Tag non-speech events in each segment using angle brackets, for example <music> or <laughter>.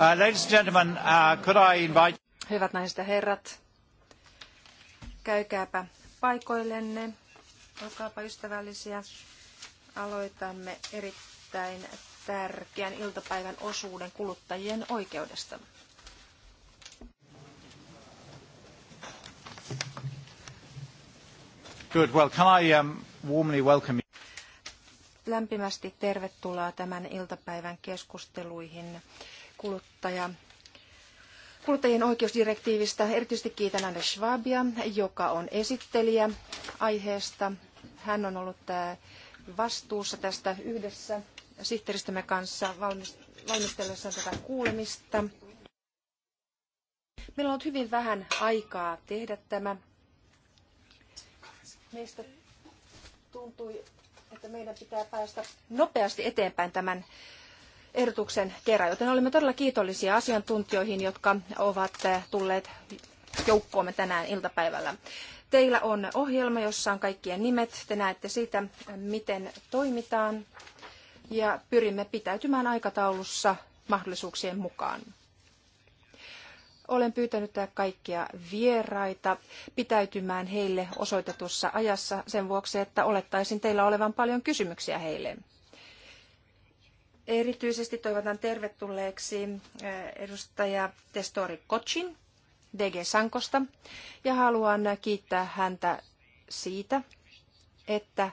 Uh, uh, Hyvät naiset ja herrat, käykääpä paikoillenne, olkaapa ystävällisiä. Aloitamme erittäin tärkeän iltapäivän osuuden kuluttajien oikeudesta. Good. Well, can I um, warmly welcome you? Lämpimästi tervetuloa tämän iltapäivän keskusteluihin kuluttaja kuluttajien oikeusdirektiivistä. Erityisesti kiitän Anne Schwabia, joka on esittelijä aiheesta. Hän on ollut äh, vastuussa tästä yhdessä sihteeristömme kanssa valmistellessaan tätä kuulemista. Meillä on ollut hyvin vähän aikaa tehdä tämä. Meistä tuntui, että meidän pitää päästä nopeasti eteenpäin tämän ehdotuksen kerran, joten olemme todella kiitollisia asiantuntijoihin, jotka ovat eh, tulleet joukkoomme tänään iltapäivällä. Teillä on ohjelma, jossa on kaikkien nimet. Te näette siitä, miten toimitaan ja pyrimme pitäytymään aikataulussa mahdollisuuksien mukaan. Olen pyytänyt kaikkia vieraita pitäytymään heille osoitetussa ajassa sen vuoksi, että olettaisin teillä olevan paljon kysymyksiä heille. Erityisesti toivotan tervetulleeksi eh, edustaja Testori Kocin DG Sankosta ja haluan kiittää häntä siitä, että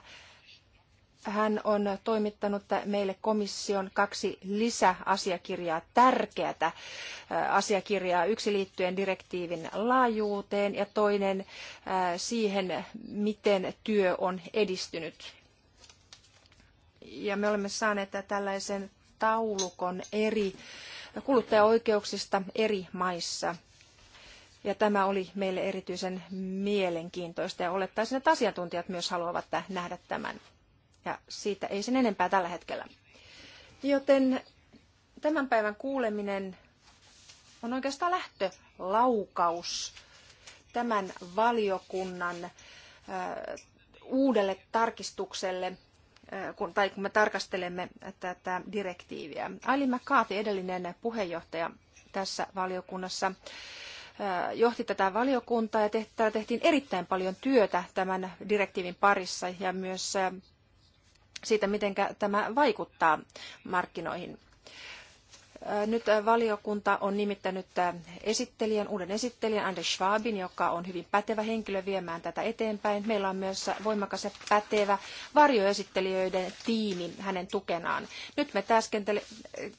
hän on toimittanut meille komission kaksi lisäasiakirjaa, tärkeätä eh, asiakirjaa, yksi liittyen direktiivin laajuuteen ja toinen eh, siihen, miten työ on edistynyt ja me olemme saaneet tällaisen taulukon eri kuluttajaoikeuksista eri maissa. Ja tämä oli meille erityisen mielenkiintoista ja olettaisin, että asiantuntijat myös haluavat nähdä tämän. Ja siitä ei sen enempää tällä hetkellä. Joten tämän päivän kuuleminen on oikeastaan lähtölaukaus tämän valiokunnan uudelle tarkistukselle Äh, kun, tai kun me tarkastelemme tätä direktiiviä. Aileen McCarthy, edellinen puheenjohtaja tässä valiokunnassa, äh, johti tätä valiokuntaa ja täällä tehtiin erittäin paljon työtä tämän direktiivin parissa ja myös äh, siitä, miten tämä vaikuttaa markkinoihin. Äh, nyt äh, valiokunta on nimittänyt äh, esittelijän, uuden esittelijän Anders Schwabin, joka on hyvin pätevä henkilö viemään tätä eteenpäin. Meillä on myös voimakas ja pätevä varjoesittelijöiden tiimi hänen tukenaan. Nyt me täskentele,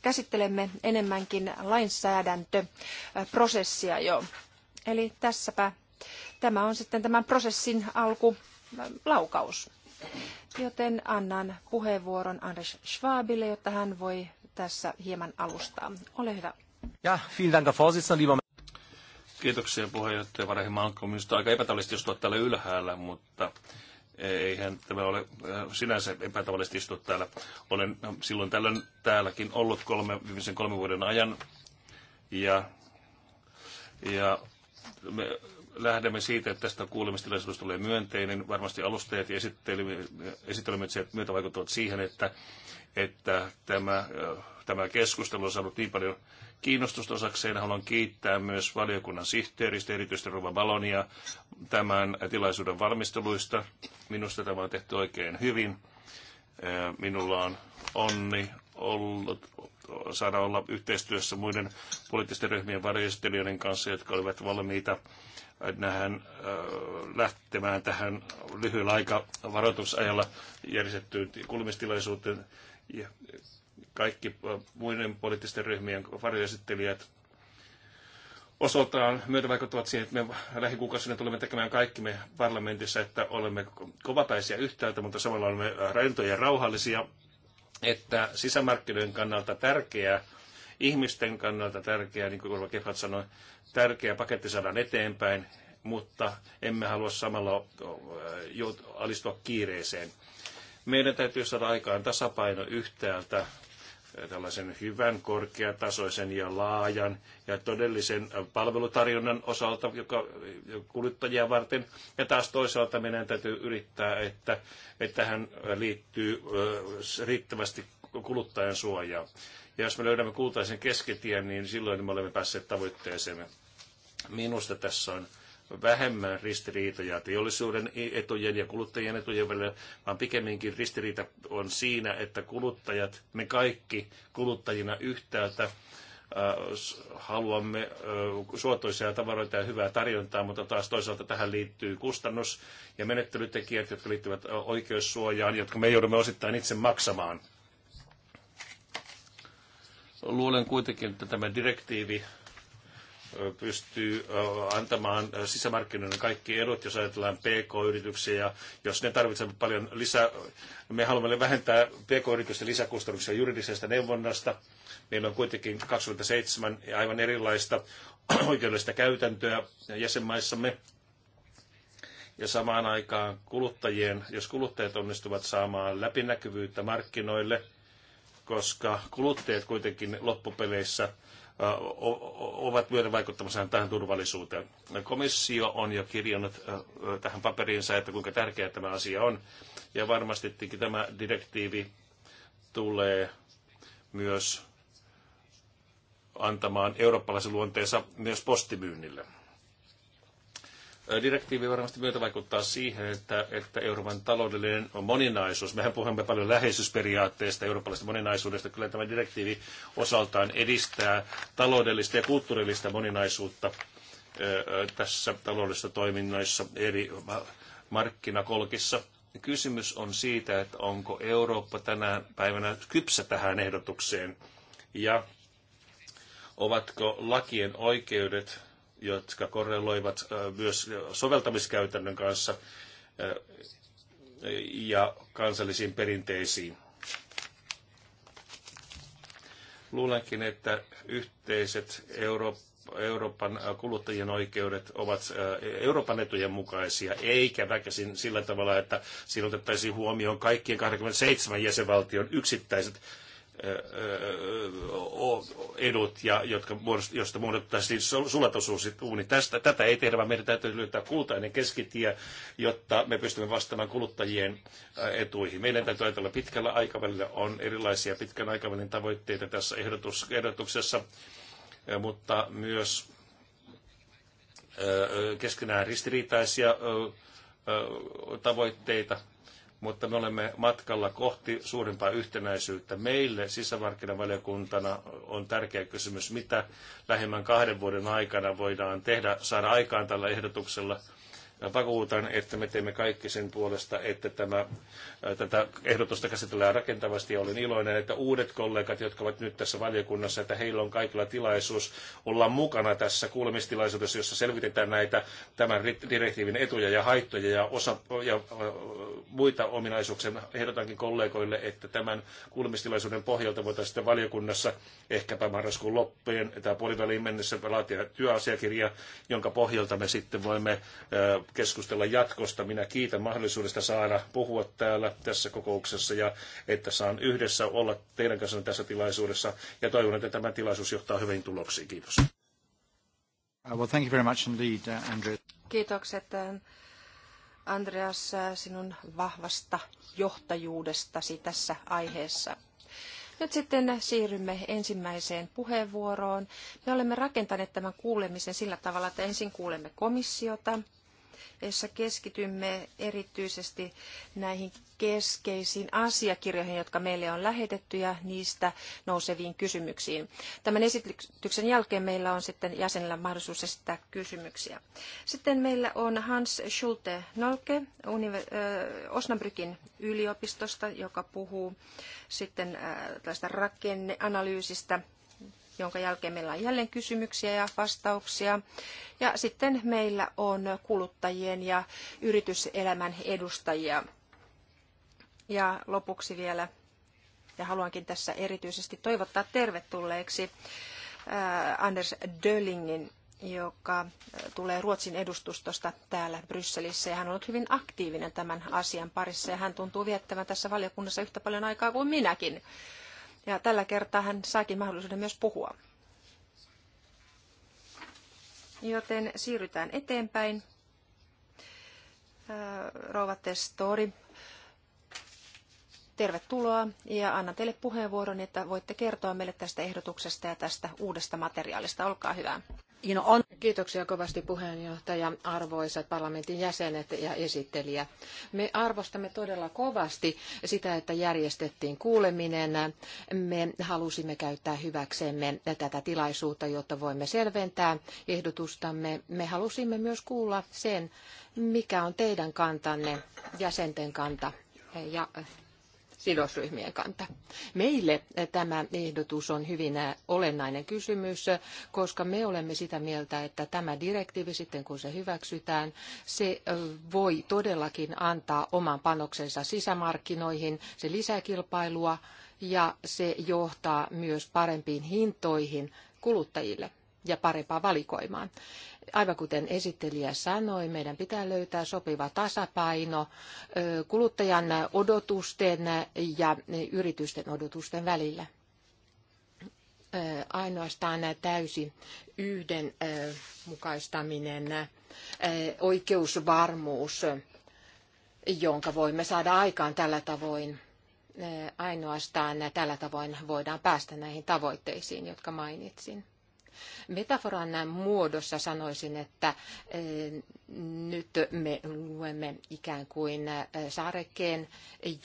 käsittelemme enemmänkin lainsäädäntöprosessia jo. Eli tässäpä tämä on sitten tämän prosessin alkulaukaus. Joten annan puheenvuoron Anders Schwabille, jotta hän voi tässä hieman alustaa. Ole hyvä. Ja, vielen dank, lieber Kiitoksia puheenjohtaja Varehi Malkko. Minusta aika epätavallista istua täällä ylhäällä, mutta eihän tämä ole äh, sinänsä epätavallista istua täällä. Olen äh, silloin tällöin täälläkin ollut kolme, viimeisen kolmen vuoden ajan ja, ja me, lähdemme siitä, että tästä kuulemistilaisuus tulee myönteinen. Varmasti alustajat ja esittelemät myötä vaikuttavat siihen, että, että tämä, tämä keskustelu on saanut niin paljon kiinnostusta osakseen. Haluan kiittää myös valiokunnan sihteeristä, erityisesti Ruva Balonia, tämän tilaisuuden valmisteluista. Minusta tämä on tehty oikein hyvin. Minulla on onni ollut, saada olla yhteistyössä muiden poliittisten ryhmien varjostelijoiden kanssa, jotka olivat valmiita nähän lähtemään tähän lyhyellä varoitusajalla järjestettyyn kulmistilaisuuteen. Ja kaikki muiden poliittisten ryhmien varjoesittelijät osaltaan myötävaikuttavat siihen, että me lähikuukausina tulemme tekemään kaikki me parlamentissa, että olemme kovapäisiä yhtäältä, mutta samalla olemme ja rauhallisia, että sisämarkkinoiden kannalta tärkeää ihmisten kannalta tärkeä, niin kuin Kefat sanoi, tärkeä paketti saadaan eteenpäin, mutta emme halua samalla alistua kiireeseen. Meidän täytyy saada aikaan tasapaino yhtäältä tällaisen hyvän, korkeatasoisen ja laajan ja todellisen palvelutarjonnan osalta, joka kuluttajia varten. Ja taas toisaalta meidän täytyy yrittää, että, että tähän liittyy riittävästi kuluttajan suojaa. Ja jos me löydämme kultaisen keskitien, niin silloin me olemme päässeet tavoitteeseemme. Minusta tässä on vähemmän ristiriitoja teollisuuden etujen ja kuluttajien etujen välillä, vaan pikemminkin ristiriita on siinä, että kuluttajat, me kaikki kuluttajina yhtäältä, äh, haluamme äh, suotuisia tavaroita ja hyvää tarjontaa, mutta taas toisaalta tähän liittyy kustannus- ja menettelytekijät, jotka liittyvät oikeussuojaan, jotka me joudumme osittain itse maksamaan. Luulen kuitenkin, että tämä direktiivi pystyy antamaan sisämarkkinoiden kaikki edut, jos ajatellaan PK-yrityksiä, ja jos ne tarvitsevat paljon lisää, me haluamme vähentää PK-yritysten lisäkustannuksia juridisesta neuvonnasta. Meillä on kuitenkin 27 aivan erilaista <clears throat> oikeudellista käytäntöä jäsenmaissamme. Ja samaan aikaan kuluttajien, jos kuluttajat onnistuvat saamaan läpinäkyvyyttä markkinoille – koska kuluttajat kuitenkin loppupeleissä äh, ovat myöden vaikuttamassa tähän turvallisuuteen. Komissio on jo kirjannut äh, tähän paperiinsa, että kuinka tärkeä tämä asia on. Ja varmasti tämä direktiivi tulee myös antamaan eurooppalaisen luonteensa myös postimyynnille. Direktiivi varmasti myötä vaikuttaa siihen, että, että Euroopan taloudellinen moninaisuus, mehän puhumme paljon läheisyysperiaatteesta, eurooppalaisesta moninaisuudesta, kyllä tämä direktiivi osaltaan edistää taloudellista ja kulttuurillista moninaisuutta tässä taloudellisessa toiminnoissa eri markkinakolkissa. Kysymys on siitä, että onko Eurooppa tänä päivänä kypsä tähän ehdotukseen ja ovatko lakien oikeudet jotka korreloivat myös soveltamiskäytännön kanssa ja kansallisiin perinteisiin. Luulenkin, että yhteiset Euroopan kuluttajien oikeudet ovat Euroopan etujen mukaisia, eikä väkäsin sillä tavalla, että siinä otettaisiin huomioon kaikkien 27 jäsenvaltion yksittäiset edut, ja, jotka muodost, josta muodottaisiin uuni. Tästä, tätä ei tehdä, vaan meidän täytyy löytää kultainen keskitie, jotta me pystymme vastaamaan kuluttajien etuihin. Meidän täytyy ajatella pitkällä aikavälillä on erilaisia pitkän aikavälin tavoitteita tässä ehdotus, ehdotuksessa, mutta myös keskenään ristiriitaisia tavoitteita mutta me olemme matkalla kohti suurempaa yhtenäisyyttä. Meille sisämarkkinavaliokuntana on tärkeä kysymys, mitä lähemmän kahden vuoden aikana voidaan tehdä, saada aikaan tällä ehdotuksella – vakuutan, että me teemme kaikki sen puolesta, että tämä, äh, tätä ehdotusta käsitellään rakentavasti ja olen iloinen, että uudet kollegat, jotka ovat nyt tässä valiokunnassa, että heillä on kaikilla tilaisuus olla mukana tässä kuulemistilaisuudessa, jossa selvitetään näitä tämän direktiivin etuja ja haittoja ja, osa, ja äh, muita ominaisuuksia. Ehdotankin kollegoille, että tämän kuulemistilaisuuden pohjalta voitaisiin sitten valiokunnassa ehkäpä marraskuun loppujen tai puoliväliin mennessä laatia työasiakirja, jonka pohjalta me sitten voimme äh, keskustella jatkosta. Minä kiitän mahdollisuudesta saada puhua täällä tässä kokouksessa ja että saan yhdessä olla teidän kanssanne tässä tilaisuudessa ja toivon, että tämä tilaisuus johtaa hyvin tuloksiin. Kiitos. Uh, well, thank you very much indeed, uh, Andrew. Kiitokset uh, Andreas sinun vahvasta johtajuudestasi tässä aiheessa. Nyt sitten siirrymme ensimmäiseen puheenvuoroon. Me olemme rakentaneet tämän kuulemisen sillä tavalla, että ensin kuulemme komissiota, jossa keskitymme erityisesti näihin keskeisiin asiakirjoihin, jotka meille on lähetetty ja niistä nouseviin kysymyksiin. Tämän esityksen jälkeen meillä on sitten jäsenillä mahdollisuus esittää kysymyksiä. Sitten meillä on Hans Schulte Nolke Osnabrykin yliopistosta, joka puhuu sitten tästä rakenneanalyysistä jonka jälkeen meillä on jälleen kysymyksiä ja vastauksia. Ja sitten meillä on kuluttajien ja yrityselämän edustajia. Ja lopuksi vielä, ja haluankin tässä erityisesti toivottaa tervetulleeksi äh, Anders Döllingin, joka äh, tulee Ruotsin edustustosta täällä Brysselissä. Ja hän on ollut hyvin aktiivinen tämän asian parissa ja hän tuntuu viettävän tässä valiokunnassa yhtä paljon aikaa kuin minäkin. Ja tällä kertaa hän saakin mahdollisuuden myös puhua. Joten siirrytään eteenpäin. Äh, Rouva Testori, tervetuloa ja annan teille puheenvuoron, että voitte kertoa meille tästä ehdotuksesta ja tästä uudesta materiaalista. Olkaa hyvä. Kiitoksia kovasti puheenjohtaja, arvoisat parlamentin jäsenet ja esittelijä. Me arvostamme todella kovasti sitä, että järjestettiin kuuleminen. Me halusimme käyttää hyväksemme tätä tilaisuutta, jotta voimme selventää ehdotustamme. Me halusimme myös kuulla sen, mikä on teidän kantanne, jäsenten kanta ja sidosryhmien kanta. Meille tämä ehdotus on hyvin olennainen kysymys, koska me olemme sitä mieltä, että tämä direktiivi sitten kun se hyväksytään, se voi todellakin antaa oman panoksensa sisämarkkinoihin, se lisää kilpailua ja se johtaa myös parempiin hintoihin kuluttajille ja parempaan valikoimaan. Aivan kuten esittelijä sanoi, meidän pitää löytää sopiva tasapaino kuluttajan odotusten ja yritysten odotusten välillä. Ainoastaan täysi yhdenmukaistaminen, oikeusvarmuus, jonka voimme saada aikaan tällä tavoin, ainoastaan tällä tavoin voidaan päästä näihin tavoitteisiin, jotka mainitsin. Metaforan muodossa sanoisin, että eh, nyt me luemme ikään kuin eh, saarekkeen,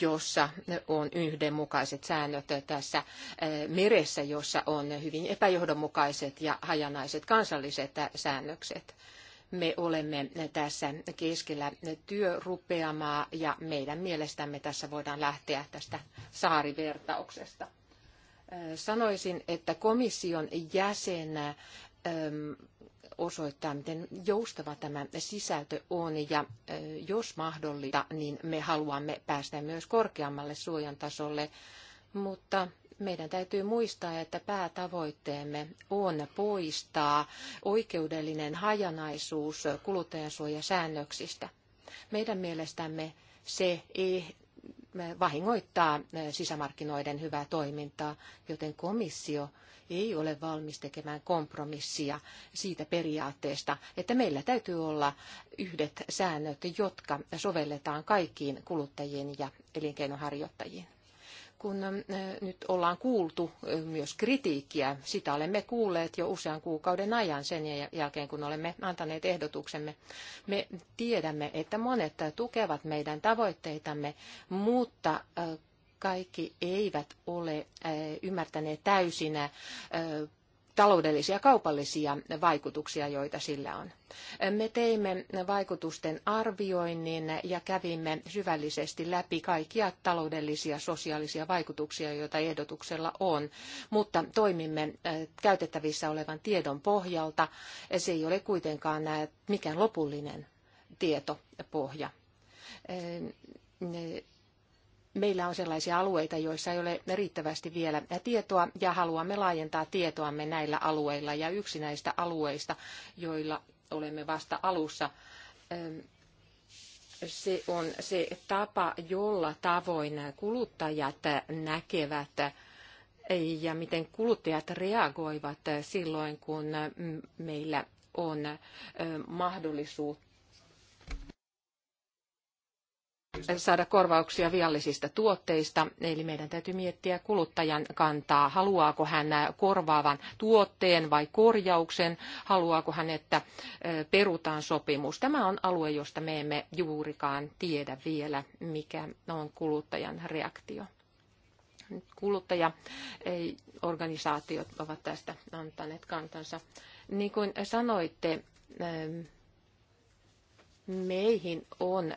jossa on yhdenmukaiset säännöt tässä eh, meressä, jossa on hyvin epäjohdonmukaiset ja hajanaiset kansalliset säännökset me olemme tässä keskellä työrupeamaa ja meidän mielestämme tässä voidaan lähteä tästä saarivertauksesta. Sanoisin, että komission jäsenä osoittaa, miten joustava tämä sisältö on ja jos mahdollista, niin me haluamme päästä myös korkeammalle suojan tasolle, mutta meidän täytyy muistaa, että päätavoitteemme on poistaa oikeudellinen hajanaisuus kuluttajansuojasäännöksistä. Meidän mielestämme se ei vahingoittaa eh, sisämarkkinoiden hyvää toimintaa, joten komissio ei ole valmis tekemään kompromissia siitä periaatteesta, että meillä täytyy olla yhdet säännöt, jotka sovelletaan kaikkiin kuluttajiin ja elinkeinonharjoittajiin kun nyt ollaan kuultu myös kritiikkiä. Sitä olemme kuulleet jo usean kuukauden ajan sen jälkeen, kun olemme antaneet ehdotuksemme. Me tiedämme, että monet tukevat meidän tavoitteitamme, mutta kaikki eivät ole ymmärtäneet täysin taloudellisia kaupallisia vaikutuksia, joita sillä on. Me teimme vaikutusten arvioinnin ja kävimme syvällisesti läpi kaikkia taloudellisia sosiaalisia vaikutuksia, joita ehdotuksella on, mutta toimimme käytettävissä olevan tiedon pohjalta. Se ei ole kuitenkaan mikään lopullinen tietopohja meillä on sellaisia alueita, joissa ei ole riittävästi vielä tietoa ja haluamme laajentaa tietoamme näillä alueilla. Ja yksi näistä alueista, joilla olemme vasta alussa, ähm, se on se tapa, jolla tavoin kuluttajat näkevät ja miten kuluttajat reagoivat silloin, kun äh, meillä on äh, mahdollisuus saada korvauksia viallisista tuotteista, eli meidän täytyy miettiä kuluttajan kantaa. Haluaako hän korvaavan tuotteen vai korjauksen? Haluaako hän, että perutaan sopimus? Tämä on alue, josta me emme juurikaan tiedä vielä, mikä on kuluttajan reaktio kuluttajaorganisaatiot ovat tästä antaneet kantansa. Niin kuin sanoitte, meihin on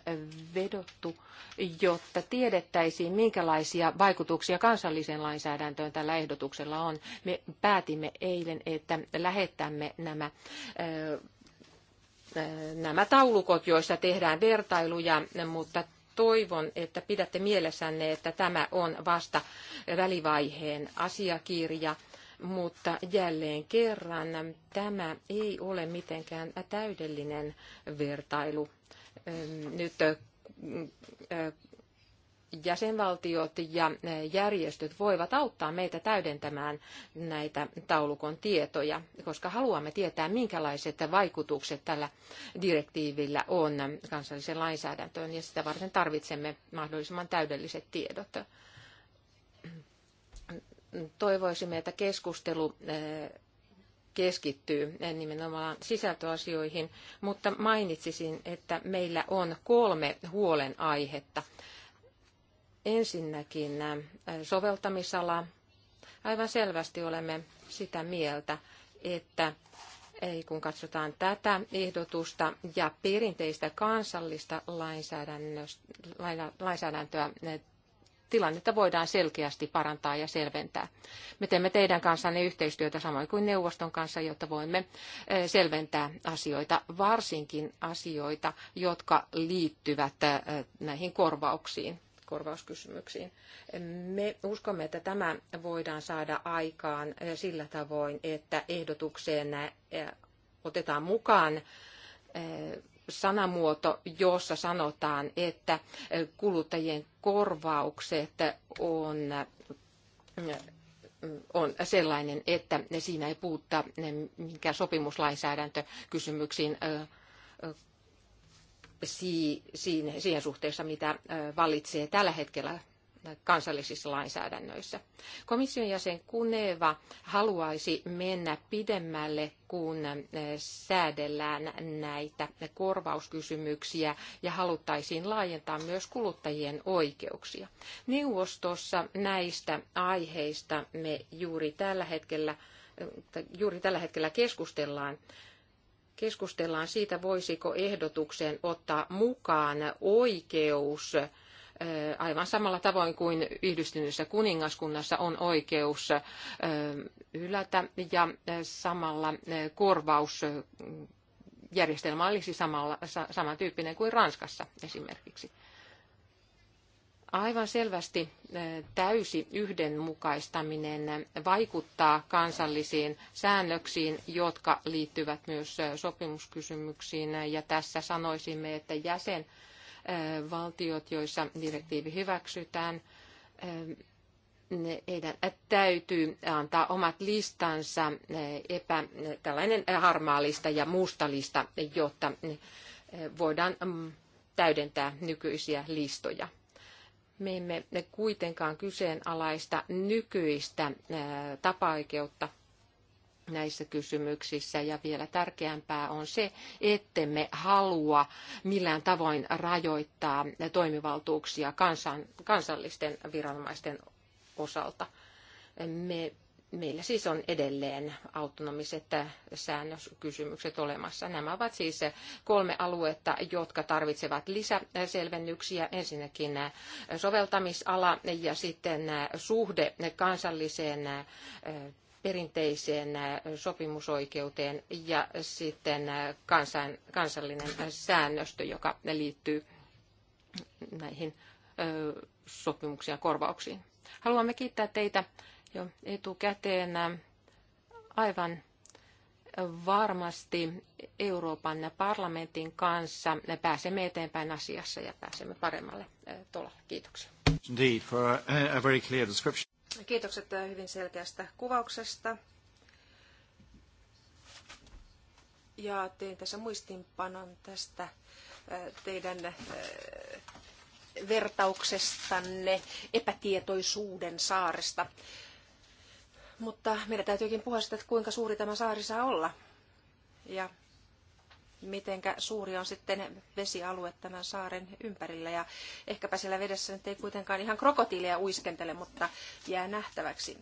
vedottu, jotta tiedettäisiin, minkälaisia vaikutuksia kansalliseen lainsäädäntöön tällä ehdotuksella on. Me päätimme eilen, että lähettämme nämä nämä taulukot, joissa tehdään vertailuja, mutta toivon, että pidätte mielessänne, että tämä on vasta välivaiheen asiakirja mutta jälleen kerran tämä ei ole mitenkään täydellinen vertailu. Nyt jäsenvaltiot ja järjestöt voivat auttaa meitä täydentämään näitä taulukon tietoja, koska haluamme tietää, minkälaiset vaikutukset tällä direktiivillä on kansalliseen lainsäädäntöön, ja sitä varten tarvitsemme mahdollisimman täydelliset tiedot toivoisimme, että keskustelu eh, keskittyy nimenomaan sisältöasioihin, mutta mainitsisin, että meillä on kolme huolenaihetta. Ensinnäkin eh, soveltamisala. Aivan selvästi olemme sitä mieltä, että ei, kun katsotaan tätä ehdotusta ja perinteistä kansallista lainsäädäntöä, eh, tilannetta voidaan selkeästi parantaa ja selventää. Me teemme teidän kanssanne yhteistyötä samoin kuin neuvoston kanssa, jotta voimme eh, selventää asioita, varsinkin asioita, jotka liittyvät eh, näihin korvauksiin korvauskysymyksiin. Me uskomme, että tämä voidaan saada aikaan eh, sillä tavoin, että ehdotukseen otetaan mukaan sanamuoto, jossa sanotaan, että eh, kuluttajien korvaukset on, eh, on sellainen, että siinä ei puutta eh, minkään sopimuslainsäädäntökysymyksiin siihen suhteessa, mitä vallitsee tällä hetkellä kansallisissa lainsäädännöissä. Komission jäsen Kuneva haluaisi mennä pidemmälle, kun eh, säädellään näitä korvauskysymyksiä ja haluttaisiin laajentaa myös kuluttajien oikeuksia. Neuvostossa näistä aiheista me juuri tällä hetkellä, eh, juuri tällä hetkellä keskustellaan keskustellaan siitä, voisiko ehdotukseen ottaa mukaan oikeus aivan samalla tavoin kuin yhdistyneessä kuningaskunnassa on oikeus hylätä ja samalla korvaus järjestelmä olisi samalla, samantyyppinen kuin Ranskassa esimerkiksi. Aivan selvästi täysi yhdenmukaistaminen vaikuttaa kansallisiin säännöksiin, jotka liittyvät myös sopimuskysymyksiin. Ja tässä sanoisimme, että jäsen valtiot, joissa direktiivi hyväksytään, heidän täytyy antaa omat listansa, epä, tällainen harmaa lista ja musta lista, jotta voidaan mm, täydentää nykyisiä listoja. Me emme kuitenkaan kyseenalaista nykyistä tapaoikeutta näissä kysymyksissä. Ja vielä tärkeämpää on se, ettemme halua millään tavoin rajoittaa toimivaltuuksia kansan, kansallisten viranomaisten osalta. Me, meillä siis on edelleen autonomiset säännöskysymykset olemassa. Nämä ovat siis kolme aluetta, jotka tarvitsevat lisäselvennyksiä. Ensinnäkin soveltamisala ja sitten suhde kansalliseen perinteiseen äh, sopimusoikeuteen ja sitten äh, kansan, kansallinen äh, säännöstö, joka liittyy näihin sopimuksiin ja korvauksiin. Haluamme kiittää teitä jo etukäteen aivan varmasti Euroopan parlamentin kanssa pääsemme eteenpäin asiassa ja pääsemme paremmalle tolalle. Kiitoksia. Indeed, for a, a very clear description. Kiitokset äh, hyvin selkeästä kuvauksesta. Ja tein tässä muistinpanon tästä äh, teidän äh, vertauksestanne epätietoisuuden saaresta. Mutta meidän täytyykin puhua sitä, että kuinka suuri tämä saari saa olla. Ja miten suuri on sitten vesialue tämän saaren ympärillä. Ja ehkäpä siellä vedessä nyt ei kuitenkaan ihan krokotiileja uiskentele, mutta jää nähtäväksi.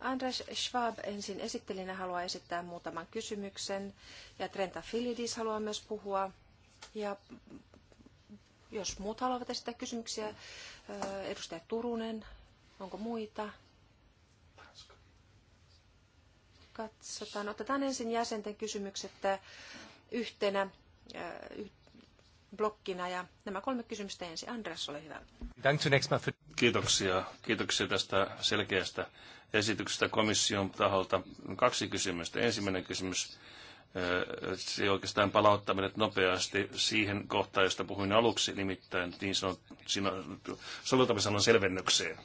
Andres Schwab ensin esittelinä haluaa esittää muutaman kysymyksen. Ja Trenta Filidis haluaa myös puhua. Ja jos muut haluavat esittää kysymyksiä, edustaja Turunen, onko muita? Katsotaan. Otetaan ensin jäsenten kysymykset yhtenä äh, blokkina. Ja nämä kolme kysymystä ensin. Andreas, ole hyvä. Kiitoksia. Kiitoksia tästä selkeästä esityksestä komission taholta. Kaksi kysymystä. Ensimmäinen kysymys äh, se oikeastaan palauttaminen nopeasti siihen kohtaan, josta puhuin aluksi, nimittäin niin sanottu soveltamisalan selvennykseen.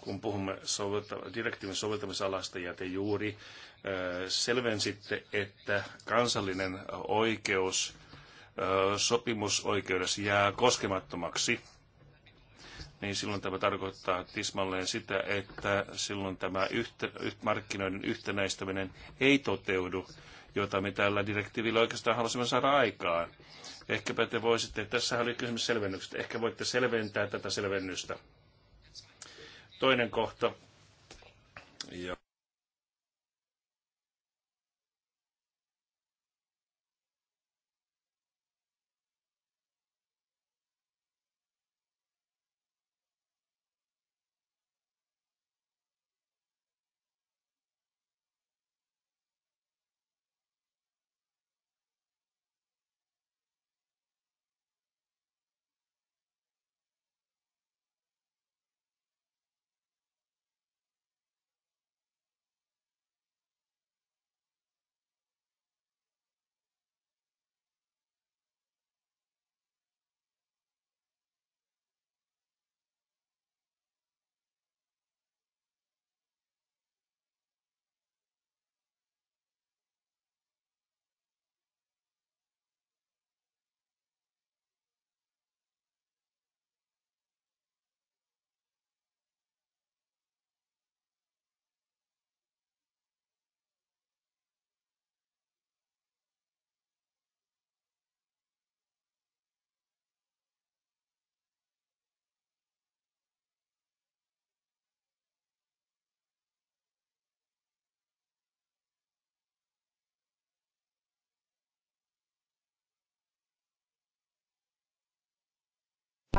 Kun puhumme sovelta, direktiivin soveltamisalasta ja te juuri selvensitte, että kansallinen oikeus sopimusoikeudessa jää koskemattomaksi, niin silloin tämä tarkoittaa tismalleen sitä, että silloin tämä yhtä, markkinoiden yhtenäistäminen ei toteudu, jota me tällä direktiivillä oikeastaan halusimme saada aikaan. Ehkäpä te voisitte, tässä oli kysymys selvennyksestä, ehkä voitte selventää tätä selvennystä. Toinen kohta, ja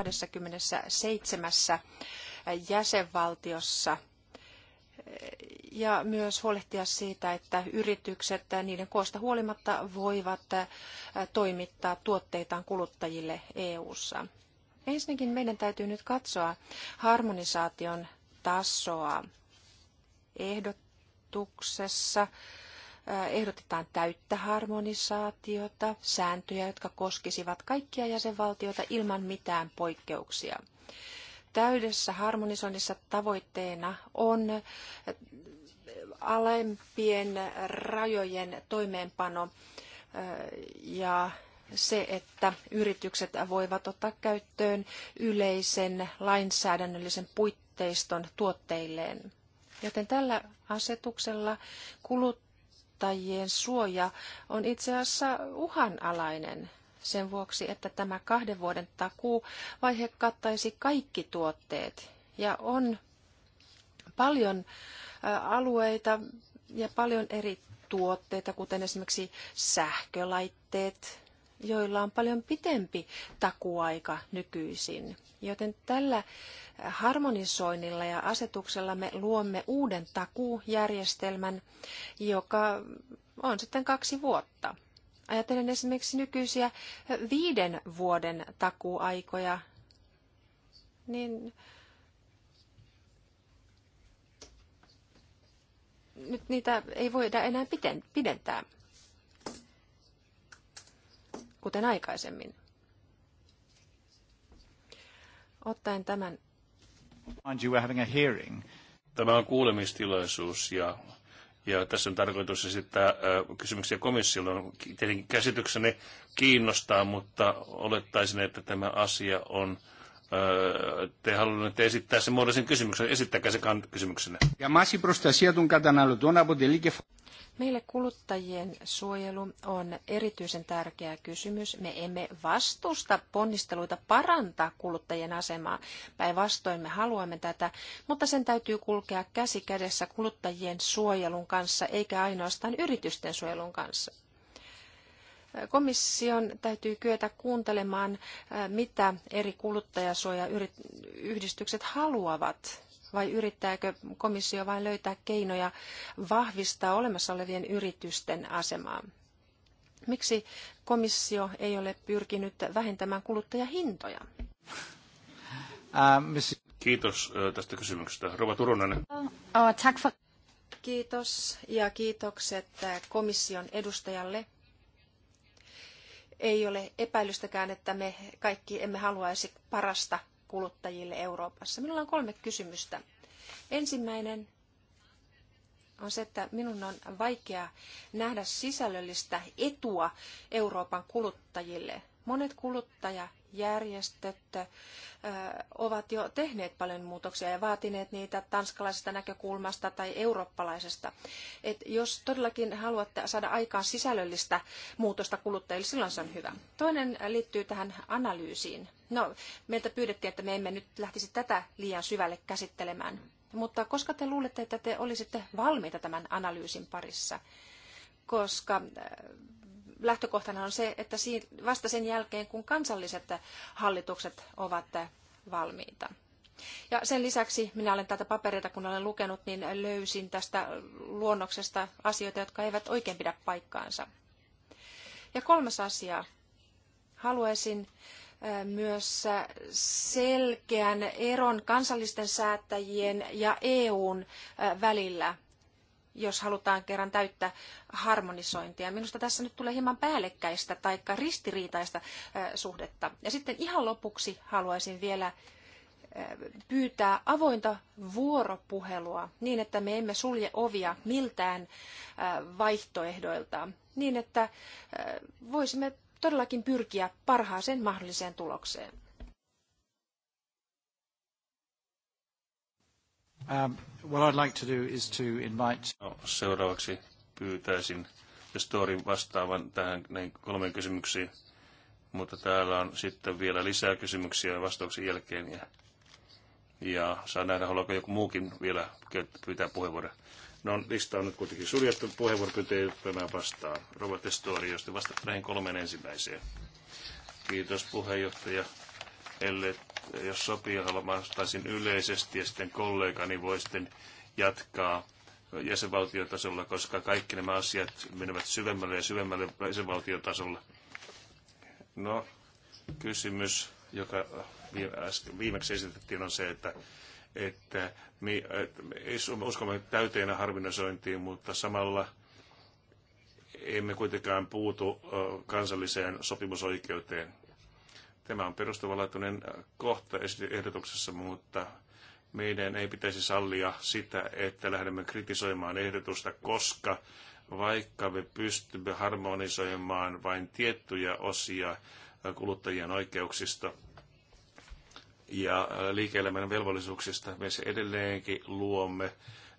27 jäsenvaltiossa ja myös huolehtia siitä, että yritykset niiden koosta huolimatta voivat toimittaa tuotteitaan kuluttajille EU:ssa. Ensinnäkin meidän täytyy nyt katsoa harmonisaation tasoa ehdotuksessa ehdotetaan täyttä harmonisaatiota, sääntöjä, jotka koskisivat kaikkia jäsenvaltioita ilman mitään poikkeuksia. Täydessä harmonisoinnissa tavoitteena on alempien rajojen toimeenpano ja se, että yritykset voivat ottaa käyttöön yleisen lainsäädännöllisen puitteiston tuotteilleen. Joten tällä asetuksella kulut kuluttajien suoja on itse asiassa uhanalainen sen vuoksi, että tämä kahden vuoden takuuvaihe kattaisi kaikki tuotteet. Ja on paljon alueita ja paljon eri tuotteita, kuten esimerkiksi sähkölaitteet, joilla on paljon pitempi takuaika nykyisin. Joten tällä harmonisoinnilla ja asetuksella me luomme uuden takuujärjestelmän, joka on sitten kaksi vuotta. Ajattelen esimerkiksi nykyisiä viiden vuoden takuaikoja, niin nyt niitä ei voida enää pidentää kuten aikaisemmin. Ottaen tämän. Tämä on kuulemistilaisuus ja, ja tässä on tarkoitus esittää äh, kysymyksiä komissiolle. tietenkin käsityksenne kiinnostaa, mutta olettaisin, että tämä asia on te haluatte esittää sen muodollisen kysymyksen. Esittäkää se kysymyksenne. Ja masi prostasia των καταναλωτών αποτελεί Meille kuluttajien suojelu on erityisen tärkeä kysymys. Me emme vastusta ponnisteluita parantaa kuluttajien asemaa. Päinvastoin me haluamme tätä, mutta sen täytyy kulkea käsi kädessä kuluttajien suojelun kanssa, eikä ainoastaan yritysten suojelun kanssa. Komission täytyy kyetä kuuntelemaan, mitä eri kuluttajasuojayhdistykset haluavat vai yrittääkö komissio vain löytää keinoja vahvistaa olemassa olevien yritysten asemaa? Miksi komissio ei ole pyrkinyt vähentämään kuluttajahintoja? Ähm, Kiitos äh, tästä kysymyksestä. Rova Turunen. Oh, oh, Kiitos ja kiitokset äh, komission edustajalle ei ole epäilystäkään, että me kaikki emme haluaisi parasta kuluttajille Euroopassa. Minulla on kolme kysymystä. Ensimmäinen on se, että minun on vaikea nähdä sisällöllistä etua Euroopan kuluttajille. Monet kuluttajajärjestöt ovat jo tehneet paljon muutoksia ja vaatineet niitä tanskalaisesta näkökulmasta tai eurooppalaisesta. Et jos todellakin haluatte saada aikaan sisällöllistä muutosta kuluttajille, silloin se on hyvä. Toinen liittyy tähän analyysiin. No, meiltä pyydettiin, että me emme nyt lähtisi tätä liian syvälle käsittelemään. Mutta koska te luulette, että te olisitte valmiita tämän analyysin parissa, koska lähtökohtana on se, että vasta sen jälkeen, kun kansalliset hallitukset ovat valmiita. Ja sen lisäksi minä olen tätä papereita, kun olen lukenut, niin löysin tästä luonnoksesta asioita, jotka eivät oikein pidä paikkaansa. Ja kolmas asia. Haluaisin myös selkeän eron kansallisten säättäjien ja EUn välillä jos halutaan kerran täyttää harmonisointia. Minusta tässä nyt tulee hieman päällekkäistä tai ristiriitaista suhdetta. Ja sitten ihan lopuksi haluaisin vielä pyytää avointa vuoropuhelua niin, että me emme sulje ovia miltään vaihtoehdoilta, niin että voisimme todellakin pyrkiä parhaaseen mahdolliseen tulokseen. Um, what I'd like to do is to invite... No, seuraavaksi pyytäisin Storin vastaavan tähän näin kolmeen kysymyksiin, mutta täällä on sitten vielä lisää kysymyksiä vastauksen jälkeen. Ja, ja saa nähdä, haluaako joku muukin vielä pyytää puheenvuoron. No, lista on nyt kuitenkin suljettu. Puheenvuoropyyntöjä ei vastaan. Robert Estori, jos te vastaatte näihin kolmeen ensimmäiseen. Kiitos puheenjohtaja. Ellei jos sopii, haluaisin yleisesti ja sitten kollegani voi sitten jatkaa jäsenvaltiotasolla, koska kaikki nämä asiat menevät syvemmälle ja syvemmälle jäsenvaltiotasolla. No, kysymys, joka viimeksi esitettiin, on se, että, että me uskomme täyteenä harvinaisointiin, mutta samalla emme kuitenkaan puutu kansalliseen sopimusoikeuteen Tämä on perustavanlaatuinen kohta ehdotuksessa, mutta meidän ei pitäisi sallia sitä, että lähdemme kritisoimaan ehdotusta, koska vaikka me pystymme harmonisoimaan vain tiettyjä osia kuluttajien oikeuksista ja liike-elämän velvollisuuksista, me se edelleenkin luomme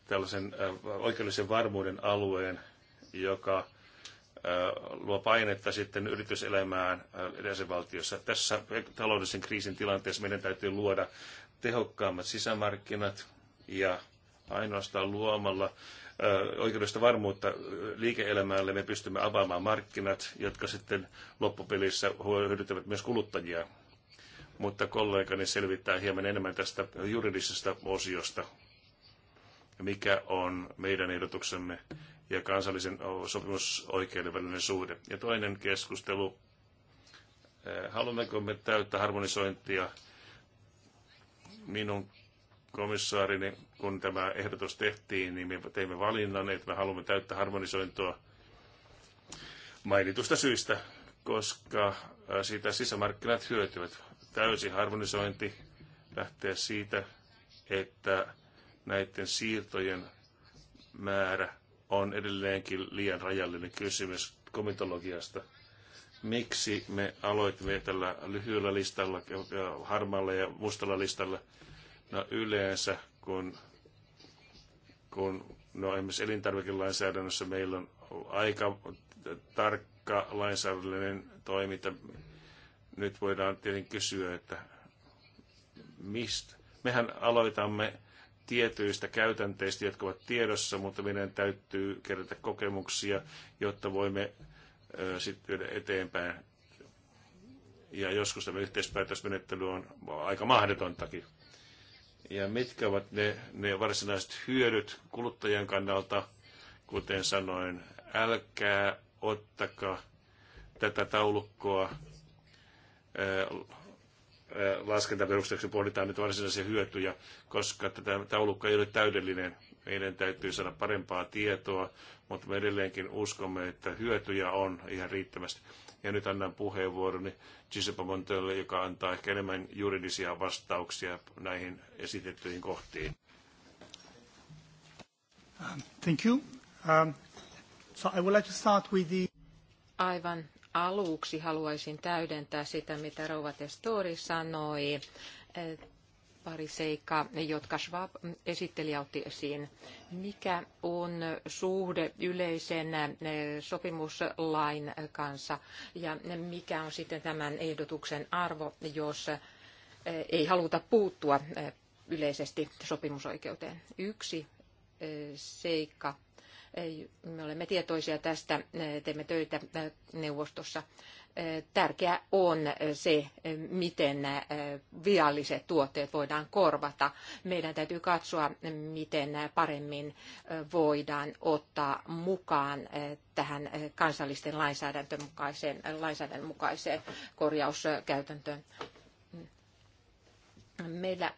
tällaisen äh, oikeudellisen varmuuden alueen, joka luo painetta sitten yrityselämään jäsenvaltiossa. Tässä taloudellisen kriisin tilanteessa meidän täytyy luoda tehokkaammat sisämarkkinat ja ainoastaan luomalla oikeudesta varmuutta liike-elämälle me pystymme avaamaan markkinat, jotka sitten loppupelissä hyödyttävät myös kuluttajia. Mutta kollegani selvittää hieman enemmän tästä juridisesta osiosta, mikä on meidän ehdotuksemme ja kansallisen sopimusoikeuden välinen suhde. Ja toinen keskustelu, äh, haluammeko me täyttää harmonisointia minun komissaarini, kun tämä ehdotus tehtiin, niin me teimme valinnan, että me haluamme täyttää harmonisointoa. mainitusta syistä, koska äh, siitä sisämarkkinat hyötyvät. Täysi harmonisointi lähtee siitä, että näiden siirtojen määrä on edelleenkin liian rajallinen kysymys komitologiasta. Miksi me aloitimme tällä lyhyellä listalla, harmaalla ja mustalla listalla? No yleensä, kun, kun no esimerkiksi elintarvikelainsäädännössä meillä on aika tarkka lainsäädännöllinen toiminta. Nyt voidaan tietenkin kysyä, että mistä. Mehän aloitamme tietyistä käytänteistä, jotka ovat tiedossa, mutta meidän täytyy kerätä kokemuksia, jotta voimme sitten eteenpäin. Ja joskus tämä yhteispäätösmenettely on aika mahdotontakin. Ja mitkä ovat ne, ne varsinaiset hyödyt kuluttajan kannalta, kuten sanoin, älkää ottaka tätä taulukkoa laskentaperusteeksi pohditaan nyt varsinaisia hyötyjä, koska tämä taulukko ei ole täydellinen. Meidän täytyy saada parempaa tietoa, mutta me edelleenkin uskomme, että hyötyjä on ihan riittävästi. Ja nyt annan puheenvuoroni Giuseppe Montelle, joka antaa ehkä enemmän juridisia vastauksia näihin esitettyihin kohtiin. Um, thank you. Um, so I would like to start with the... Aivan aluksi haluaisin täydentää sitä, mitä Rouva Testori sanoi. Pari seikkaa, jotka Schwab esittelijä otti esiin. Mikä on suhde yleisen eh, sopimuslain kanssa ja mikä on sitten tämän ehdotuksen arvo, jos eh, ei haluta puuttua eh, yleisesti sopimusoikeuteen? Yksi seikka me olemme tietoisia tästä, teemme töitä neuvostossa. Tärkeää on se, miten vialliset tuotteet voidaan korvata. Meidän täytyy katsoa, miten paremmin voidaan ottaa mukaan tähän kansallisten lainsäädäntön mukaiseen, lainsäädännön mukaiseen korjauskäytäntöön. Meillä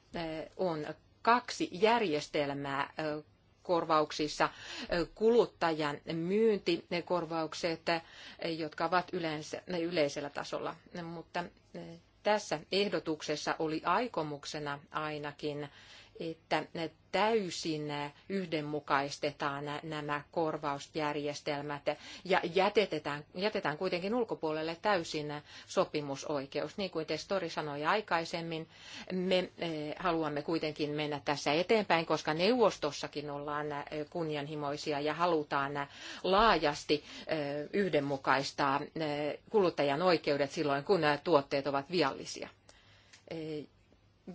on kaksi järjestelmää korvauksissa kuluttajan myyntikorvaukset, jotka ovat yleensä, yleisellä tasolla. Mutta tässä ehdotuksessa oli aikomuksena ainakin että täysin yhdenmukaistetaan nämä korvausjärjestelmät ja jätetään, jätetään kuitenkin ulkopuolelle täysin sopimusoikeus. Niin kuin Testori sanoi aikaisemmin, me eh, haluamme kuitenkin mennä tässä eteenpäin, koska neuvostossakin ollaan kunnianhimoisia ja halutaan laajasti eh, yhdenmukaistaa eh, kuluttajan oikeudet silloin, kun tuotteet ovat viallisia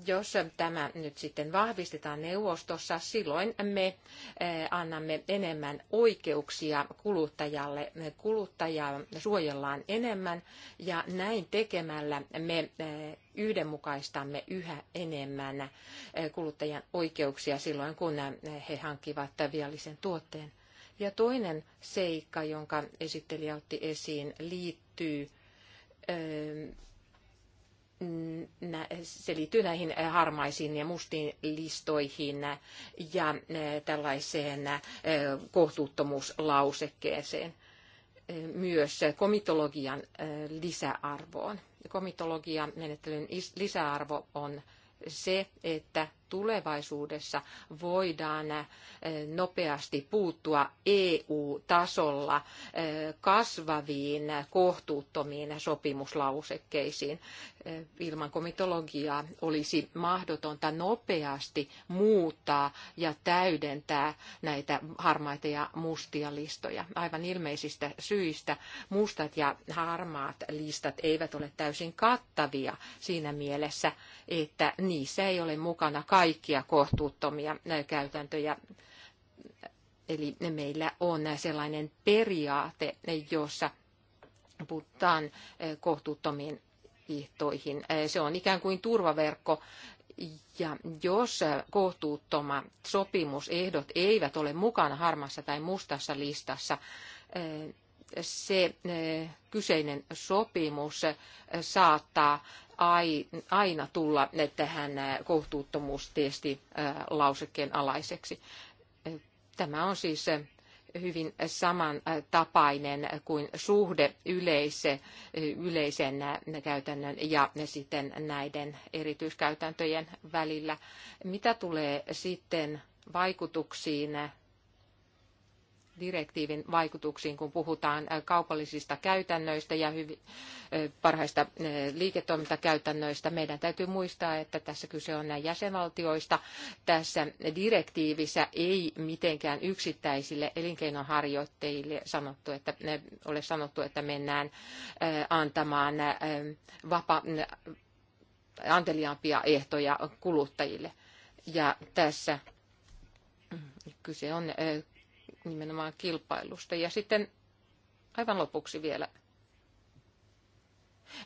jos tämä nyt sitten vahvistetaan neuvostossa, silloin me eh, annamme enemmän oikeuksia kuluttajalle. Kuluttajaa suojellaan enemmän ja näin tekemällä me eh, yhdenmukaistamme yhä enemmän eh, kuluttajan oikeuksia silloin, kun he hankkivat viallisen tuotteen. Ja toinen seikka, jonka esittelijä otti esiin, liittyy se liittyy näihin harmaisiin ja mustiin listoihin ja tällaiseen kohtuuttomuuslausekkeeseen myös komitologian lisäarvoon. Komitologian menettelyn lisäarvo on se, että tulevaisuudessa voidaan eh, nopeasti puuttua EU-tasolla eh, kasvaviin kohtuuttomiin sopimuslausekkeisiin. Eh, ilman komitologiaa olisi mahdotonta nopeasti muuttaa ja täydentää näitä harmaita ja mustia listoja. Aivan ilmeisistä syistä mustat ja harmaat listat eivät ole täysin kattavia siinä mielessä, että niissä ei ole mukana kaikkia kohtuuttomia käytäntöjä. Eli meillä on sellainen periaate, jossa puhutaan kohtuuttomiin ehtoihin. Se on ikään kuin turvaverkko ja jos kohtuuttomat sopimusehdot eivät ole mukana harmassa tai mustassa listassa, se kyseinen sopimus saattaa aina tulla tähän kohtuuttomuustesti lausekkeen alaiseksi. Tämä on siis hyvin samantapainen kuin suhde yleise, yleisen käytännön ja sitten näiden erityiskäytäntöjen välillä. Mitä tulee sitten vaikutuksiin direktiivin vaikutuksiin, kun puhutaan kaupallisista käytännöistä ja hyvi, parhaista liiketoimintakäytännöistä. Meidän täytyy muistaa, että tässä kyse on jäsenvaltioista. Tässä direktiivissä ei mitenkään yksittäisille elinkeinonharjoittajille sanottu, että, ole sanottu, että mennään antamaan vapa, anteliaampia ehtoja kuluttajille. Ja tässä kyse on nimenomaan kilpailusta. Ja sitten aivan lopuksi vielä,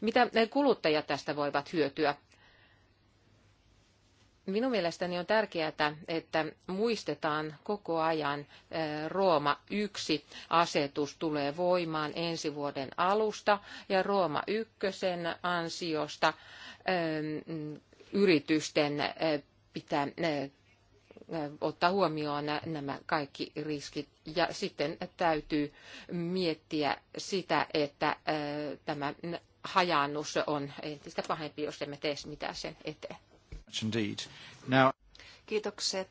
mitä ne kuluttajat tästä voivat hyötyä? Minun mielestäni on tärkeää, että muistetaan koko ajan eh, Rooma 1 asetus tulee voimaan ensi vuoden alusta ja Rooma 1 ansiosta eh, yritysten eh, pitää ottaa huomioon nämä kaikki riskit. Ja sitten täytyy miettiä sitä, että tämä hajaannus on entistä pahempi, jos emme tee mitään sen eteen. Kiitokset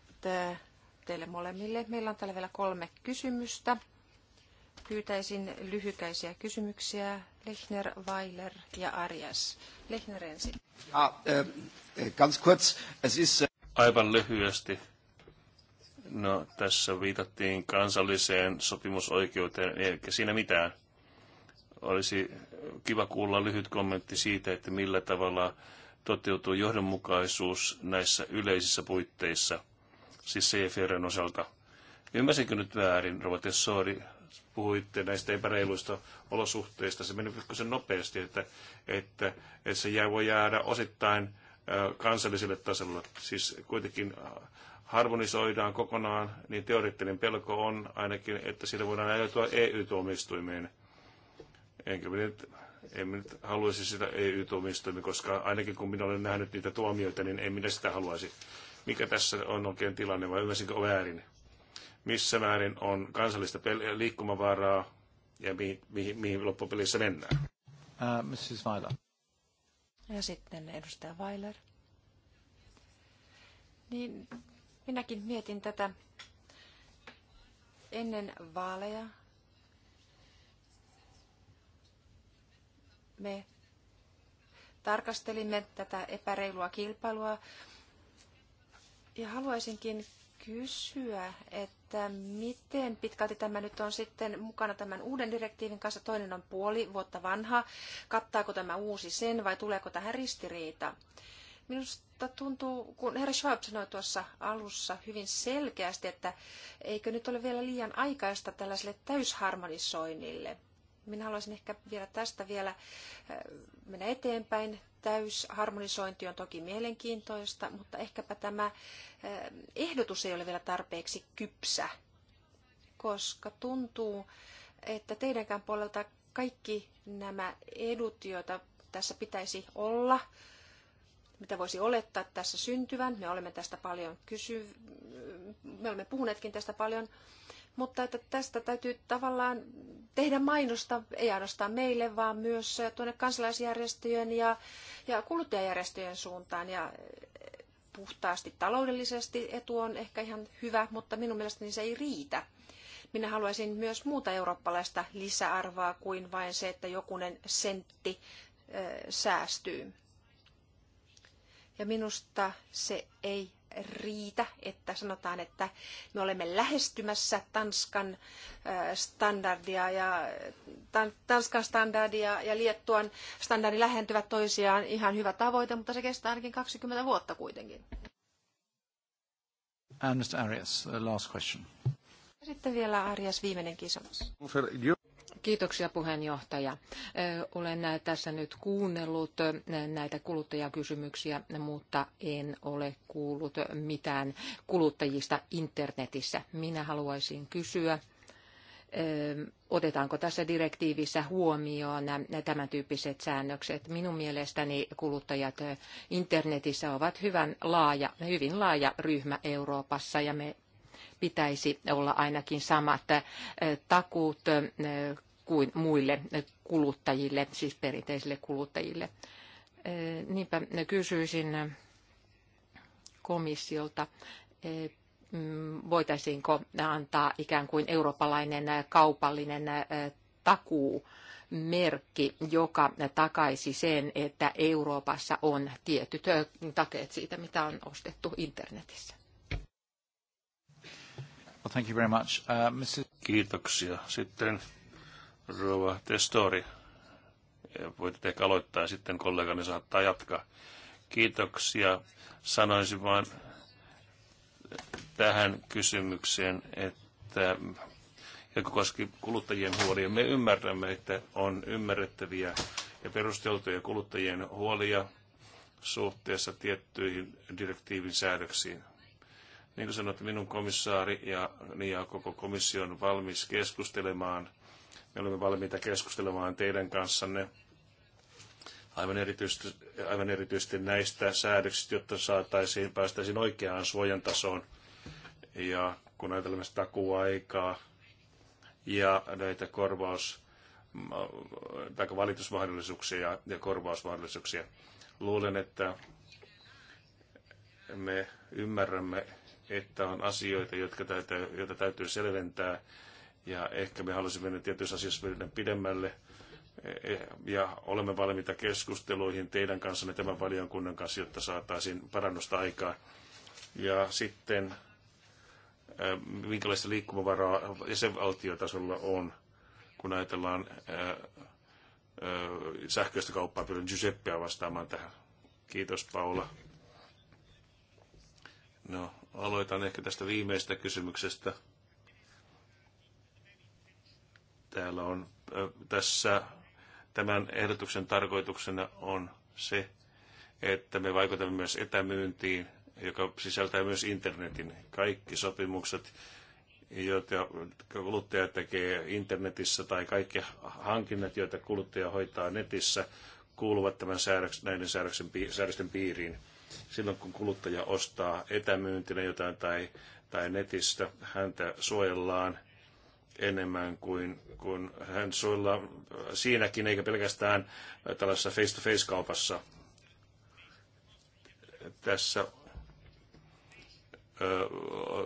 teille molemmille. Meillä on täällä vielä kolme kysymystä. Pyytäisin lyhykäisiä kysymyksiä. Lechner, Weiler ja Arias. Lechner ensin. äh, ganz kurz. Es ist... Aivan lyhyesti. No, tässä viitattiin kansalliseen sopimusoikeuteen, eikä siinä mitään. Olisi kiva kuulla lyhyt kommentti siitä, että millä tavalla toteutuu johdonmukaisuus näissä yleisissä puitteissa, siis CFRn osalta. Ymmärsinkö nyt väärin, Rova Tessori, puhuitte näistä epäreiluista olosuhteista. Se meni pikkusen nopeasti, että, että, että se jää, voi jäädä osittain kansalliselle tasolle. Siis kuitenkin harmonisoidaan kokonaan, niin teoreettinen pelko on ainakin, että sillä voidaan ajatua EU-tuomioistuimeen. Enkä minä nyt, en minä nyt haluaisi sitä EU-tuomioistuimeen, koska ainakin kun minä olen nähnyt niitä tuomioita, niin en minä sitä haluaisi. Mikä tässä on oikein tilanne, vai ymmärsinkö väärin? Missä määrin on kansallista pel- liikkumavaraa ja mihin, mihin, mihin loppupelissä mennään? Uh, äh, Mrs. Weiler. Ja sitten edustaja Weiler. Niin Minäkin mietin tätä ennen vaaleja. Me tarkastelimme tätä epäreilua kilpailua ja haluaisinkin kysyä, että miten pitkälti tämä nyt on sitten mukana tämän uuden direktiivin kanssa. Toinen on puoli vuotta vanha. Kattaako tämä uusi sen vai tuleeko tähän ristiriita? Minusta tuntuu, kun herra Schwab sanoi tuossa alussa hyvin selkeästi, että eikö nyt ole vielä liian aikaista tällaiselle täysharmonisoinnille. Minä haluaisin ehkä vielä tästä vielä äh, mennä eteenpäin. Täysharmonisointi on toki mielenkiintoista, mutta ehkäpä tämä äh, ehdotus ei ole vielä tarpeeksi kypsä, koska tuntuu, että teidänkään puolelta kaikki nämä edut, joita tässä pitäisi olla, mitä voisi olettaa tässä syntyvän. Me olemme tästä paljon kysy... me olemme puhuneetkin tästä paljon, mutta että tästä täytyy tavallaan tehdä mainosta, ei ainoastaan meille, vaan myös tuonne kansalaisjärjestöjen ja, ja kuluttajajärjestöjen suuntaan. Ja puhtaasti taloudellisesti etu on ehkä ihan hyvä, mutta minun mielestäni se ei riitä. Minä haluaisin myös muuta eurooppalaista lisäarvoa kuin vain se, että jokunen sentti säästyy. Ja minusta se ei riitä, että sanotaan, että me olemme lähestymässä Tanskan standardia ja Tanskan standardia ja Liettuan standardi lähentyvät toisiaan. Ihan hyvä tavoite, mutta se kestää ainakin 20 vuotta kuitenkin. And Mr. Arias, last question. Sitten vielä Arias viimeinen kysymys. Kiitoksia puheenjohtaja. Olen tässä nyt kuunnellut näitä kuluttajakysymyksiä, mutta en ole kuullut mitään kuluttajista internetissä. Minä haluaisin kysyä, otetaanko tässä direktiivissä huomioon tämän tyyppiset säännökset. Minun mielestäni kuluttajat internetissä ovat hyvän laaja, hyvin laaja ryhmä Euroopassa ja me pitäisi olla ainakin samat takuut kuin muille kuluttajille, siis perinteisille kuluttajille. Niinpä kysyisin komissiolta, mm, voitaisiinko antaa ikään kuin eurooppalainen kaupallinen takuu merkki, joka takaisi sen, että Euroopassa on tietyt takeet siitä, mitä on ostettu internetissä. Well, thank you very much. Uh, Mrs. Kiitoksia. Sitten Rova Testori, voitte ehkä aloittaa sitten kollegani saattaa jatkaa. Kiitoksia. Sanoisin vaan tähän kysymykseen, että joka koski kuluttajien huolia. Me ymmärrämme, että on ymmärrettäviä ja perusteltuja kuluttajien huolia suhteessa tiettyihin direktiivin säädöksiin. Niin kuin sanoit, minun komissaari ja, ja koko komissio on valmis keskustelemaan me olemme valmiita keskustelemaan teidän kanssanne aivan erityisesti, aivan erityisesti näistä säädöksistä, jotta saataisiin, päästäisiin oikeaan suojan tasoon. Ja kun ajatellaan sitä takuaikaa ja näitä korvaus- tai valitusmahdollisuuksia ja korvausmahdollisuuksia, luulen, että me ymmärrämme, että on asioita, jotka täytyy, joita täytyy selventää ja ehkä me halusimme mennä tietyissä asioissa mennä pidemmälle e, e, ja olemme valmiita keskusteluihin teidän kanssanne tämän valiokunnan kanssa, jotta saataisiin parannusta aikaa Ja sitten e, minkälaista liikkumavaraa jäsenvaltiotasolla on, kun ajatellaan sähköistä kauppaa. Pyydän Giuseppea vastaamaan tähän. Kiitos Paula. No, aloitan ehkä tästä viimeistä kysymyksestä. Täällä on tässä tämän ehdotuksen tarkoituksena on se, että me vaikutamme myös etämyyntiin, joka sisältää myös internetin. Kaikki sopimukset, joita kuluttaja tekee internetissä tai kaikki hankinnat, joita kuluttaja hoitaa netissä, kuuluvat tämän säädöks, näiden säädöksen, säädösten piiriin. Silloin kun kuluttaja ostaa etämyyntinä jotain tai, tai netistä, häntä suojellaan enemmän kuin, kuin hän suilla siinäkin, eikä pelkästään tällaisessa face-to-face-kaupassa. Tässä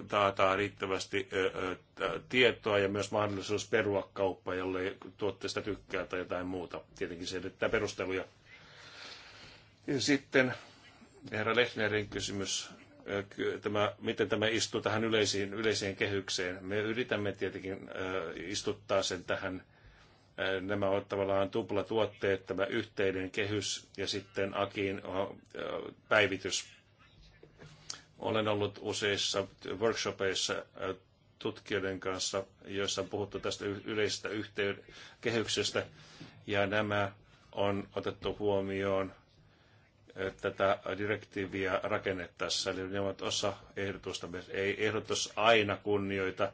taataa riittävästi tietoa ja myös mahdollisuus perua kauppa, jolle tuotteesta tykkää tai jotain muuta. Tietenkin se edellyttää perusteluja. Ja sitten herra Lehnerin kysymys tämä, miten tämä istuu tähän yleisiin, yleiseen kehykseen. Me yritämme tietenkin istuttaa sen tähän. Nämä ovat tavallaan tuplatuotteet, tämä yhteinen kehys ja sitten Akin päivitys. Olen ollut useissa workshopeissa tutkijoiden kanssa, joissa on puhuttu tästä yleisestä yhteyden kehyksestä, ja nämä on otettu huomioon tätä direktiiviä rakennettaessa. Eli ne ovat osa ehdotusta. Ei ehdotus aina kunnioita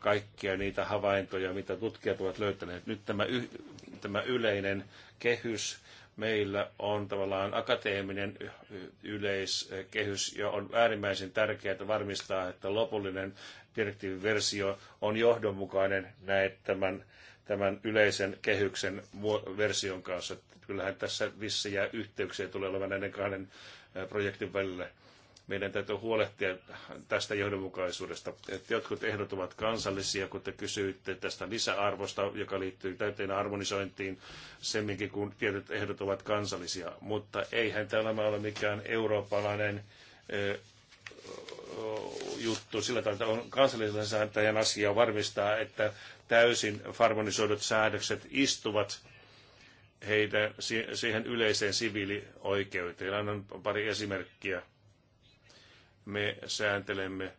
kaikkia niitä havaintoja, mitä tutkijat ovat löytäneet. Nyt tämä, y, tämä yleinen kehys meillä on tavallaan akateeminen yleiskehys ja on äärimmäisen tärkeää varmistaa, että lopullinen direktiiviversio on johdonmukainen näet tämän tämän yleisen kehyksen version kanssa. Kyllähän tässä vissiä yhteyksiä tulee olemaan näiden kahden projektin välillä. Meidän täytyy huolehtia tästä johdonmukaisuudesta. Että jotkut ehdot ovat kansallisia, kun te kysyitte tästä lisäarvosta, joka liittyy täyteen harmonisointiin, semminkin kun tietyt ehdot ovat kansallisia. Mutta eihän tämä ole mikään eurooppalainen juttu sillä tavalla, että on kansallisen asiaa asia varmistaa, että täysin harmonisoidut säädökset istuvat heitä siihen yleiseen siviilioikeuteen. Annan pari esimerkkiä. Me sääntelemme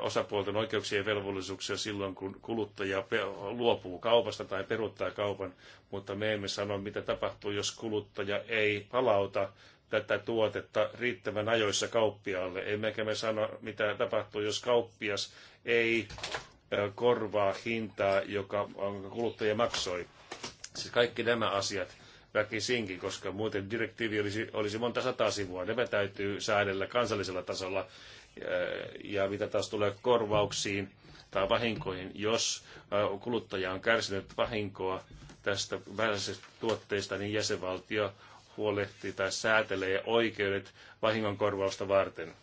osapuolten oikeuksia ja velvollisuuksia silloin, kun kuluttaja luopuu kaupasta tai peruuttaa kaupan, mutta me emme sano, mitä tapahtuu, jos kuluttaja ei palauta tätä tuotetta riittävän ajoissa kauppiaalle. Emmekä me sano, mitä tapahtuu, jos kauppias ei korvaa hintaa, joka kuluttaja maksoi. Siis kaikki nämä asiat väkisinkin, koska muuten direktiivi olisi, olisi monta sataa sivua. Nämä täytyy säädellä kansallisella tasolla ja mitä taas tulee korvauksiin tai vahinkoihin, jos kuluttaja on kärsinyt vahinkoa tästä vääräisestä tuotteesta, niin jäsenvaltio huolehtii tai säätelee oikeudet vahingonkorvausta varten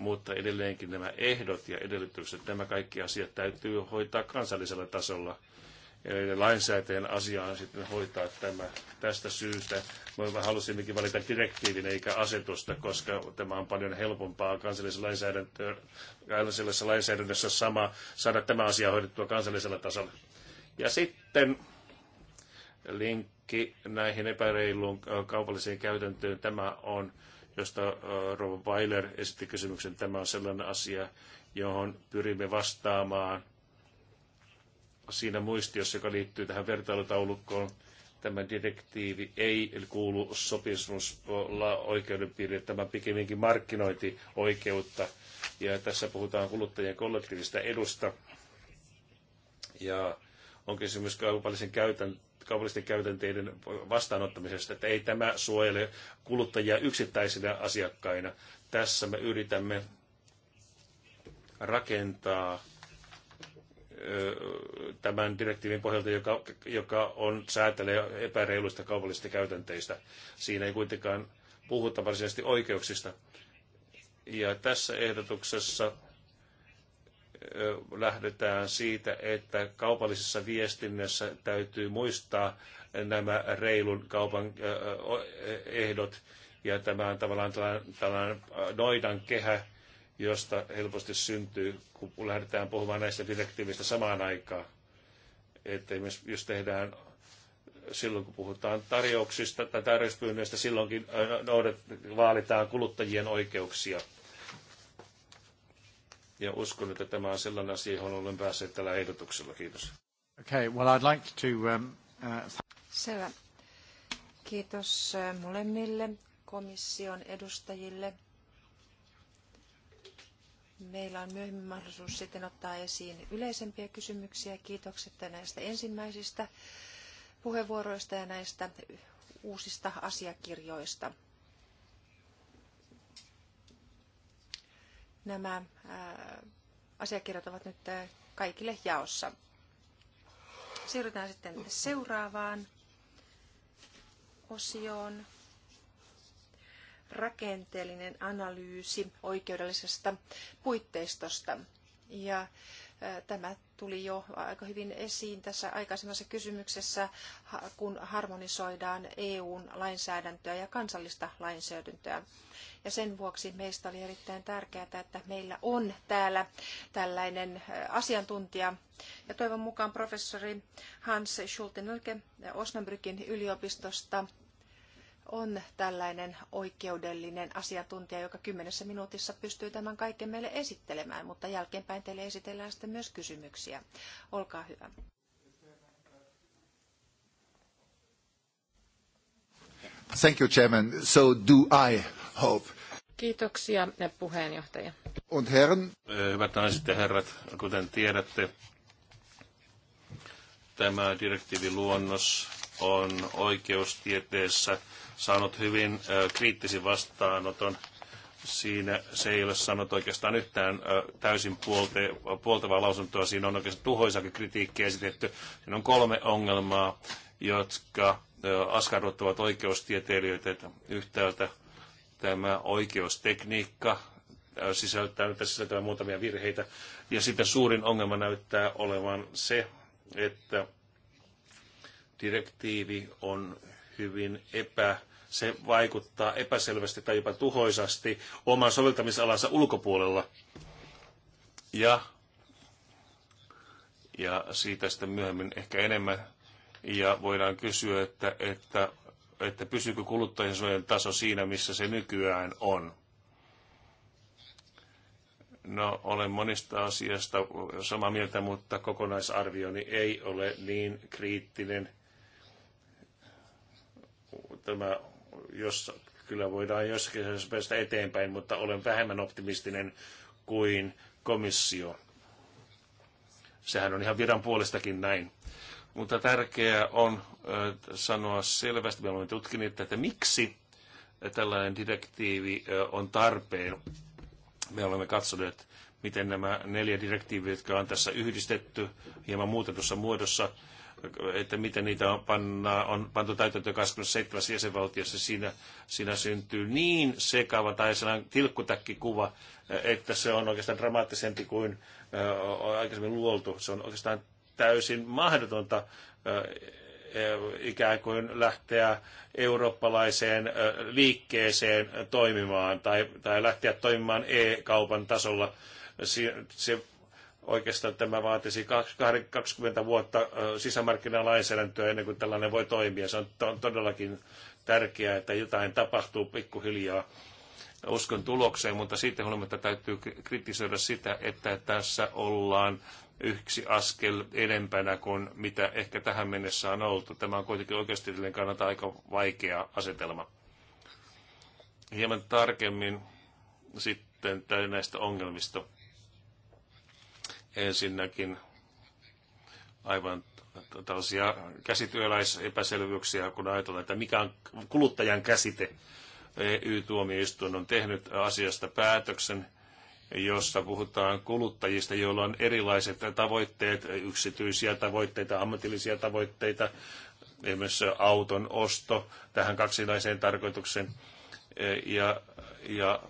mutta edelleenkin nämä ehdot ja edellytykset, nämä kaikki asiat täytyy hoitaa kansallisella tasolla. Eli lainsäätäjän asia on sitten hoitaa tämä tästä syystä. Me halusimmekin valita direktiivin eikä asetusta, koska tämä on paljon helpompaa kansallisessa, lainsäädäntö, kansallisessa lainsäädännössä sama saada tämä asia hoidettua kansallisella tasolla. Ja sitten linkki näihin epäreiluun kaupalliseen käytäntöön. Tämä on josta Rova Weiler esitti kysymyksen. Tämä on sellainen asia, johon pyrimme vastaamaan siinä muistiossa, joka liittyy tähän vertailutaulukkoon. Tämä direktiivi ei kuulu sopimusoikeuden piiriin, tämä pikemminkin markkinointioikeutta. Ja tässä puhutaan kuluttajien kollektiivista edusta. Ja on kysymys kaupallisen käytän, kaupallisten käytänteiden vastaanottamisesta, että ei tämä suojele kuluttajia yksittäisinä asiakkaina. Tässä me yritämme rakentaa tämän direktiivin pohjalta, joka, joka on säätelee epäreiluista kaupallisista käytänteistä. Siinä ei kuitenkaan puhuta varsinaisesti oikeuksista. Ja tässä ehdotuksessa lähdetään siitä, että kaupallisessa viestinnässä täytyy muistaa nämä reilun kaupan ehdot. Ja tämä on tavallaan tällainen, noidan kehä, josta helposti syntyy, kun lähdetään puhumaan näistä direktiivistä samaan aikaan. Että jos tehdään silloin, kun puhutaan tarjouksista tai tarjouspyynnöistä, silloinkin noudat, vaalitaan kuluttajien oikeuksia ja uskon, että tämä on sellainen asia, johon olen päässyt tällä ehdotuksella. Kiitos. Okay, well I'd like to, um, uh... Selvä. Kiitos äh, molemmille komission edustajille. Meillä on myöhemmin mahdollisuus sitten ottaa esiin yleisempiä kysymyksiä. Kiitokset näistä ensimmäisistä puheenvuoroista ja näistä uusista asiakirjoista. Nämä äh, asiakirjat ovat nyt äh, kaikille jaossa. Siirrytään sitten seuraavaan osioon. Rakenteellinen analyysi oikeudellisesta puitteistosta. Ja Tämä tuli jo aika hyvin esiin tässä aikaisemmassa kysymyksessä, kun harmonisoidaan EUn lainsäädäntöä ja kansallista lainsäädäntöä. Ja sen vuoksi meistä oli erittäin tärkeää, että meillä on täällä tällainen asiantuntija. Ja toivon mukaan professori Hans Schultenölke Osnabrükin yliopistosta on tällainen oikeudellinen asiantuntija, joka kymmenessä minuutissa pystyy tämän kaiken meille esittelemään, mutta jälkeenpäin teille esitellään sitten myös kysymyksiä. Olkaa hyvä. Thank you, Chairman. So do I hope. Kiitoksia, puheenjohtaja. Und Herren. Eh, hyvät naiset ja herrat, kuten tiedätte, tämä direktiiviluonnos on oikeustieteessä saanut hyvin kriittisin vastaanoton. Siinä se ei ole saanut oikeastaan yhtään täysin puolte, puoltavaa lausuntoa. Siinä on oikeastaan tuhoisakin kritiikkiä esitetty. Siinä on kolme ongelmaa, jotka askarruttavat oikeustieteilijöitä. Että yhtäältä tämä oikeustekniikka sisältää, tässä sisältää muutamia virheitä. Ja sitten suurin ongelma näyttää olevan se, että direktiivi on hyvin epä se vaikuttaa epäselvästi tai jopa tuhoisasti oman soveltamisalansa ulkopuolella. Ja, ja siitä sitten myöhemmin ehkä enemmän. Ja voidaan kysyä, että, että, että pysyykö suojan taso siinä, missä se nykyään on. No, olen monista asiasta samaa mieltä, mutta kokonaisarvioni ei ole niin kriittinen. Tämä jossa kyllä voidaan jossakin päästä eteenpäin, mutta olen vähemmän optimistinen kuin komissio. Sehän on ihan viran puolestakin näin. Mutta tärkeää on sanoa selvästi, me olemme tutkineet, että miksi tällainen direktiivi on tarpeen. Me olemme katsoneet, miten nämä neljä direktiiviä, jotka on tässä yhdistetty hieman muutetussa muodossa, että miten niitä on, panna, on pantu täytäntöön 27 jäsenvaltiossa, siinä, siinä syntyy niin sekava tai sellainen tilkkutäkkikuva, että se on oikeastaan dramaattisempi kuin aikaisemmin luoltu. Se on oikeastaan täysin mahdotonta e, ikään kuin lähteä eurooppalaiseen liikkeeseen toimimaan tai, tai lähteä toimimaan e-kaupan tasolla. Se, se Oikeastaan tämä vaatisi 20 vuotta sisämarkkinalainsäädäntöä ennen kuin tällainen voi toimia. Se on todellakin tärkeää, että jotain tapahtuu pikkuhiljaa uskon tulokseen, mutta siitä huolimatta täytyy kritisoida sitä, että tässä ollaan yksi askel enempänä kuin mitä ehkä tähän mennessä on oltu. Tämä on kuitenkin oikeustieteellinen kannalta aika vaikea asetelma. Hieman tarkemmin sitten näistä ongelmista ensinnäkin aivan tällaisia käsityöläisepäselvyyksiä, kun ajatellaan, että mikä on kuluttajan käsite. EU-tuomioistuin on tehnyt asiasta päätöksen, jossa puhutaan kuluttajista, joilla on erilaiset tavoitteet, yksityisiä tavoitteita, ammatillisia tavoitteita, esimerkiksi auton osto tähän kaksinaiseen tarkoitukseen. E, ja, ja,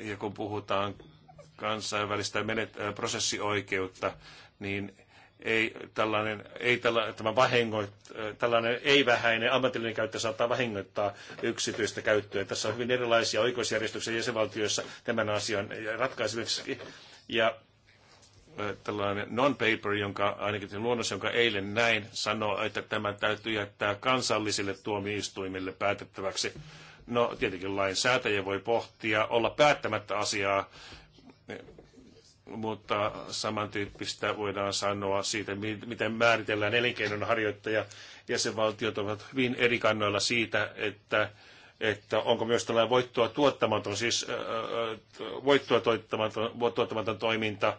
ja kun puhutaan kansainvälistä menet- prosessioikeutta, niin ei tällainen, ei tällä, tämä vahingoit, tällainen ei-vähäinen ammatillinen käyttö saattaa vahingoittaa yksityistä käyttöä. Tässä on hyvin erilaisia oikeusjärjestyksiä jäsenvaltioissa tämän asian ratkaisemiseksi. Ja tällainen non-paper, jonka ainakin luonnos, jonka eilen näin, sanoo, että tämä täytyy jättää kansallisille tuomioistuimille päätettäväksi. No tietenkin lainsäätäjä voi pohtia, olla päättämättä asiaa, niin, mutta samantyyppistä voidaan sanoa siitä, miten määritellään elinkeinonharjoittaja. Jäsenvaltiot ovat hyvin eri kannoilla siitä, että, että onko myös tällainen voittoa tuottamaton, siis äh, voittoa tuottamaton, tuottamaton toiminta,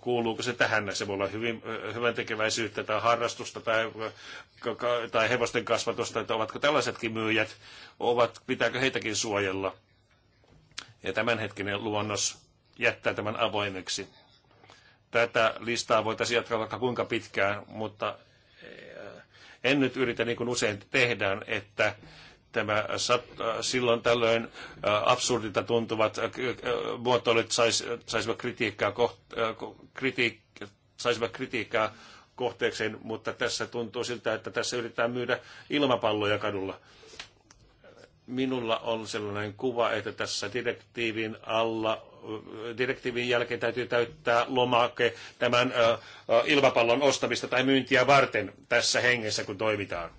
kuuluuko se tähän, se voi olla hyvin, hyvän tekeväisyyttä tai harrastusta tai, tai hevosten kasvatusta, että ovatko tällaisetkin myyjät, ovat, pitääkö heitäkin suojella ja tämänhetkinen luonnos jättää tämän avoimeksi. Tätä listaa voitaisiin jatkaa vaikka kuinka pitkään, mutta eh, en nyt yritä, niin kuin usein tehdään, että tämä silloin tällöin eh, absurdilta tuntuvat eh, muotoilut sais, saisivat kritiikkaa, saisivat kritiikkaa kohteekseen, mutta tässä tuntuu siltä, että tässä yritetään myydä ilmapalloja kadulla minulla on sellainen kuva, että tässä direktiivin alla direktiivin jälkeen täytyy täyttää lomake tämän ilmapallon ostamista tai myyntiä varten tässä hengessä, kun toimitaan.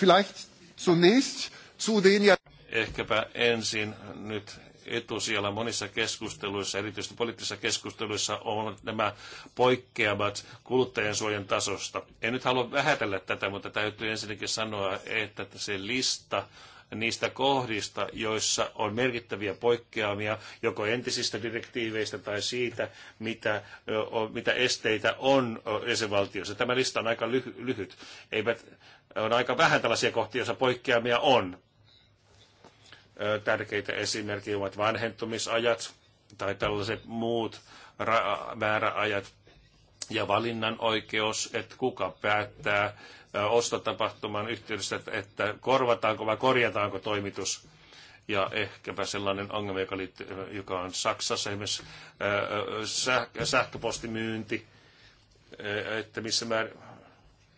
Vielleicht zunächst zu den ja... Ehkäpä ensin nyt etusijalla monissa keskusteluissa, erityisesti poliittisissa keskusteluissa, on nämä poikkeamat kuluttajansuojan tasosta. En nyt halua vähätellä tätä, mutta täytyy ensinnäkin sanoa, että se lista niistä kohdista, joissa on merkittäviä poikkeamia joko entisistä direktiiveistä tai siitä, mitä, mitä esteitä on jäsenvaltiossa. Tämä lista on aika lyhyt. Eivät, on aika vähän tällaisia kohtia, joissa poikkeamia on Tärkeitä esimerkkejä ovat vanhentumisajat tai tällaiset muut määräajat ja valinnan oikeus, että kuka päättää ostotapahtuman yhteydessä, että korvataanko vai korjataanko toimitus ja ehkäpä sellainen ongelma, joka, liittyy, joka on Saksassa esimerkiksi sähkö, sähköpostimyynti, että missä määrin,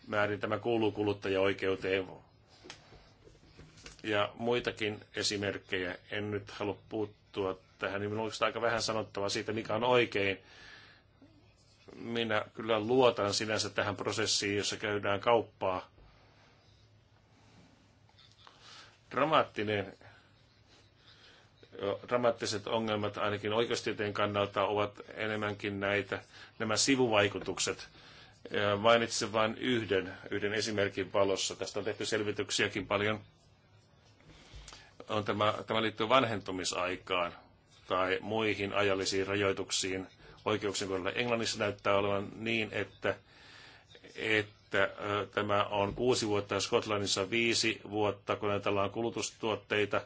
määrin tämä kuuluu kuluttajaoikeuteen ja muitakin esimerkkejä. En nyt halua puuttua tähän, niin minulla on aika vähän sanottavaa siitä, mikä on oikein. Minä kyllä luotan sinänsä tähän prosessiin, jossa käydään kauppaa. Dramaattinen, dramaattiset ongelmat ainakin oikeustieteen kannalta ovat enemmänkin näitä, nämä sivuvaikutukset. Mainitsen vain yhden, yhden esimerkin valossa. Tästä on tehty selvityksiäkin paljon on tämä, tämä liittyy vanhentumisaikaan tai muihin ajallisiin rajoituksiin oikeuksien kohdalla. Englannissa näyttää olevan niin, että, että ö, tämä on kuusi vuotta ja Skotlannissa viisi vuotta, kun ajatellaan kulutustuotteita.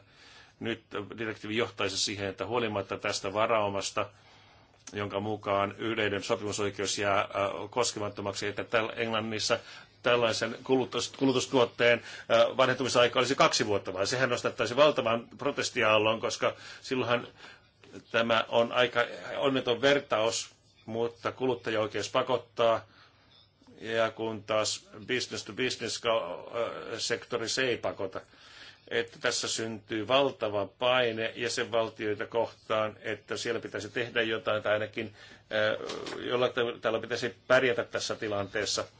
Nyt direktiivi johtaisi siihen, että huolimatta tästä varaumasta, jonka mukaan yleinen sopimusoikeus jää koskemattomaksi, että täällä Englannissa tällaisen kulutus, kulutustuotteen vanhentumisaika olisi kaksi vuotta, vaan sehän nostettaisi valtavan protestiaallon, koska silloinhan tämä on aika onneton vertaus, mutta kuluttaja oikeus pakottaa, ja kun taas business to business sektori se ei pakota. Että tässä syntyy valtava paine jäsenvaltioita kohtaan, että siellä pitäisi tehdä jotain tai ainakin jollain tavalla pitäisi pärjätä tässä tilanteessa –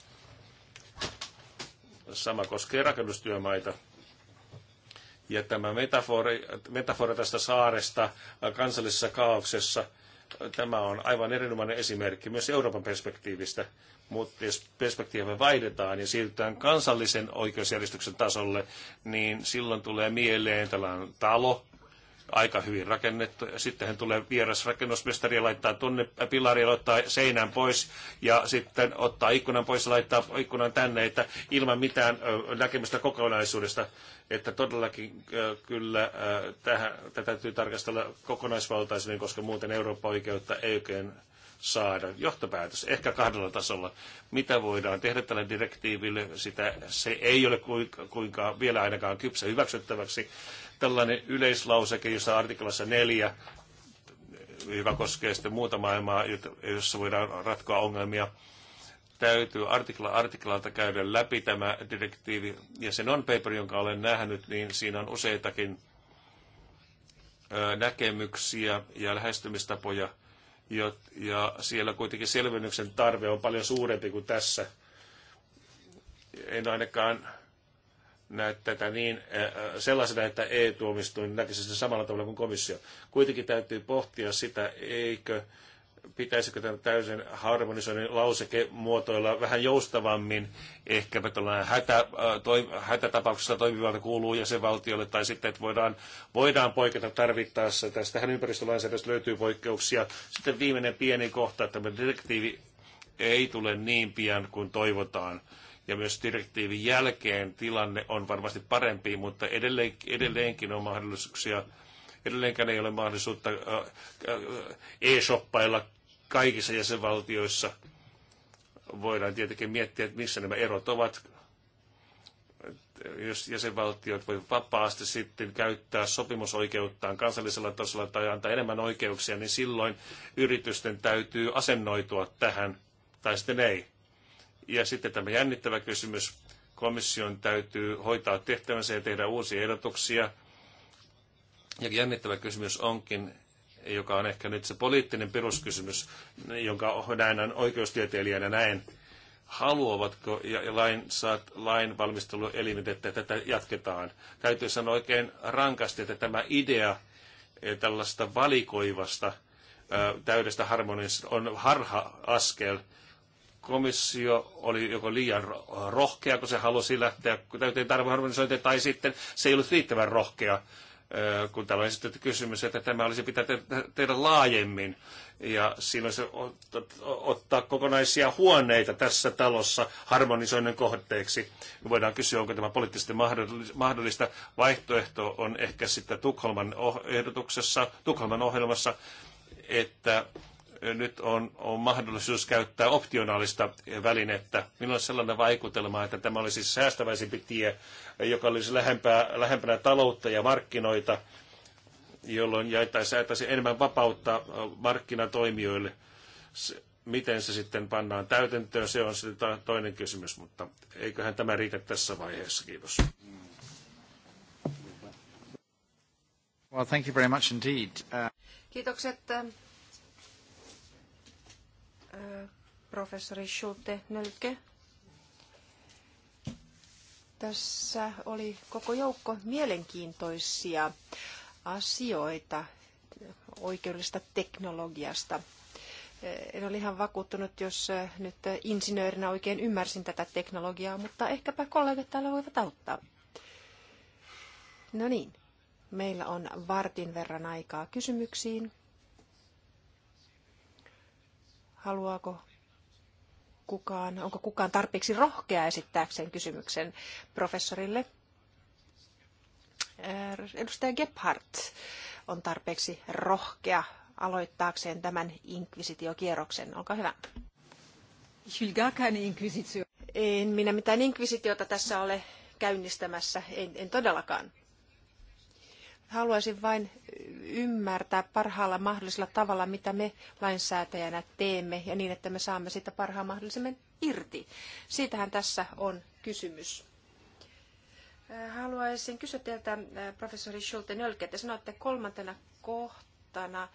Sama koskee rakennustyömaita. Ja tämä metafori, metafora tästä saaresta kansallisessa kaauksessa, tämä on aivan erinomainen esimerkki myös Euroopan perspektiivistä. Mutta jos perspektiivä vaihdetaan ja siirrytään kansallisen oikeusjärjestyksen tasolle, niin silloin tulee mieleen tällainen talo, aika hyvin rakennettu. Sitten hän tulee vieras rakennusmestari ja laittaa tuonne pilari ja seinän pois ja sitten ottaa ikkunan pois ja laittaa ikkunan tänne, että ilman mitään näkemystä kokonaisuudesta. Että todellakin kyllä tähän, tätä täytyy tarkastella kokonaisvaltaisemmin, koska muuten Eurooppa-oikeutta ei oikein saada. Johtopäätös ehkä kahdella tasolla. Mitä voidaan tehdä tällä direktiiville? Sitä, se ei ole kuinka, kuinka vielä ainakaan kypsä hyväksyttäväksi tällainen yleislauseke, jossa artiklassa neljä, hyvä koskee sitten muuta maailmaa, jossa voidaan ratkoa ongelmia, täytyy artikla artiklalta käydä läpi tämä direktiivi. Ja se non-paper, jonka olen nähnyt, niin siinä on useitakin näkemyksiä ja lähestymistapoja, ja siellä kuitenkin selvennyksen tarve on paljon suurempi kuin tässä. En ainakaan tätä niin sellaisena, että EU-tuomistuin näkisi sen samalla tavalla kuin komissio. Kuitenkin täytyy pohtia sitä, eikö pitäisikö tämän täysin harmonisoinnin lauseke muotoilla vähän joustavammin, ehkäpä tällainen hätä, toi, hätätapauksessa toimivalta kuuluu jäsenvaltiolle, tai sitten, että voidaan, voidaan poiketa tarvittaessa. Tästähän ympäristölainsäädännöstä löytyy poikkeuksia. Sitten viimeinen pieni kohta, että tämä direktiivi ei tule niin pian kuin toivotaan ja myös direktiivin jälkeen tilanne on varmasti parempi, mutta edelleen, edelleenkin on mahdollisuuksia, edelleenkään ei ole mahdollisuutta e-shoppailla kaikissa jäsenvaltioissa. Voidaan tietenkin miettiä, että missä nämä erot ovat. Jos jäsenvaltiot voivat vapaasti sitten käyttää sopimusoikeuttaan kansallisella tasolla tai antaa enemmän oikeuksia, niin silloin yritysten täytyy asennoitua tähän, tai sitten ei ja sitten tämä jännittävä kysymys. Komission täytyy hoitaa tehtävänsä ja tehdä uusia ehdotuksia. Ja jännittävä kysymys onkin, joka on ehkä nyt se poliittinen peruskysymys, jonka näen oikeustieteilijänä näen, haluavatko lain, lain valmisteluelimet, että tätä jatketaan. Täytyy sanoa oikein rankasti, että tämä idea eh, tällaista valikoivasta eh, täydestä harmonista on harha askel komissio oli joko liian rohkea, kun se halusi lähteä täyteen tarveharmonisointiin, tai sitten se ei ollut riittävän rohkea, kun täällä on esitetty kysymys, että tämä olisi pitää tehdä laajemmin. Ja silloin se ottaa kokonaisia huoneita tässä talossa harmonisoinnin kohteeksi. Me voidaan kysyä, onko tämä poliittisesti mahdollista. Vaihtoehto on ehkä sitten Tukholman oh-, ehdotuksessa, Tukholman ohjelmassa, että nyt on, on mahdollisuus käyttää optionaalista välinettä. Minulla on sellainen vaikutelma, että tämä olisi säästäväisempi tie, joka olisi lähempää, lähempänä taloutta ja markkinoita, jolloin jaettaisiin enemmän vapautta markkinatoimijoille. Se, miten se sitten pannaan täytäntöön, se on sitten toinen kysymys, mutta eiköhän tämä riitä tässä vaiheessa. Kiitos. Well, thank you very much indeed. Uh... Kiitokset professori Schulte Nölke. Tässä oli koko joukko mielenkiintoisia asioita oikeudellisesta teknologiasta. En ole ihan vakuuttunut, jos nyt insinöörinä oikein ymmärsin tätä teknologiaa, mutta ehkäpä kollegat täällä voivat auttaa. No niin, meillä on vartin verran aikaa kysymyksiin. Haluaako kukaan, onko kukaan tarpeeksi rohkea esittääkseen kysymyksen professorille? Äh, edustaja Gebhardt on tarpeeksi rohkea aloittaakseen tämän inkvisitiokierroksen. Olkaa hyvä. En minä mitään inkvisitiota tässä ole käynnistämässä, en, en todellakaan haluaisin vain ymmärtää parhaalla mahdollisella tavalla, mitä me lainsäätäjänä teemme ja niin, että me saamme sitä parhaan mahdollisimman irti. Siitähän tässä on kysymys. Äh, haluaisin kysyä teiltä äh, professori Schulte Nölke, niin että sanoitte kolmantena kohtana,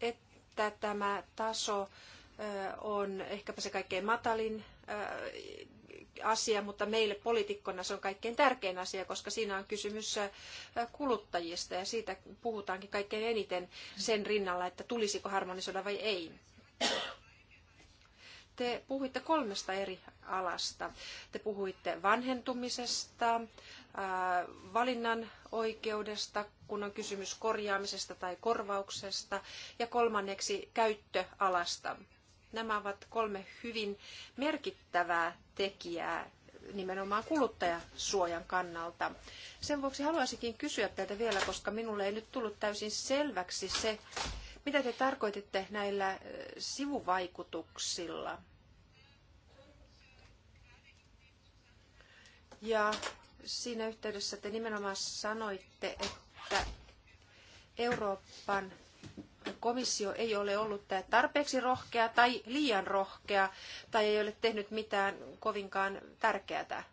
että tämä taso äh, on ehkäpä se kaikkein matalin asia, mutta meille poliitikkona se on kaikkein tärkein asia, koska siinä on kysymys äh, kuluttajista ja siitä puhutaankin kaikkein eniten sen rinnalla, että tulisiko harmonisoida vai ei. Te puhuitte kolmesta eri alasta. Te puhuitte vanhentumisesta, äh, valinnan oikeudesta, kun on kysymys korjaamisesta tai korvauksesta, ja kolmanneksi käyttöalasta Nämä ovat kolme hyvin merkittävää tekijää nimenomaan kuluttajasuojan kannalta. Sen vuoksi haluaisinkin kysyä teiltä vielä, koska minulle ei nyt tullut täysin selväksi se, mitä te tarkoititte näillä sivuvaikutuksilla. Ja siinä yhteydessä te nimenomaan sanoitte, että Euroopan komissio ei ole ollut tarpeeksi rohkea tai liian rohkea tai ei ole tehnyt mitään kovinkaan tärkeää.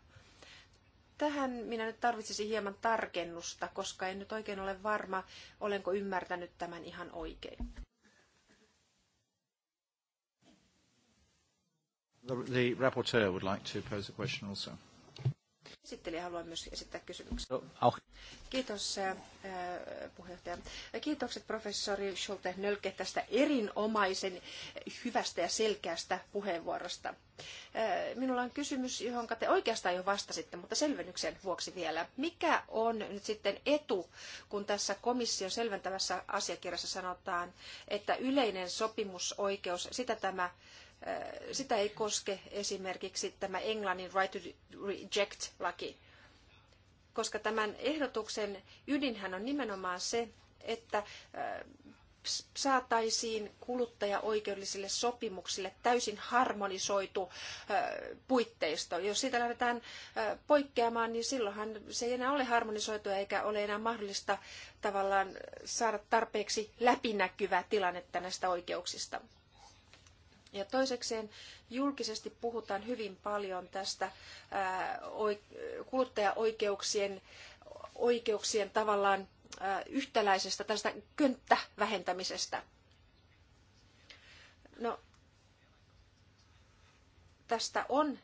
Tähän minä nyt tarvitsisin hieman tarkennusta, koska en nyt oikein ole varma, olenko ymmärtänyt tämän ihan oikein. The, the rapporteur would like to pose a question also esittelijä haluaa myös esittää kysymyksiä. Oh. No, Kiitos puheenjohtaja. Kiitokset professori Schulte Nölke tästä erinomaisen hyvästä ja selkeästä puheenvuorosta. Minulla on kysymys, johon te oikeastaan jo vastasitte, mutta selvennyksen vuoksi vielä. Mikä on nyt sitten etu, kun tässä komission selventävässä asiakirjassa sanotaan, että yleinen sopimusoikeus, sitä tämä sitä ei koske esimerkiksi tämä Englannin Right to Reject-laki, koska tämän ehdotuksen ydinhän on nimenomaan se, että saataisiin kuluttajaoikeudellisille sopimuksille täysin harmonisoitu puitteisto. Jos siitä lähdetään poikkeamaan, niin silloinhan se ei enää ole harmonisoitua eikä ole enää mahdollista tavallaan saada tarpeeksi läpinäkyvää tilannetta näistä oikeuksista. Ja toisekseen julkisesti puhutaan hyvin paljon tästä kuluttajaoikeuksien oikeuksien tavallaan yhtäläisestä tästä könttävähentämisestä. No, tästä on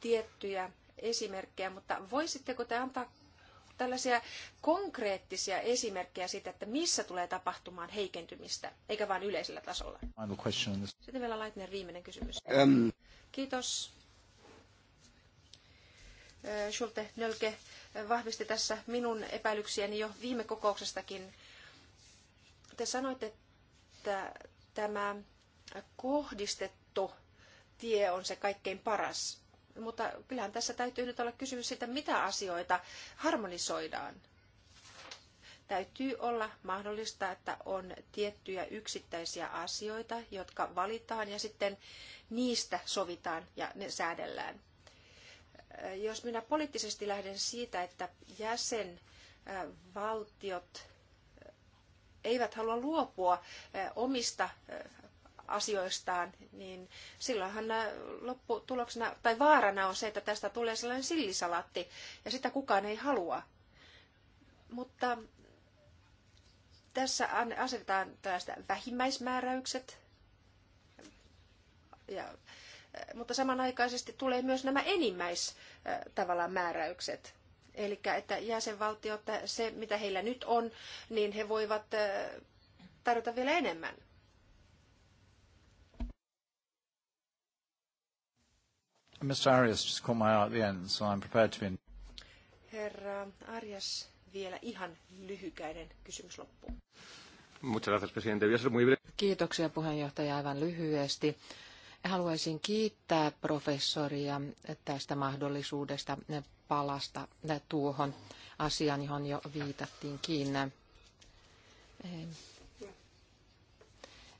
tiettyjä esimerkkejä, mutta voisitteko te antaa tällaisia konkreettisia esimerkkejä siitä, että missä tulee tapahtumaan heikentymistä, eikä vain yleisellä tasolla. Sitten vielä Laitner viimeinen kysymys. Um. Kiitos. Äh, Schulte Nölke äh, vahvisti tässä minun epäilyksiäni jo viime kokouksestakin. Te sanoitte, että tämä kohdistettu tie on se kaikkein paras mutta kyllähän tässä täytyy nyt olla kysymys siitä, mitä asioita harmonisoidaan. Täytyy olla mahdollista, että on tiettyjä yksittäisiä asioita, jotka valitaan ja sitten niistä sovitaan ja ne säädellään. Jos minä poliittisesti lähden siitä, että jäsenvaltiot eivät halua luopua omista asioistaan, niin silloinhan äh, lopputuloksena tai vaarana on se, että tästä tulee sellainen sillisalatti ja sitä kukaan ei halua. Mutta tässä asetetaan tällaista vähimmäismääräykset, ja, äh, mutta samanaikaisesti tulee myös nämä enimmäis äh, tavallaan määräykset. Eli että jäsenvaltiot, se mitä heillä nyt on, niin he voivat tarjota vielä enemmän. Mr. Arias just caught my eye at the end, so I'm prepared to be... Herra Arias, vielä ihan lyhykäinen kysymys loppuun. Kiitoksia puheenjohtaja aivan lyhyesti. Haluaisin kiittää professoria tästä mahdollisuudesta palasta tuohon asiaan, johon jo viitattiin kiinni.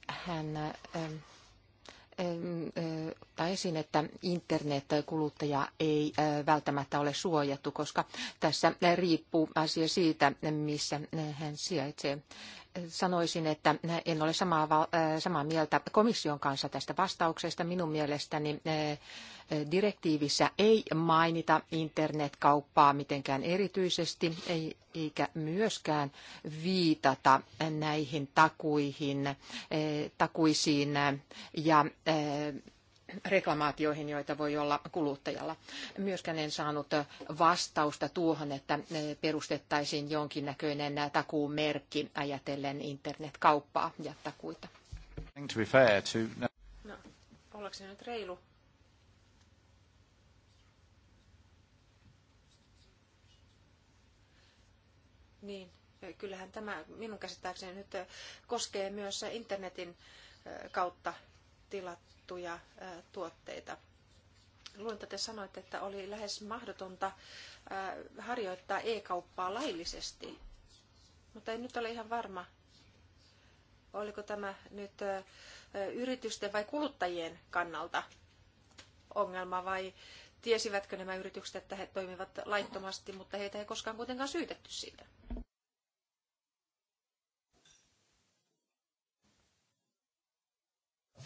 Hän esiin, että internet-kuluttaja ei välttämättä ole suojattu, koska tässä riippuu asia siitä, missä hän sijaitsee. Sanoisin, että en ole samaa, samaa mieltä komission kanssa tästä vastauksesta. Minun mielestäni Direktiivissä ei mainita internetkauppaa mitenkään erityisesti, ei, eikä myöskään viitata näihin takuihin, eh, takuisiin eh, ja eh, reklamaatioihin, joita voi olla kuluttajalla. Myöskään en saanut vastausta tuohon, että perustettaisiin jonkinnäköinen takuumerkki ajatellen internetkauppaa ja takuita. No, ollakseni nyt reilu Niin, kyllähän tämä minun käsittääkseni nyt koskee myös internetin kautta tilattuja tuotteita. Luulen, että te sanoitte, että oli lähes mahdotonta harjoittaa e-kauppaa laillisesti, mutta en nyt ole ihan varma, oliko tämä nyt yritysten vai kuluttajien kannalta ongelma vai tiesivätkö nämä yritykset, että he toimivat laittomasti, mutta heitä ei koskaan kuitenkaan syytetty siitä.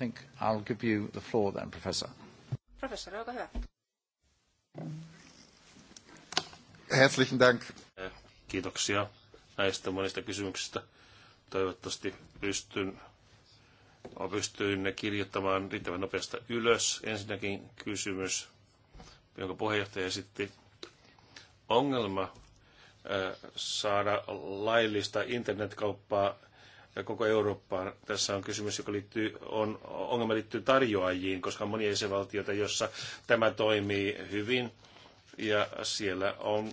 think I'll give you the floor then, Professor. Herzlichen Dank. Kiitoksia näistä monista kysymyksistä. Toivottavasti pystyn, pystyin ne kirjoittamaan riittävän nopeasti ylös. Ensinnäkin kysymys, jonka puheenjohtaja esitti. Ongelma saada laillista internetkauppaa ja koko Eurooppaan. Tässä on kysymys, joka liittyy, on, ongelma liittyy tarjoajiin, koska on monia jäsenvaltioita, jossa tämä toimii hyvin ja siellä on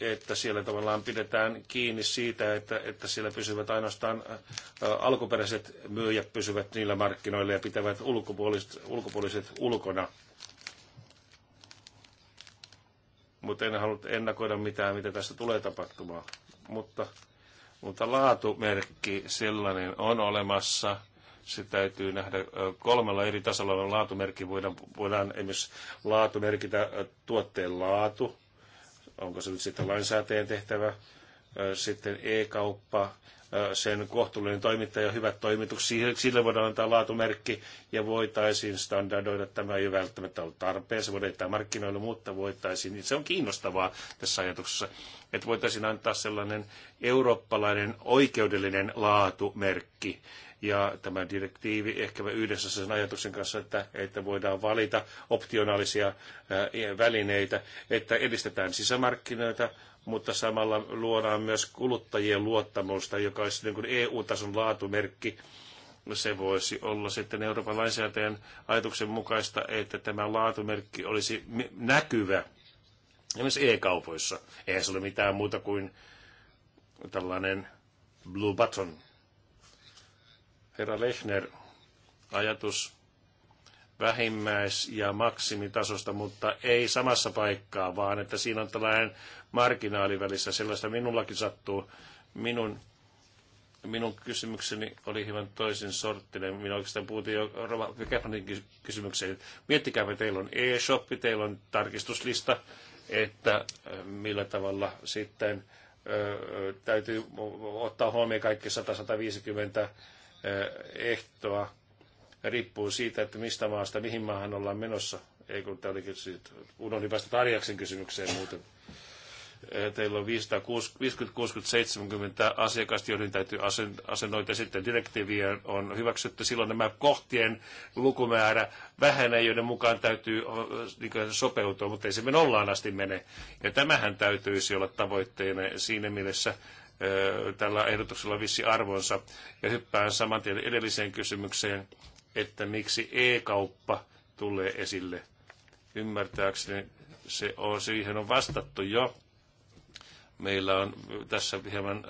että siellä tavallaan pidetään kiinni siitä, että, että siellä pysyvät ainoastaan alkuperäiset myyjät pysyvät niillä markkinoilla ja pitävät ulkopuoliset, ulkopuoliset ulkona. Mutta en halua ennakoida mitään, mitä tässä tulee tapahtumaan mutta, mutta laatumerkki sellainen on olemassa. Se täytyy nähdä kolmella eri tasolla. Laatumerkki voidaan, voidaan esimerkiksi laatumerkitä tuotteen laatu, onko se nyt sitten lainsäätäjän tehtävä, sitten e-kauppa, sen kohtuullinen toimittaja ja hyvät toimitukset, sille voidaan antaa laatumerkki ja voitaisiin standardoida. Tämä ei välttämättä ollut tarpeen, se voidaan edetä markkinoille, mutta voitaisiin, niin se on kiinnostavaa tässä ajatuksessa, että voitaisiin antaa sellainen eurooppalainen oikeudellinen laatumerkki, ja tämä direktiivi ehkä yhdessä sen ajatuksen kanssa, että, että voidaan valita optionaalisia välineitä, että edistetään sisämarkkinoita, mutta samalla luodaan myös kuluttajien luottamusta, joka olisi niin kuin EU-tason laatumerkki. Se voisi olla sitten Euroopan lainsäätäjän ajatuksen mukaista, että tämä laatumerkki olisi näkyvä myös e-kaupoissa. Eihän se ole mitään muuta kuin tällainen blue button. Herra Lechner, ajatus vähimmäis- ja maksimitasosta, mutta ei samassa paikkaa, vaan että siinä on tällainen marginaalivälissä. Sellaista minullakin sattuu. Minun, minun kysymykseni oli hieman toisin sorttinen. Minä oikeastaan puhutin jo Rova kysymykseen. Miettikääpä, teillä on e-shop, teillä on tarkistuslista, että äh, millä tavalla sitten ö, äh, täytyy ottaa huomioon kaikki 100-150 äh, ehtoa riippuu siitä, että mistä maasta mihin maahan ollaan menossa. Ei kun tämä olikin siitä, unohdin päästä Tarjaksen kysymykseen muuten. Teillä on 50, 60, 70 asiakasta, joihin täytyy asennoida sitten direktiiviä on hyväksytty. Silloin nämä kohtien lukumäärä vähenee, joiden mukaan täytyy niin sopeutua, mutta ei se nollaan asti mene. Ja tämähän täytyisi olla tavoitteena siinä mielessä, tällä ehdotuksella vissi arvonsa. Ja hyppään saman tien edelliseen kysymykseen, että miksi e-kauppa tulee esille. Ymmärtääkseni se on, siihen on vastattu jo. Meillä on tässä hieman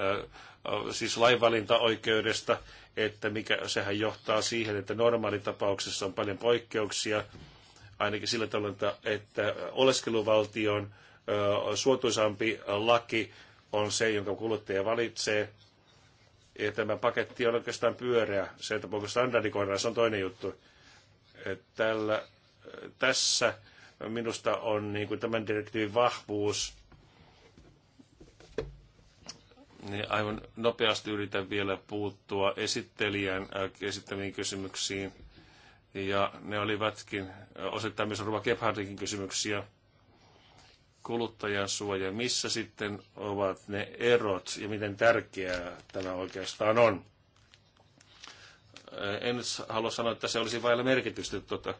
siis lainvalintaoikeudesta, että mikä, sehän johtaa siihen, että normaalitapauksessa on paljon poikkeuksia, ainakin sillä tavalla, että oleskeluvaltion suotuisampi laki on se, jonka kuluttaja valitsee – ja tämä paketti on oikeastaan pyöreä. Se, että onko standardikohdalla, se on toinen juttu. Tällä, tässä minusta on niin kuin tämän direktiivin vahvuus. Niin aivan nopeasti yritän vielä puuttua esittelijän esittämiin kysymyksiin. Ja ne olivatkin osittain myös Ruva Gebhardinkin kysymyksiä kuluttajansuoja, missä sitten ovat ne erot ja miten tärkeää tämä oikeastaan on. En halua sanoa, että se olisi vailla merkitystä. Tuota,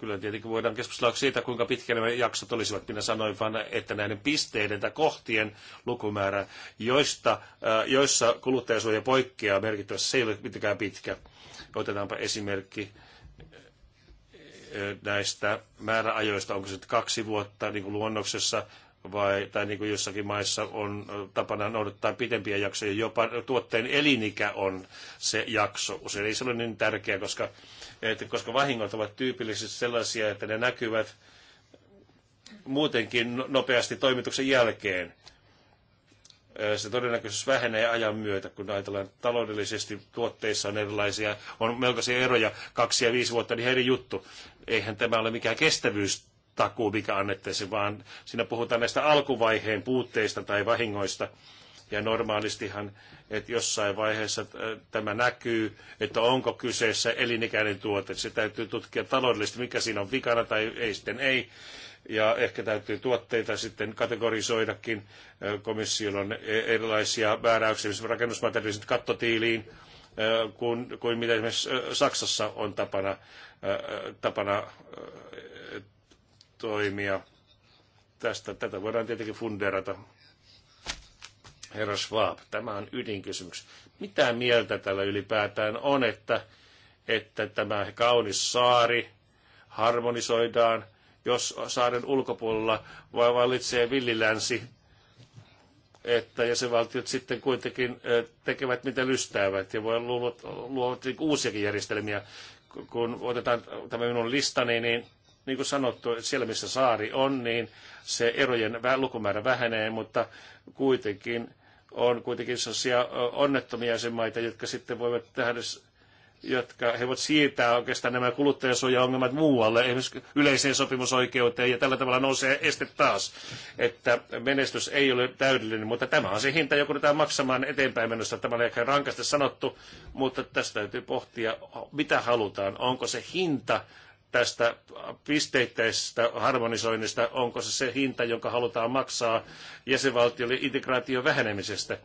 kyllä tietenkin voidaan keskustella siitä, kuinka pitkä nämä jaksot olisivat. Minä sanoin vain, että näiden pisteiden tai kohtien lukumäärä, joista, joissa kuluttajasuoja poikkeaa merkittävästi, se ei ole mitenkään pitkä. Otetaanpa esimerkki näistä määräajoista, onko se nyt kaksi vuotta niin kuin luonnoksessa vai, tai niin kuin jossakin maissa on tapana noudattaa pitempiä jaksoja, jopa tuotteen elinikä on se jakso. Se ei se ole niin tärkeä, koska, että, koska vahingot ovat tyypillisesti sellaisia, että ne näkyvät muutenkin no, nopeasti toimituksen jälkeen se todennäköisyys vähenee ajan myötä, kun ajatellaan taloudellisesti tuotteissa on erilaisia, on melkoisia eroja, kaksi ja viisi vuotta, niin eri juttu. Eihän tämä ole mikään kestävyystakuu, mikä annettaisiin, vaan siinä puhutaan näistä alkuvaiheen puutteista tai vahingoista. Ja normaalistihan, että jossain vaiheessa tämä näkyy, että onko kyseessä elinikäinen tuote. Se täytyy tutkia taloudellisesti, mikä siinä on vikana tai ei sitten ei ja ehkä täytyy tuotteita sitten kategorisoidakin. Komissiolla on e- erilaisia määräyksiä, esimerkiksi rakennusmateriaalit kattotiiliin, kuin, kuin mitä esimerkiksi Saksassa on tapana, tapana toimia. Tästä, tätä voidaan tietenkin funderata. Herra Schwab, tämä on ydinkysymys. Mitä mieltä tällä ylipäätään on, että, että tämä kaunis saari harmonisoidaan – jos saaren ulkopuolella vallitsee villilänsi, että jäsenvaltiot sitten kuitenkin tekevät mitä lystäävät ja voi luoda niin uusiakin järjestelmiä. Kun otetaan tämä minun listani, niin niin kuin sanottu, siellä missä saari on, niin se erojen lukumäärä vähenee, mutta kuitenkin on kuitenkin sellaisia onnettomia jäsenmaita, jotka sitten voivat tehdä jotka he voivat siirtää oikeastaan nämä kuluttajasuojaongelmat muualle, esimerkiksi yleiseen sopimusoikeuteen, ja tällä tavalla nousee este taas, että menestys ei ole täydellinen, mutta tämä on se hinta, joka ruvetaan maksamaan eteenpäin menossa. Tämä on ehkä rankasti sanottu, mutta tästä täytyy pohtia, mitä halutaan, onko se hinta tästä pisteittäisestä harmonisoinnista, onko se se hinta, jonka halutaan maksaa jäsenvaltioiden integraation vähenemisestä.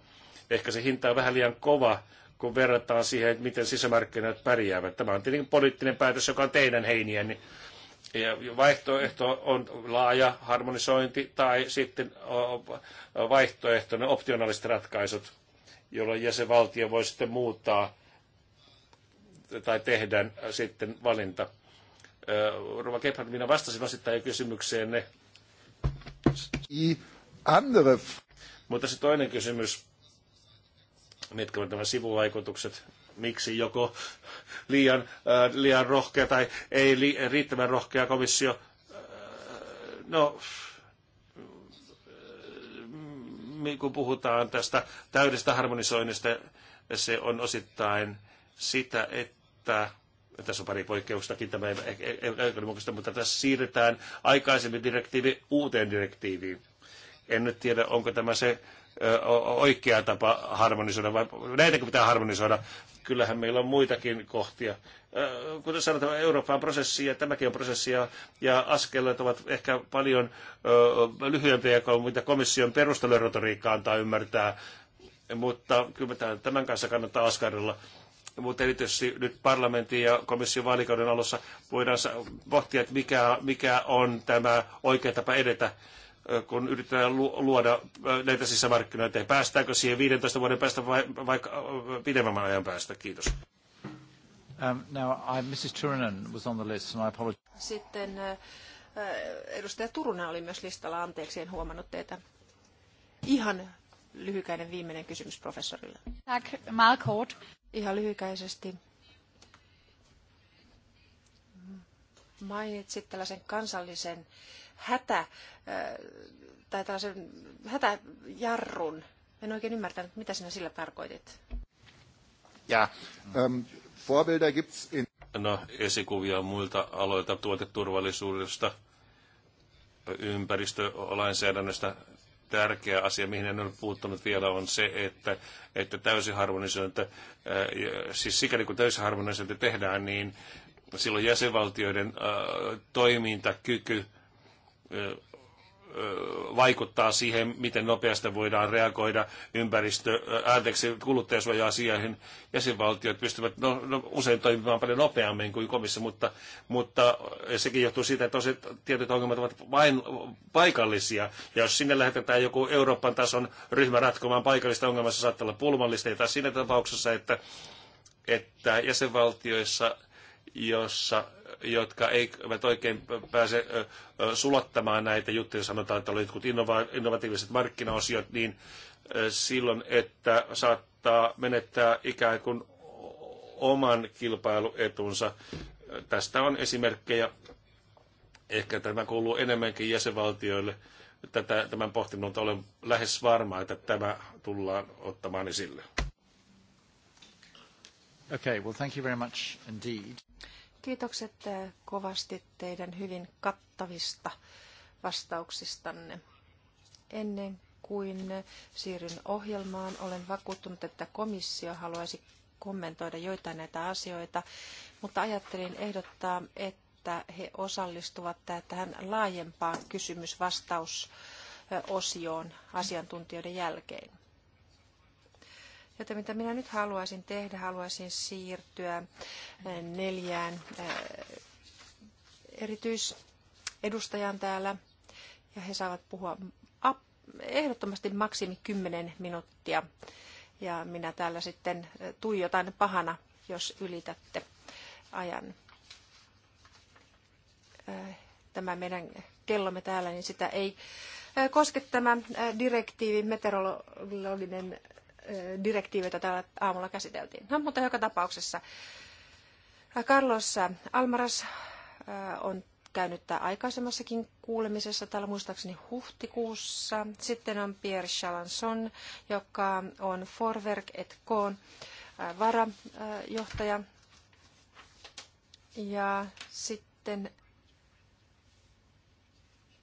Ehkä se hinta on vähän liian kova, kun verrataan siihen, miten sisämarkkinat pärjäävät. Tämä on tietenkin poliittinen päätös, joka on teidän Niin Ja vaihtoehto on laaja harmonisointi tai sitten vaihtoehto, ne optionaaliset ratkaisut, jolloin jäsenvaltio voi sitten muuttaa tai tehdä sitten valinta. Rova Gebhardt, minä vastasin osittain jo kysymykseenne. Mutta se toinen kysymys mitkä ovat nämä sivuvaikutukset, miksi joko liian, äh, liian rohkea tai ei li, riittävän rohkea komissio. Äh, no, äh, kun puhutaan tästä täydestä harmonisoinnista, se on osittain sitä, että tässä on pari poikkeustakin, tämä ei oikeudenmukaista, mutta tässä siirretään aikaisemmin direktiivi uuteen direktiiviin. En nyt tiedä, onko tämä se oikea tapa harmonisoida, vai näitäkö pitää harmonisoida? Kyllähän meillä on muitakin kohtia. Kuten sanotaan, Eurooppa on prosessi ja tämäkin on prosessi ja, ja askeleet ovat ehkä paljon lyhyempiä kuin mitä komission perustelurotoriikka antaa ymmärtää. Mutta kyllä tämän kanssa kannattaa askarilla. mutta erityisesti nyt parlamentin ja komission vaalikauden alussa voidaan pohtia, että mikä, mikä on tämä oikea tapa edetä kun yritetään luoda näitä sisämarkkinoita. Päästäänkö siihen 15 vuoden päästä vai vaikka pidemmän ajan päästä? Kiitos. Um, now, I, Mrs. Turunen was on the list, and I apologize. Sitten äh, edustaja Turunen oli myös listalla. Anteeksi, en huomannut teitä. Ihan lyhykäinen viimeinen kysymys professorille. Ihan lyhykäisesti. Mainitsit tällaisen kansallisen äh, hätä, äh, tai tällaisen hätäjarrun. En oikein ymmärtänyt, mitä sinä sillä tarkoitit. Ja, ähm, gibt's in... No, esikuvia muilta aloilta tuoteturvallisuudesta, ympäristölainsäädännöstä. Tärkeä asia, mihin en ole puuttunut vielä, on se, että, että täysiharmonisointi, äh, siis sikäli kun täysiharmonisointi tehdään, niin silloin jäsenvaltioiden äh, toimintakyky vaikuttaa siihen, miten nopeasti voidaan reagoida ympäristö, anteeksi, kuluttajasuoja-asioihin. Jäsenvaltiot pystyvät no, no, usein toimimaan paljon nopeammin kuin komissio, mutta, mutta sekin johtuu siitä, että osa tietyt ongelmat ovat vain paikallisia. Ja jos sinne lähetetään joku Euroopan tason ryhmä ratkomaan paikallista ongelmaa, se saattaa olla pulmallista. Ja siinä tapauksessa, että, että jäsenvaltioissa jossa jotka eivät oikein pääse sulattamaan näitä juttuja, sanotaan, että oli jotkut innovatiiviset markkinaosiot, niin silloin, että saattaa menettää ikään kuin oman kilpailuetunsa. Tästä on esimerkkejä. Ehkä tämä kuuluu enemmänkin jäsenvaltioille. Tätä, tämän pohtimalta olen lähes varma, että tämä tullaan ottamaan esille. Okay, well, thank you very much indeed. Kiitokset eh, kovasti teidän hyvin kattavista vastauksistanne. Ennen kuin eh, siirryn ohjelmaan, olen vakuuttunut, että komissio haluaisi kommentoida joitain näitä asioita, mutta ajattelin ehdottaa, että he osallistuvat tähän laajempaan kysymysvastausosioon eh, asiantuntijoiden jälkeen. Joten mitä minä nyt haluaisin tehdä, haluaisin siirtyä neljään erityisedustajan täällä ja he saavat puhua ehdottomasti maksimi 10 minuuttia. Ja minä täällä sitten tuijotan pahana, jos ylitätte ajan. Tämä meidän kellomme täällä, niin sitä ei koske tämä direktiivi meteorologinen jota täällä aamulla käsiteltiin. No, mutta joka tapauksessa Carlos Almaras on käynyt tämä aikaisemmassakin kuulemisessa, täällä muistaakseni huhtikuussa. Sitten on Pierre Chalanson, joka on Forwerk et Koon varajohtaja. Ja sitten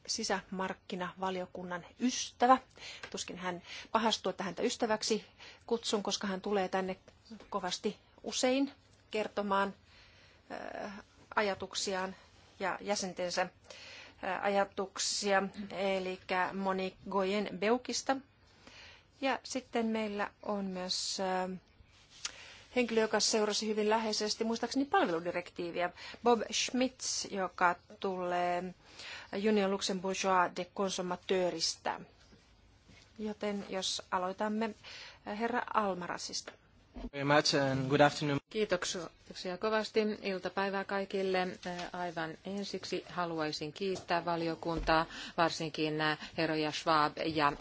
sisämarkkinavaliokunnan ystävä. Tuskin hän pahastuu, että häntä ystäväksi kutsun, koska hän tulee tänne kovasti usein kertomaan äh, ajatuksiaan ja jäsentensä äh, ajatuksia, eli Monique Goyen Beukista. Ja sitten meillä on myös äh, henkilö, joka seurasi hyvin läheisesti muistaakseni palveludirektiiviä, Bob Schmitz, joka tulee Union Luxembourgeois de Consommateurista. Joten jos aloitamme eh, herra Almarasista. Kiitoksia Kiitoksia kovasti. Iltapäivää kaikille. Aivan ensiksi haluaisin kiittää valiokuntaa, varsinkin Heroja Schwab ja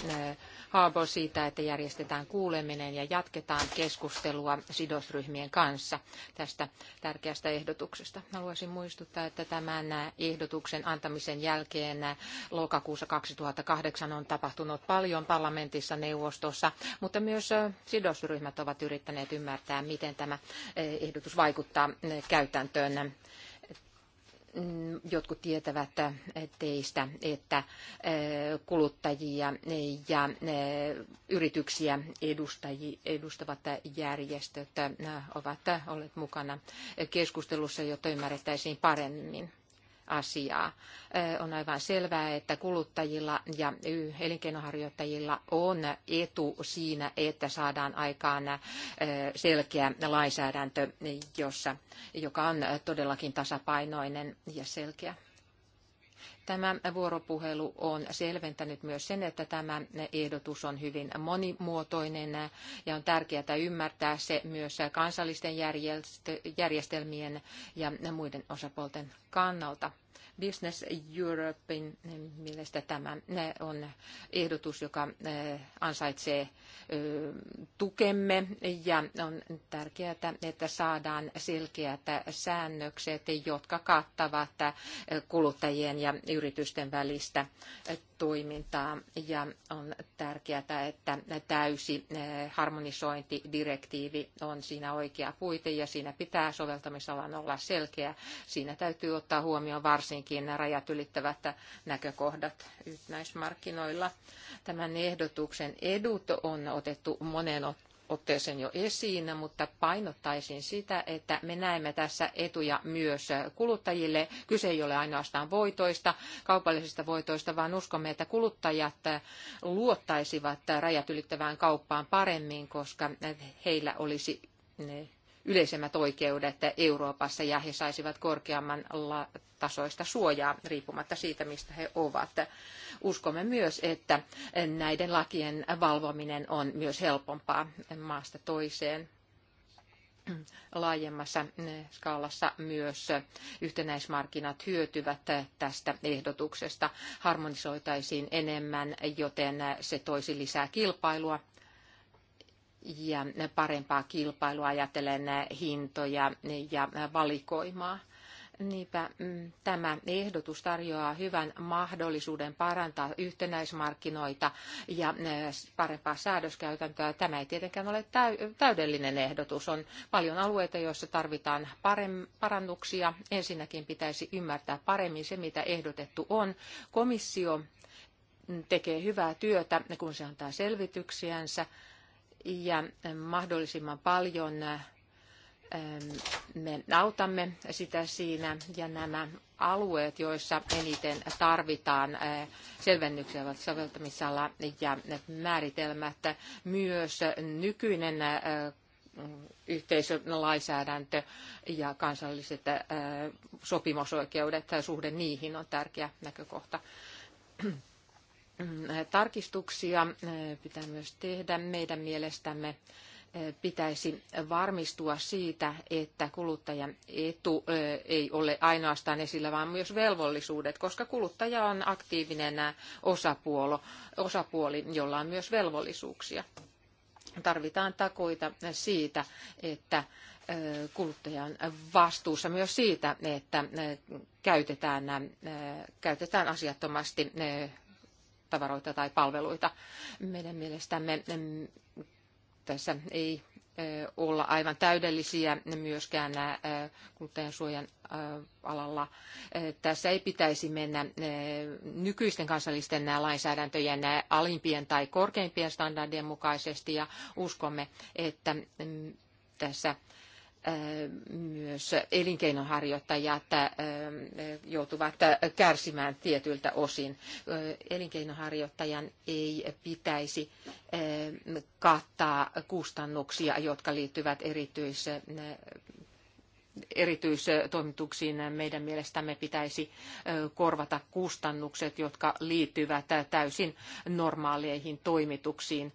Haabo siitä, että järjestetään kuuleminen ja jatketaan keskustelua sidosryhmien kanssa tästä tärkeästä ehdotuksesta. Haluaisin muistuttaa, että tämän ehdotuksen antamisen jälkeen lokakuussa 2008 on tapahtunut paljon parlamentissa, neuvostossa, mutta myös sidosryhmät ovat yrittäneet ymmärtää, miten tämä ehdotus vaikuttaa vaikuttaa eh, käytäntöön. Mm, jotkut tietävät eh, teistä, että eh, kuluttajia ja yrityksiä edustavat järjestöt ovat olleet mukana keskustelussa, jotta ymmärrettäisiin paremmin asiaa. On aivan selvää, että kuluttajilla ja elinkeinoharjoittajilla on etu siinä, että saadaan aikaan selkeä lainsäädäntö, jossa, joka on todellakin tasapainoinen ja selkeä. Tämä vuoropuhelu on selventänyt myös sen, että tämä ehdotus on hyvin monimuotoinen ja on tärkeää ymmärtää se myös kansallisten järjestelmien ja muiden osapuolten kannalta. Business Europein mielestä tämä on ehdotus, joka eh, ansaitsee eh, tukemme ja on tärkeää, että saadaan selkeät säännökset, jotka kattavat eh, kuluttajien ja yritysten välistä toimintaa ja on tärkeää, että täysi eh, harmonisointidirektiivi on siinä oikea puite ja siinä pitää soveltamisalan olla selkeä. Siinä täytyy ottaa huomioon varsinkin rajat ylittävät näkökohdat yhtenäismarkkinoilla. Tämän ehdotuksen edut on otettu moneen otteeseen jo esiin, mutta painottaisin sitä, että me näemme tässä etuja myös kuluttajille. Kyse ei ole ainoastaan voitoista, kaupallisista voitoista, vaan uskomme, että kuluttajat luottaisivat rajat ylittävään kauppaan paremmin, koska heillä olisi yleisemmät oikeudet Euroopassa ja he saisivat korkeamman tasoista suojaa riippumatta siitä, mistä he ovat. Uskomme myös, että näiden lakien valvominen on myös helpompaa maasta toiseen laajemmassa skaalassa myös yhtenäismarkkinat hyötyvät tästä ehdotuksesta. Harmonisoitaisiin enemmän, joten se toisi lisää kilpailua ja parempaa kilpailua ajatellen hintoja ja valikoimaa. Niinpä mm, tämä ehdotus tarjoaa hyvän mahdollisuuden parantaa yhtenäismarkkinoita ja mm, parempaa säädöskäytäntöä. Tämä ei tietenkään ole täydellinen ehdotus. On paljon alueita, joissa tarvitaan parannuksia. Ensinnäkin pitäisi ymmärtää paremmin se, mitä ehdotettu on. Komissio tekee hyvää työtä, kun se antaa selvityksiänsä ja mahdollisimman paljon me autamme sitä siinä ja nämä alueet, joissa eniten tarvitaan selvennyksiä ovat soveltamisala ja määritelmät. Myös nykyinen yhteisön lainsäädäntö ja kansalliset sopimusoikeudet ja suhde niihin on tärkeä näkökohta. Mm, eh, tarkistuksia eh, pitää myös tehdä. Meidän mielestämme eh, pitäisi varmistua siitä, että kuluttajan etu ei ole ainoastaan esillä, vaan myös velvollisuudet, koska kuluttaja on aktiivinen osapuolo, osapuoli, jolla on myös velvollisuuksia. Tarvitaan takoita siitä, että kuluttaja on vastuussa myös siitä, että käytetään, käytetään asiattomasti tavaroita tai palveluita. Meidän mielestämme tässä ei olla aivan täydellisiä myöskään kuluttajansuojan alalla. Tässä ei pitäisi mennä nykyisten kansallisten lainsäädäntöjen alimpien tai korkeimpien standardien mukaisesti ja uskomme, että tässä myös elinkeinonharjoittajat joutuvat kärsimään tietyiltä osin. Elinkeinonharjoittajan ei pitäisi kattaa kustannuksia, jotka liittyvät erityis erityistoimituksiin meidän mielestämme pitäisi korvata kustannukset, jotka liittyvät täysin normaaleihin toimituksiin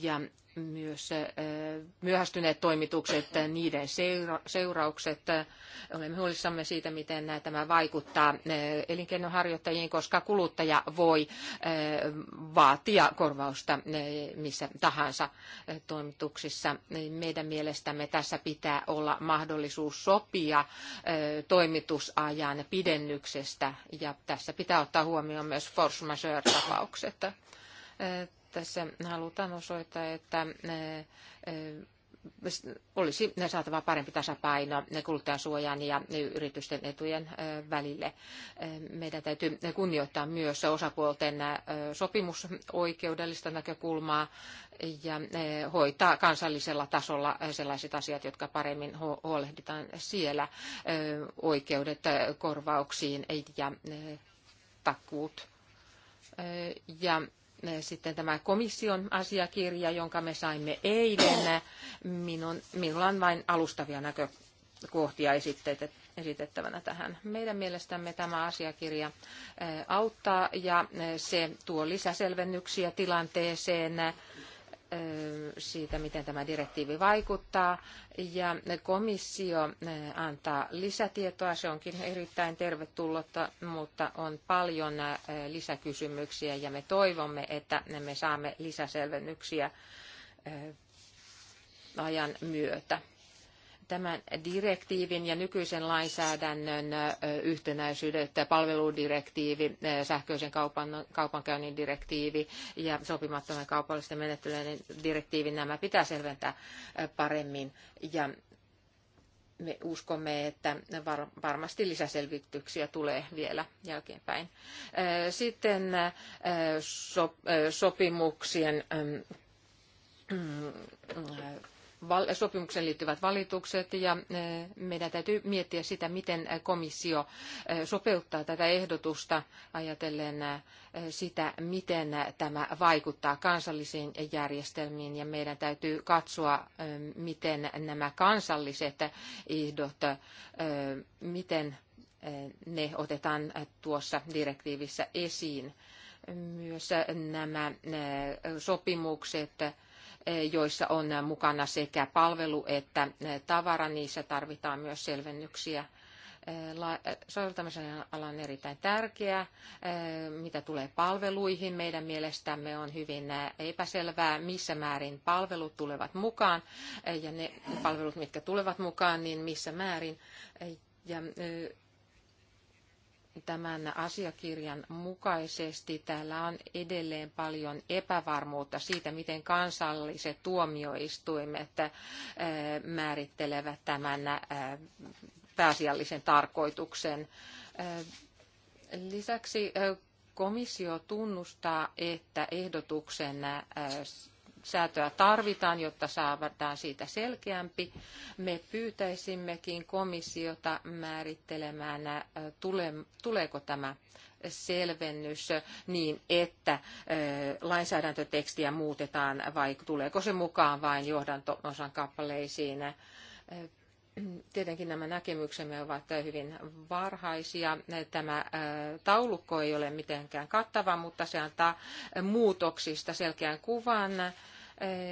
ja myös myöhästyneet toimitukset, niiden seuraukset. Olemme huolissamme siitä, miten tämä vaikuttaa elinkeinonharjoittajiin, koska kuluttaja voi vaatia korvausta missä tahansa toimituksissa. Meidän mielestämme tässä pitää olla mahdollisuus sopia toimitusajan pidennyksestä ja tässä pitää ottaa huomioon myös force majeure-tapaukset tässä halutaan osoittaa, että eh, eh, olisi saatava parempi tasapaino kuluttajansuojan ja yritysten etujen eh, välille. Meidän täytyy kunnioittaa myös osapuolten sopimusoikeudellista näkökulmaa ja hoitaa kansallisella tasolla sellaiset asiat, jotka paremmin huolehditaan siellä, oikeudet korvauksiin ja takuut. Ja sitten tämä komission asiakirja, jonka me saimme eilen. Minun, minulla on vain alustavia näkökohtia esitettävänä tähän. Meidän mielestämme tämä asiakirja auttaa ja se tuo lisäselvennyksiä tilanteeseen siitä, miten tämä direktiivi vaikuttaa. Ja komissio antaa lisätietoa, se onkin erittäin tervetullutta, mutta on paljon lisäkysymyksiä ja me toivomme, että me saamme lisäselvennyksiä ajan myötä tämän direktiivin ja nykyisen lainsäädännön yhtenäisyydet, palveludirektiivi, sähköisen kaupan, kaupankäynnin direktiivi ja sopimattomien kaupallisten menettelyiden direktiivi, nämä pitää selventää paremmin. Ja me uskomme, että varmasti lisäselvityksiä tulee vielä jälkeenpäin. Sitten sopimuksien mm, sopimukseen liittyvät valitukset ja eh, meidän täytyy miettiä sitä, miten eh, komissio eh, sopeuttaa tätä ehdotusta ajatellen sitä, miten tämä vaikuttaa kansallisiin järjestelmiin ja meidän täytyy katsoa, miten nämä kansalliset ehdot, miten ne otetaan tuossa direktiivissä esiin. Myös nämä sopimukset joissa on mukana sekä palvelu että tavara. Niissä tarvitaan myös selvennyksiä. Soveltamisen ala on erittäin tärkeä. Mitä tulee palveluihin, meidän mielestämme on hyvin epäselvää, missä määrin palvelut tulevat mukaan ja ne palvelut, mitkä tulevat mukaan, niin missä määrin. Ja tämän asiakirjan mukaisesti täällä on edelleen paljon epävarmuutta siitä, miten kansalliset tuomioistuimet äh, määrittelevät tämän äh, pääasiallisen tarkoituksen. Äh, lisäksi komissio tunnustaa, että ehdotuksen säätöä tarvitaan, jotta saadaan siitä selkeämpi. Me pyytäisimmekin komissiota määrittelemään, tuleeko tämä selvennys niin, että lainsäädäntötekstiä muutetaan vai tuleeko se mukaan vain johdanto-osan kappaleisiin tietenkin nämä näkemyksemme ovat hyvin varhaisia. Tämä taulukko ei ole mitenkään kattava, mutta se antaa muutoksista selkeän kuvan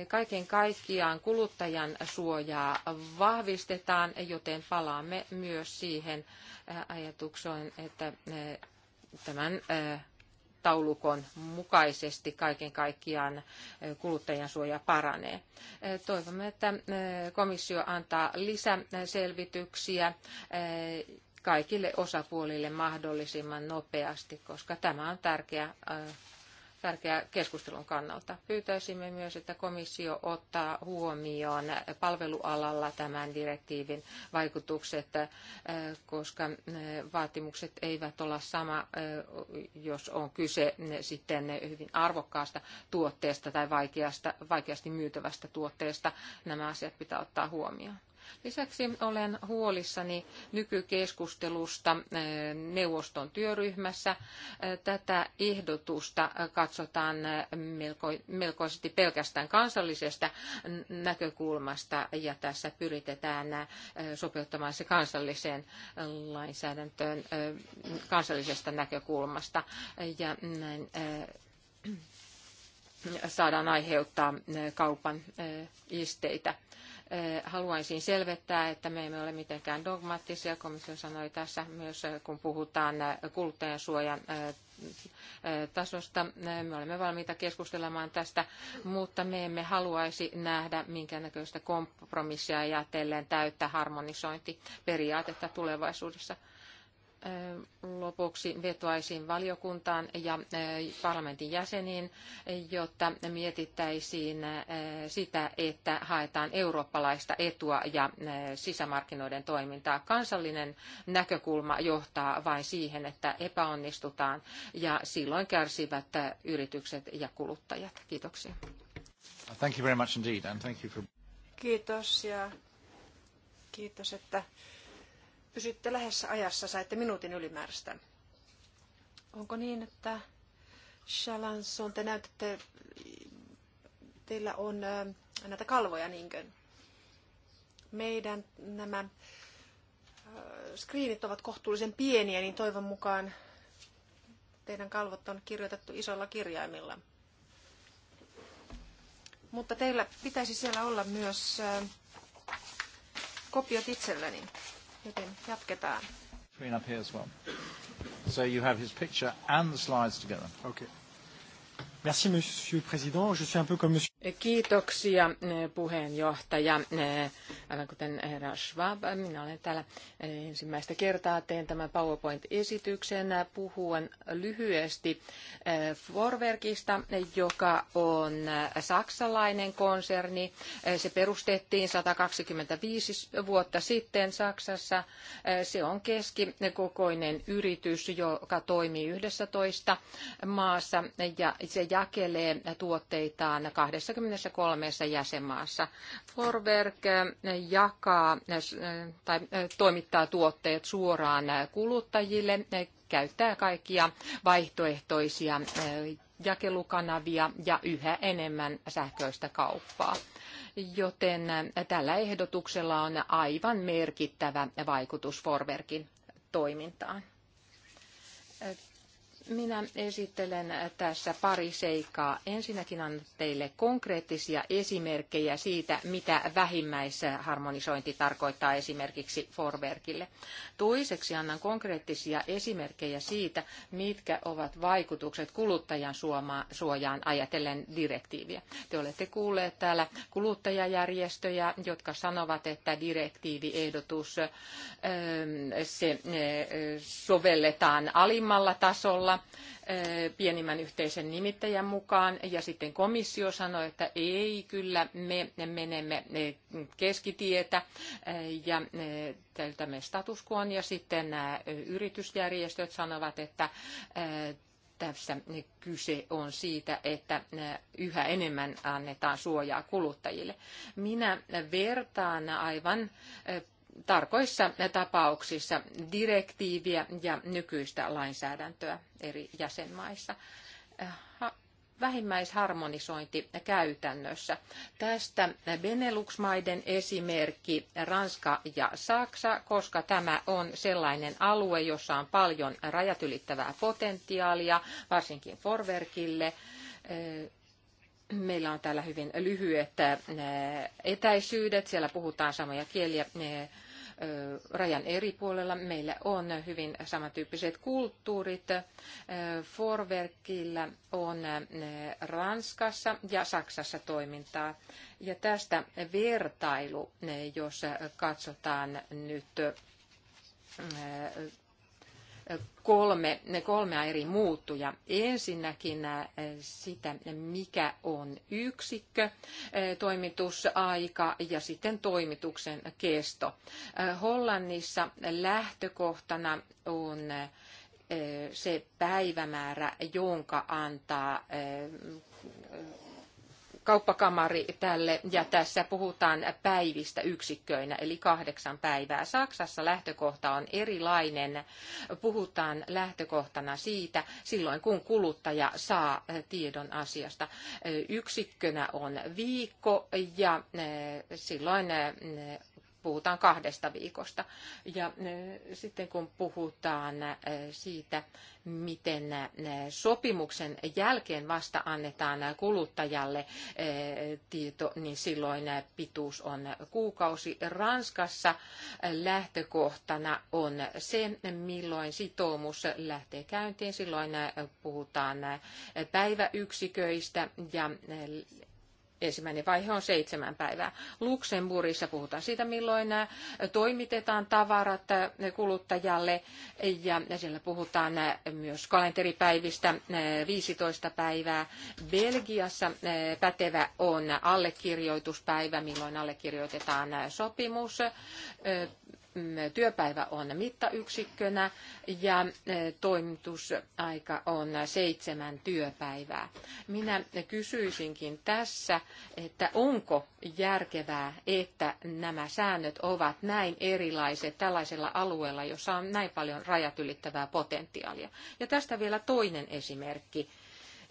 Kaiken kaikkiaan kuluttajan suojaa vahvistetaan, joten palaamme myös siihen ajatukseen, että tämän taulukon mukaisesti kaiken kaikkiaan kuluttajan suoja paranee. Toivomme, että komissio antaa lisäselvityksiä kaikille osapuolille mahdollisimman nopeasti, koska tämä on tärkeä tärkeää keskustelun kannalta. Pyytäisimme myös, että komissio ottaa huomioon palvelualalla tämän direktiivin vaikutukset, äh, koska äh, vaatimukset eivät ole sama, äh, jos on kyse sitten hyvin arvokkaasta tuotteesta tai vaikeasta, vaikeasti myytävästä tuotteesta. Nämä asiat pitää ottaa huomioon. Lisäksi olen huolissani nykykeskustelusta eh, neuvoston työryhmässä. Eh, tätä ehdotusta katsotaan eh, melko, melkoisesti pelkästään kansallisesta näkökulmasta ja tässä pyritetään sopeuttamaan se kansalliseen lainsäädäntöön kansallisesta näkökulmasta. Ja näin, saadaan aiheuttaa kaupan esteitä. Eh, haluaisin selvettää, että me emme ole mitenkään dogmaattisia. Komissio sanoi tässä myös, eh, kun puhutaan eh, kuluttajansuojan tasosta. Me olemme valmiita keskustelemaan tästä, mutta me emme haluaisi nähdä näköistä kompromissia ajatellen täyttä harmonisointiperiaatetta tulevaisuudessa lopuksi vetoaisin valiokuntaan ja e, parlamentin jäseniin, jotta mietittäisiin e, sitä, että haetaan eurooppalaista etua ja e, sisämarkkinoiden toimintaa. Kansallinen näkökulma johtaa vain siihen, että epäonnistutaan ja silloin kärsivät yritykset ja kuluttajat. Kiitoksia. Thank you very much indeed and thank you for... Kiitos ja kiitos, että pysytte lähes ajassa, saitte minuutin ylimääräistä. Onko niin, että Chalanson, te näytätte, teillä on näitä kalvoja niinkö? Meidän nämä screenit ovat kohtuullisen pieniä, niin toivon mukaan teidän kalvot on kirjoitettu isolla kirjaimilla. Mutta teillä pitäisi siellä olla myös kopiot itselleni. Joten jatketaan. Screen up here as well. So you have his picture and the slides together. Okay. Merci, Monsieur le Président. Je suis un peu comme Monsieur Kiitoksia eh, puheenjohtaja. Eh, aivan kuten herra Schwab, eh, minä olen täällä ensimmäistä kertaa teen tämän PowerPoint-esityksen. Puhuen lyhyesti Forwerkista, joka on saksalainen konserni. Se perustettiin 125 vuotta sitten Saksassa. Se on keskikokoinen yritys, joka toimii 11 maassa ja se jakelee tuotteitaan 20 23 jäsenmaassa. Forberg äh, jakaa äh, tai äh, toimittaa tuotteet suoraan kuluttajille, käyttää kaikkia vaihtoehtoisia jakelukanavia ja yhä enemmän sähköistä kauppaa. Joten tällä ehdotuksella on aivan merkittävä vaikutus Forbergin toimintaan. Minä esittelen tässä pari seikkaa. Ensinnäkin annan teille konkreettisia esimerkkejä siitä, mitä vähimmäisharmonisointi tarkoittaa esimerkiksi Forverkille. Toiseksi annan konkreettisia esimerkkejä siitä, mitkä ovat vaikutukset kuluttajan suojaan ajatellen direktiiviä. Te olette kuulleet täällä kuluttajajärjestöjä, jotka sanovat, että direktiiviehdotus öö, se öö, sovelletaan alimmalla tasolla tavalla pienimmän yhteisen nimittäjän mukaan. Ja sitten komissio sanoi, että ei, kyllä me menemme keskitietä ja täytämme status quo. Ja sitten nämä yritysjärjestöt sanovat, että tässä kyse on siitä, että yhä enemmän annetaan suojaa kuluttajille. Minä vertaan aivan tarkoissa tapauksissa direktiiviä ja nykyistä lainsäädäntöä eri jäsenmaissa. Vähimmäisharmonisointi käytännössä. Tästä Benelux-maiden esimerkki Ranska ja Saksa, koska tämä on sellainen alue, jossa on paljon rajat ylittävää potentiaalia, varsinkin Forverkille meillä on täällä hyvin lyhyet etäisyydet, siellä puhutaan samoja kieliä rajan eri puolella. Meillä on hyvin samantyyppiset kulttuurit. Forverkillä on Ranskassa ja Saksassa toimintaa. Ja tästä vertailu, jos katsotaan nyt kolme, kolmea eri muuttuja. Ensinnäkin sitä, mikä on yksikkö, toimitusaika ja sitten toimituksen kesto. Hollannissa lähtökohtana on se päivämäärä, jonka antaa kauppakamari tälle, ja tässä puhutaan päivistä yksikköinä, eli kahdeksan päivää. Saksassa lähtökohta on erilainen. Puhutaan lähtökohtana siitä, silloin kun kuluttaja saa tiedon asiasta. Yksikkönä on viikko, ja eh, silloin eh, puhutaan kahdesta viikosta. Ja sitten kun puhutaan siitä, miten sopimuksen jälkeen vasta annetaan kuluttajalle tieto, niin silloin pituus on kuukausi. Ranskassa lähtökohtana on se, milloin sitoumus lähtee käyntiin. Silloin puhutaan päiväyksiköistä ja ensimmäinen vaihe on seitsemän päivää. Luxemburgissa puhutaan siitä, milloin äh, toimitetaan tavarat äh, kuluttajalle ja siellä puhutaan äh, myös kalenteripäivistä 15 päivää. Belgiassa pätevä on allekirjoituspäivä, milloin allekirjoitetaan sopimus. Mm, työpäivä on mittayksikkönä ja eh, toimitusaika on seitsemän työpäivää. Minä kysyisinkin tässä, että onko järkevää, että nämä säännöt ovat näin erilaiset tällaisella alueella, jossa on näin paljon rajat ylittävää potentiaalia. Ja tästä vielä toinen esimerkki.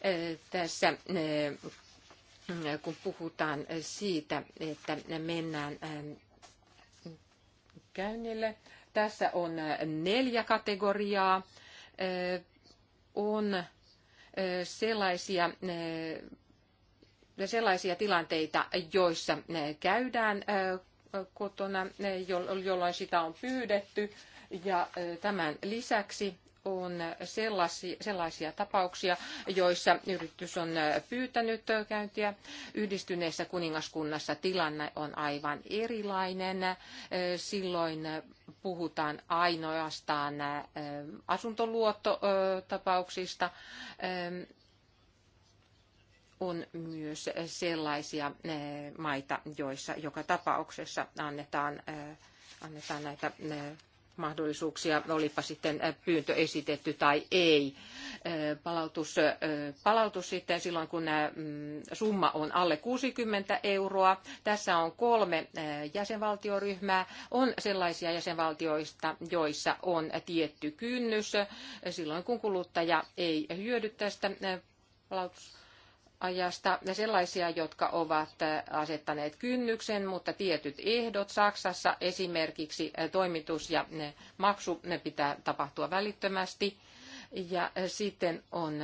Eh, tässä eh, kun puhutaan siitä, että mennään käynnille. Tässä on äh, neljä kategoriaa. Äh, on äh, sellaisia, sellaisia tilanteita, joissa käydään kotona, jolloin sitä on pyydetty. Ja tämän lisäksi on sellaisia, sellaisia tapauksia, joissa yritys on äh, pyytänyt äh, käyntiä. Yhdistyneessä kuningaskunnassa tilanne on aivan erilainen. Äh, silloin puhutaan ainoastaan asuntoluottotapauksista. Ähm, on myös sellaisia maita, joissa joka tapauksessa annetaan, annetaan näitä mahdollisuuksia, olipa sitten äh, pyyntö esitetty tai ei. Äh, palautus, äh, palautus sitten silloin, kun mm, summa on alle 60 euroa. Tässä on kolme jäsenvaltioryhmää. On sellaisia jäsenvaltioista, joissa on tietty kynnys silloin, kun kuluttaja ei hyödy tästä palautus ajasta sellaisia, jotka ovat äh, asettaneet kynnyksen, mutta tietyt ehdot Saksassa esimerkiksi äh, toimitus ja äh, maksu pitää tapahtua välittömästi. Ja sitten on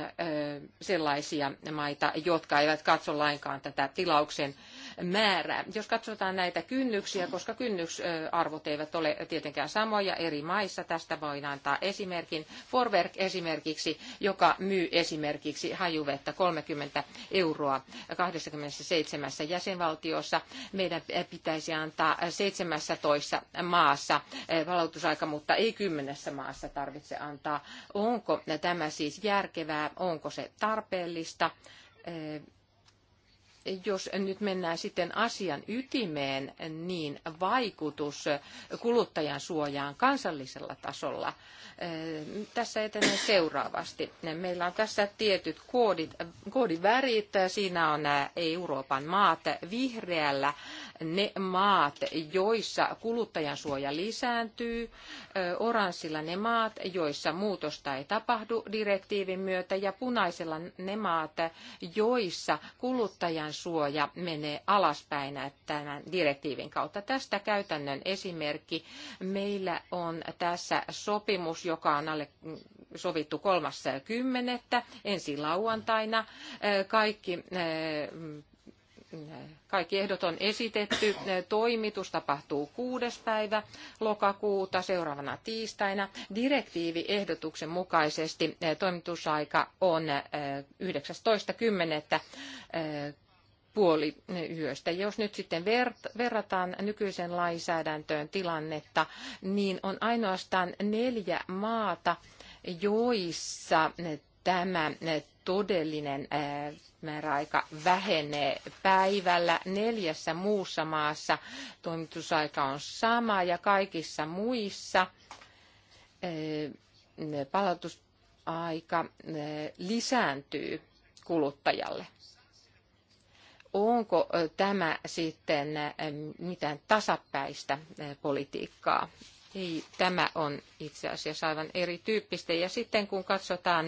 sellaisia maita, jotka eivät katso lainkaan tätä tilauksen määrää. Jos katsotaan näitä kynnyksiä, koska kynnysarvot eivät ole tietenkään samoja eri maissa, tästä voin antaa esimerkin. Forwerk esimerkiksi, joka myy esimerkiksi hajuvettä 30 euroa 27 jäsenvaltiossa. Meidän pitäisi antaa 17 maassa valautusaika, mutta ei kymmenessä maassa tarvitse antaa. Onko tämä siis järkevää, onko se tarpeellista? jos nyt mennään sitten asian ytimeen, niin vaikutus kuluttajan suojaan kansallisella tasolla. Eh, tässä etenee seuraavasti. Meillä on tässä tietyt koodit, koodivärit. Siinä on eh, Euroopan maat vihreällä ne maat, joissa kuluttajan suoja lisääntyy, oranssilla ne maat, joissa muutosta ei tapahdu direktiivin myötä ja punaisella ne maat, joissa kuluttajan suoja menee alaspäin tämän direktiivin kautta. Tästä käytännön esimerkki. Meillä on tässä sopimus, joka on alle sovittu kymmenettä ensi lauantaina. Kaikki kaikki ehdot on esitetty. Toimitus tapahtuu 6. päivä lokakuuta seuraavana tiistaina. Direktiiviehdotuksen mukaisesti eh, toimitusaika on 19.10 eh, eh, puoli yöstä. Jos nyt sitten verrataan nykyisen lainsäädäntöön tilannetta, niin on ainoastaan neljä maata, joissa tämä todellinen määräaika vähenee päivällä. Neljässä muussa maassa toimitusaika on sama ja kaikissa muissa palautusaika lisääntyy kuluttajalle. Onko tämä sitten mitään tasapäistä politiikkaa ei, tämä on itse asiassa aivan erityyppistä. Ja sitten kun katsotaan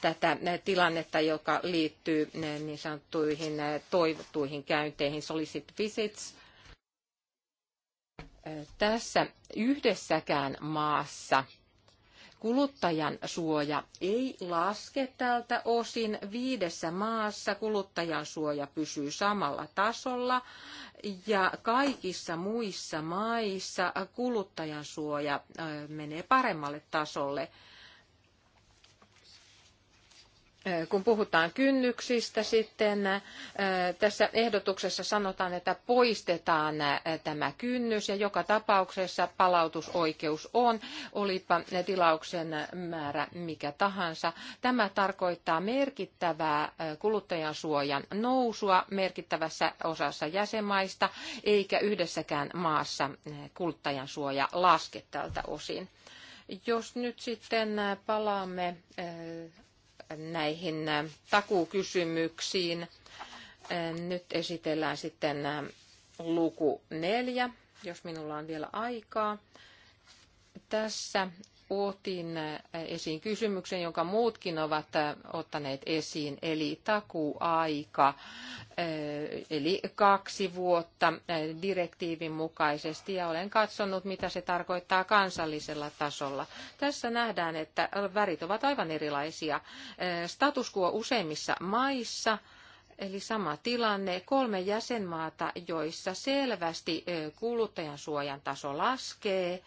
tätä tilannetta, joka liittyy niin sanottuihin toivottuihin käynteihin, solicit visits, tässä yhdessäkään maassa – Kuluttajan suoja ei laske tältä osin. Viidessä maassa kuluttajan suoja pysyy samalla tasolla ja kaikissa muissa maissa kuluttajan suoja menee paremmalle tasolle kun puhutaan kynnyksistä, sitten tässä ehdotuksessa sanotaan, että poistetaan tämä kynnys ja joka tapauksessa palautusoikeus on, olipa tilauksen määrä mikä tahansa. Tämä tarkoittaa merkittävää kuluttajansuojan nousua merkittävässä osassa jäsenmaista, eikä yhdessäkään maassa kuluttajansuoja laske tältä osin. Jos nyt sitten palaamme näihin äh, takuukysymyksiin. Äh, nyt esitellään sitten äh, luku neljä, jos minulla on vielä aikaa. Tässä otin esiin kysymyksen, jonka muutkin ovat ottaneet esiin, eli takuaika, eh, eli kaksi vuotta eh, direktiivin mukaisesti, ja olen katsonut, mitä se tarkoittaa kansallisella tasolla. Tässä nähdään, että värit ovat aivan erilaisia. Eh, status quo useimmissa maissa, Eli sama tilanne, kolme jäsenmaata, joissa selvästi kuluttajan suojan taso laskee,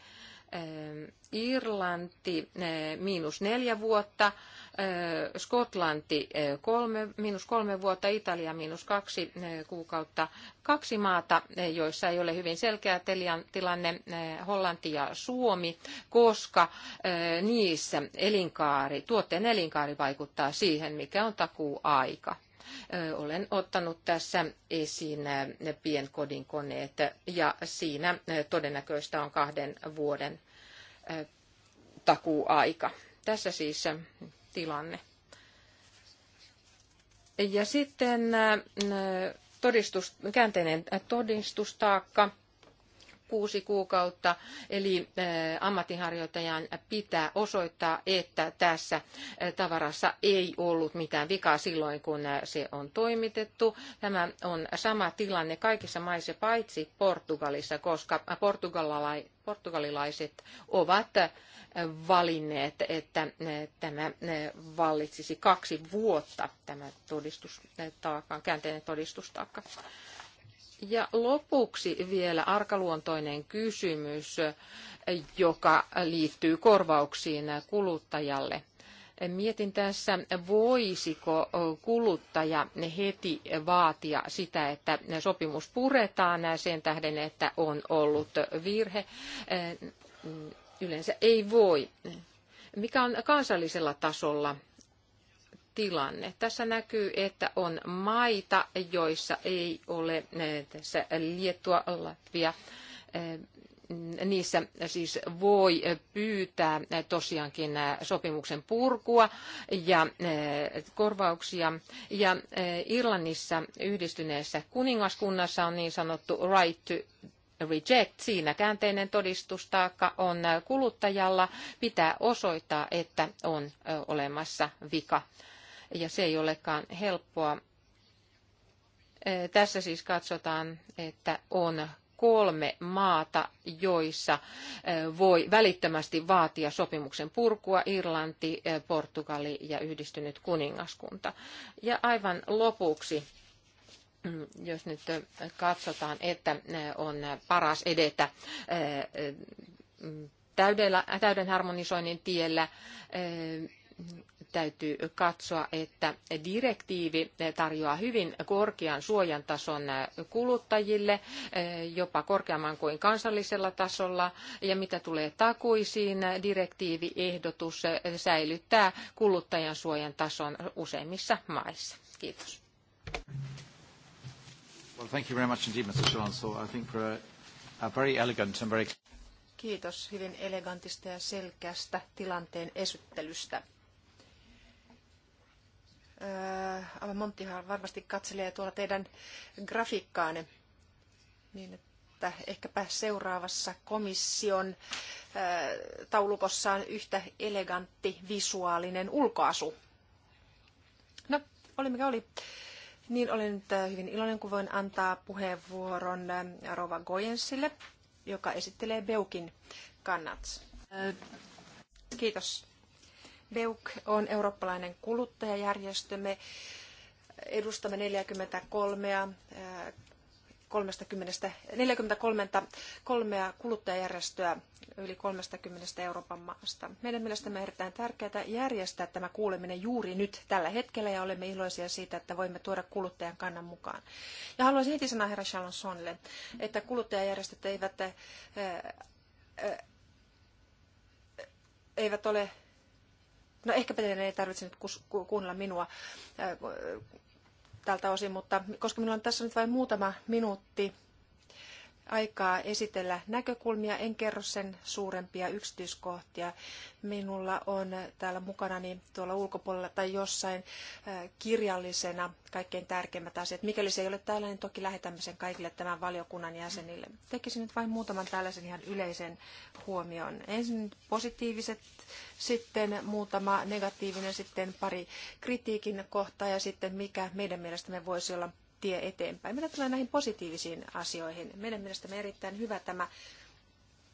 Ehm, Irlanti eh, miinus neljä vuotta, eh, Skotlanti eh, kolme, miinus kolme vuotta, Italia miinus kaksi kuukautta. Kaksi maata, joissa ei ole hyvin selkeä tilanne, Hollanti ja Suomi, koska niissä elinkaari, tuotteen elinkaari vaikuttaa siihen, mikä on takuuaika. Olen ottanut tässä esiin pienkodin koneet ja siinä todennäköistä on kahden vuoden takuuaika. Tässä siis tilanne. Ja sitten todistus, käänteinen todistustaakka kuusi kuukautta, eli eh, ammattiharjoittajan pitää osoittaa, että tässä eh, tavarassa ei ollut mitään vikaa silloin, kun eh, se on toimitettu. Tämä on sama tilanne kaikissa maissa paitsi Portugalissa, koska portugalilaiset ovat valinneet, että tämä vallitsisi kaksi vuotta tämä todistustaakan, käänteinen todistustaakka. Ja lopuksi vielä arkaluontoinen kysymys, joka liittyy korvauksiin kuluttajalle. Mietin tässä, voisiko kuluttaja heti vaatia sitä, että sopimus puretaan sen tähden, että on ollut virhe. Yleensä ei voi. Mikä on kansallisella tasolla tilanne. Tässä näkyy, että on maita, joissa ei ole eh, tässä Liettua, Latvia, eh, niissä siis voi pyytää eh, tosiaankin sopimuksen purkua ja korvauksia. Ja Irlannissa yhdistyneessä kuningaskunnassa on niin sanottu right to reject. Siinä käänteinen todistustaakka on kuluttajalla. Pitää osoittaa, että on olemassa vika ja se ei olekaan helppoa. Tässä siis katsotaan, että on kolme maata, joissa voi välittömästi vaatia sopimuksen purkua, Irlanti, Portugali ja yhdistynyt kuningaskunta. Ja aivan lopuksi, mm, jos nyt katsotaan, että on paras edetä mm, täydellä, täyden harmonisoinnin tiellä, täytyy katsoa, että direktiivi tarjoaa hyvin korkean suojan tason kuluttajille, jopa korkeamman kuin kansallisella tasolla. Ja mitä tulee takuisiin, direktiiviehdotus säilyttää kuluttajan suojan tason useimmissa maissa. Kiitos. Well, thank you very much indeed, Mr. I think for a, very elegant and very... Kiitos hyvin elegantista ja selkeästä tilanteen esittelystä. Äh, aivan Monttihan varmasti katselee tuolla teidän grafiikkaanne, niin että ehkäpä seuraavassa komission äh, taulukossa on yhtä elegantti visuaalinen ulkoasu. No, oli mikä oli. Niin olen nyt äh, hyvin iloinen, kun voin antaa puheenvuoron Rova Goyensille, joka esittelee Beukin kannat. Kiitos BEUK on eurooppalainen kuluttajajärjestö. Me edustamme 43 30, 43 kuluttajajärjestöä yli 30 Euroopan maasta. Meidän mielestämme on erittäin tärkeää järjestää tämä kuuleminen juuri nyt tällä hetkellä ja olemme iloisia siitä, että voimme tuoda kuluttajan kannan mukaan. Ja haluaisin heti sanoa herra Chalonsonille, että kuluttajajärjestöt eivät, eivät ole No ehkäpä teidän ei tarvitse nyt kuunnella minua äh, tältä osin, mutta koska minulla on tässä nyt vain muutama minuutti aikaa esitellä näkökulmia. En kerro sen suurempia yksityiskohtia. Minulla on täällä mukana niin tuolla ulkopuolella tai jossain kirjallisena kaikkein tärkeimmät asiat. Mikäli se ei ole täällä, niin toki lähetämme sen kaikille tämän valiokunnan jäsenille. Tekisin nyt vain muutaman tällaisen ihan yleisen huomion. Ensin positiiviset, sitten muutama negatiivinen, sitten pari kritiikin kohtaa ja sitten mikä meidän mielestämme voisi olla tie eteenpäin. Mitä tulee näihin positiivisiin asioihin? Meidän mielestämme erittäin hyvä tämä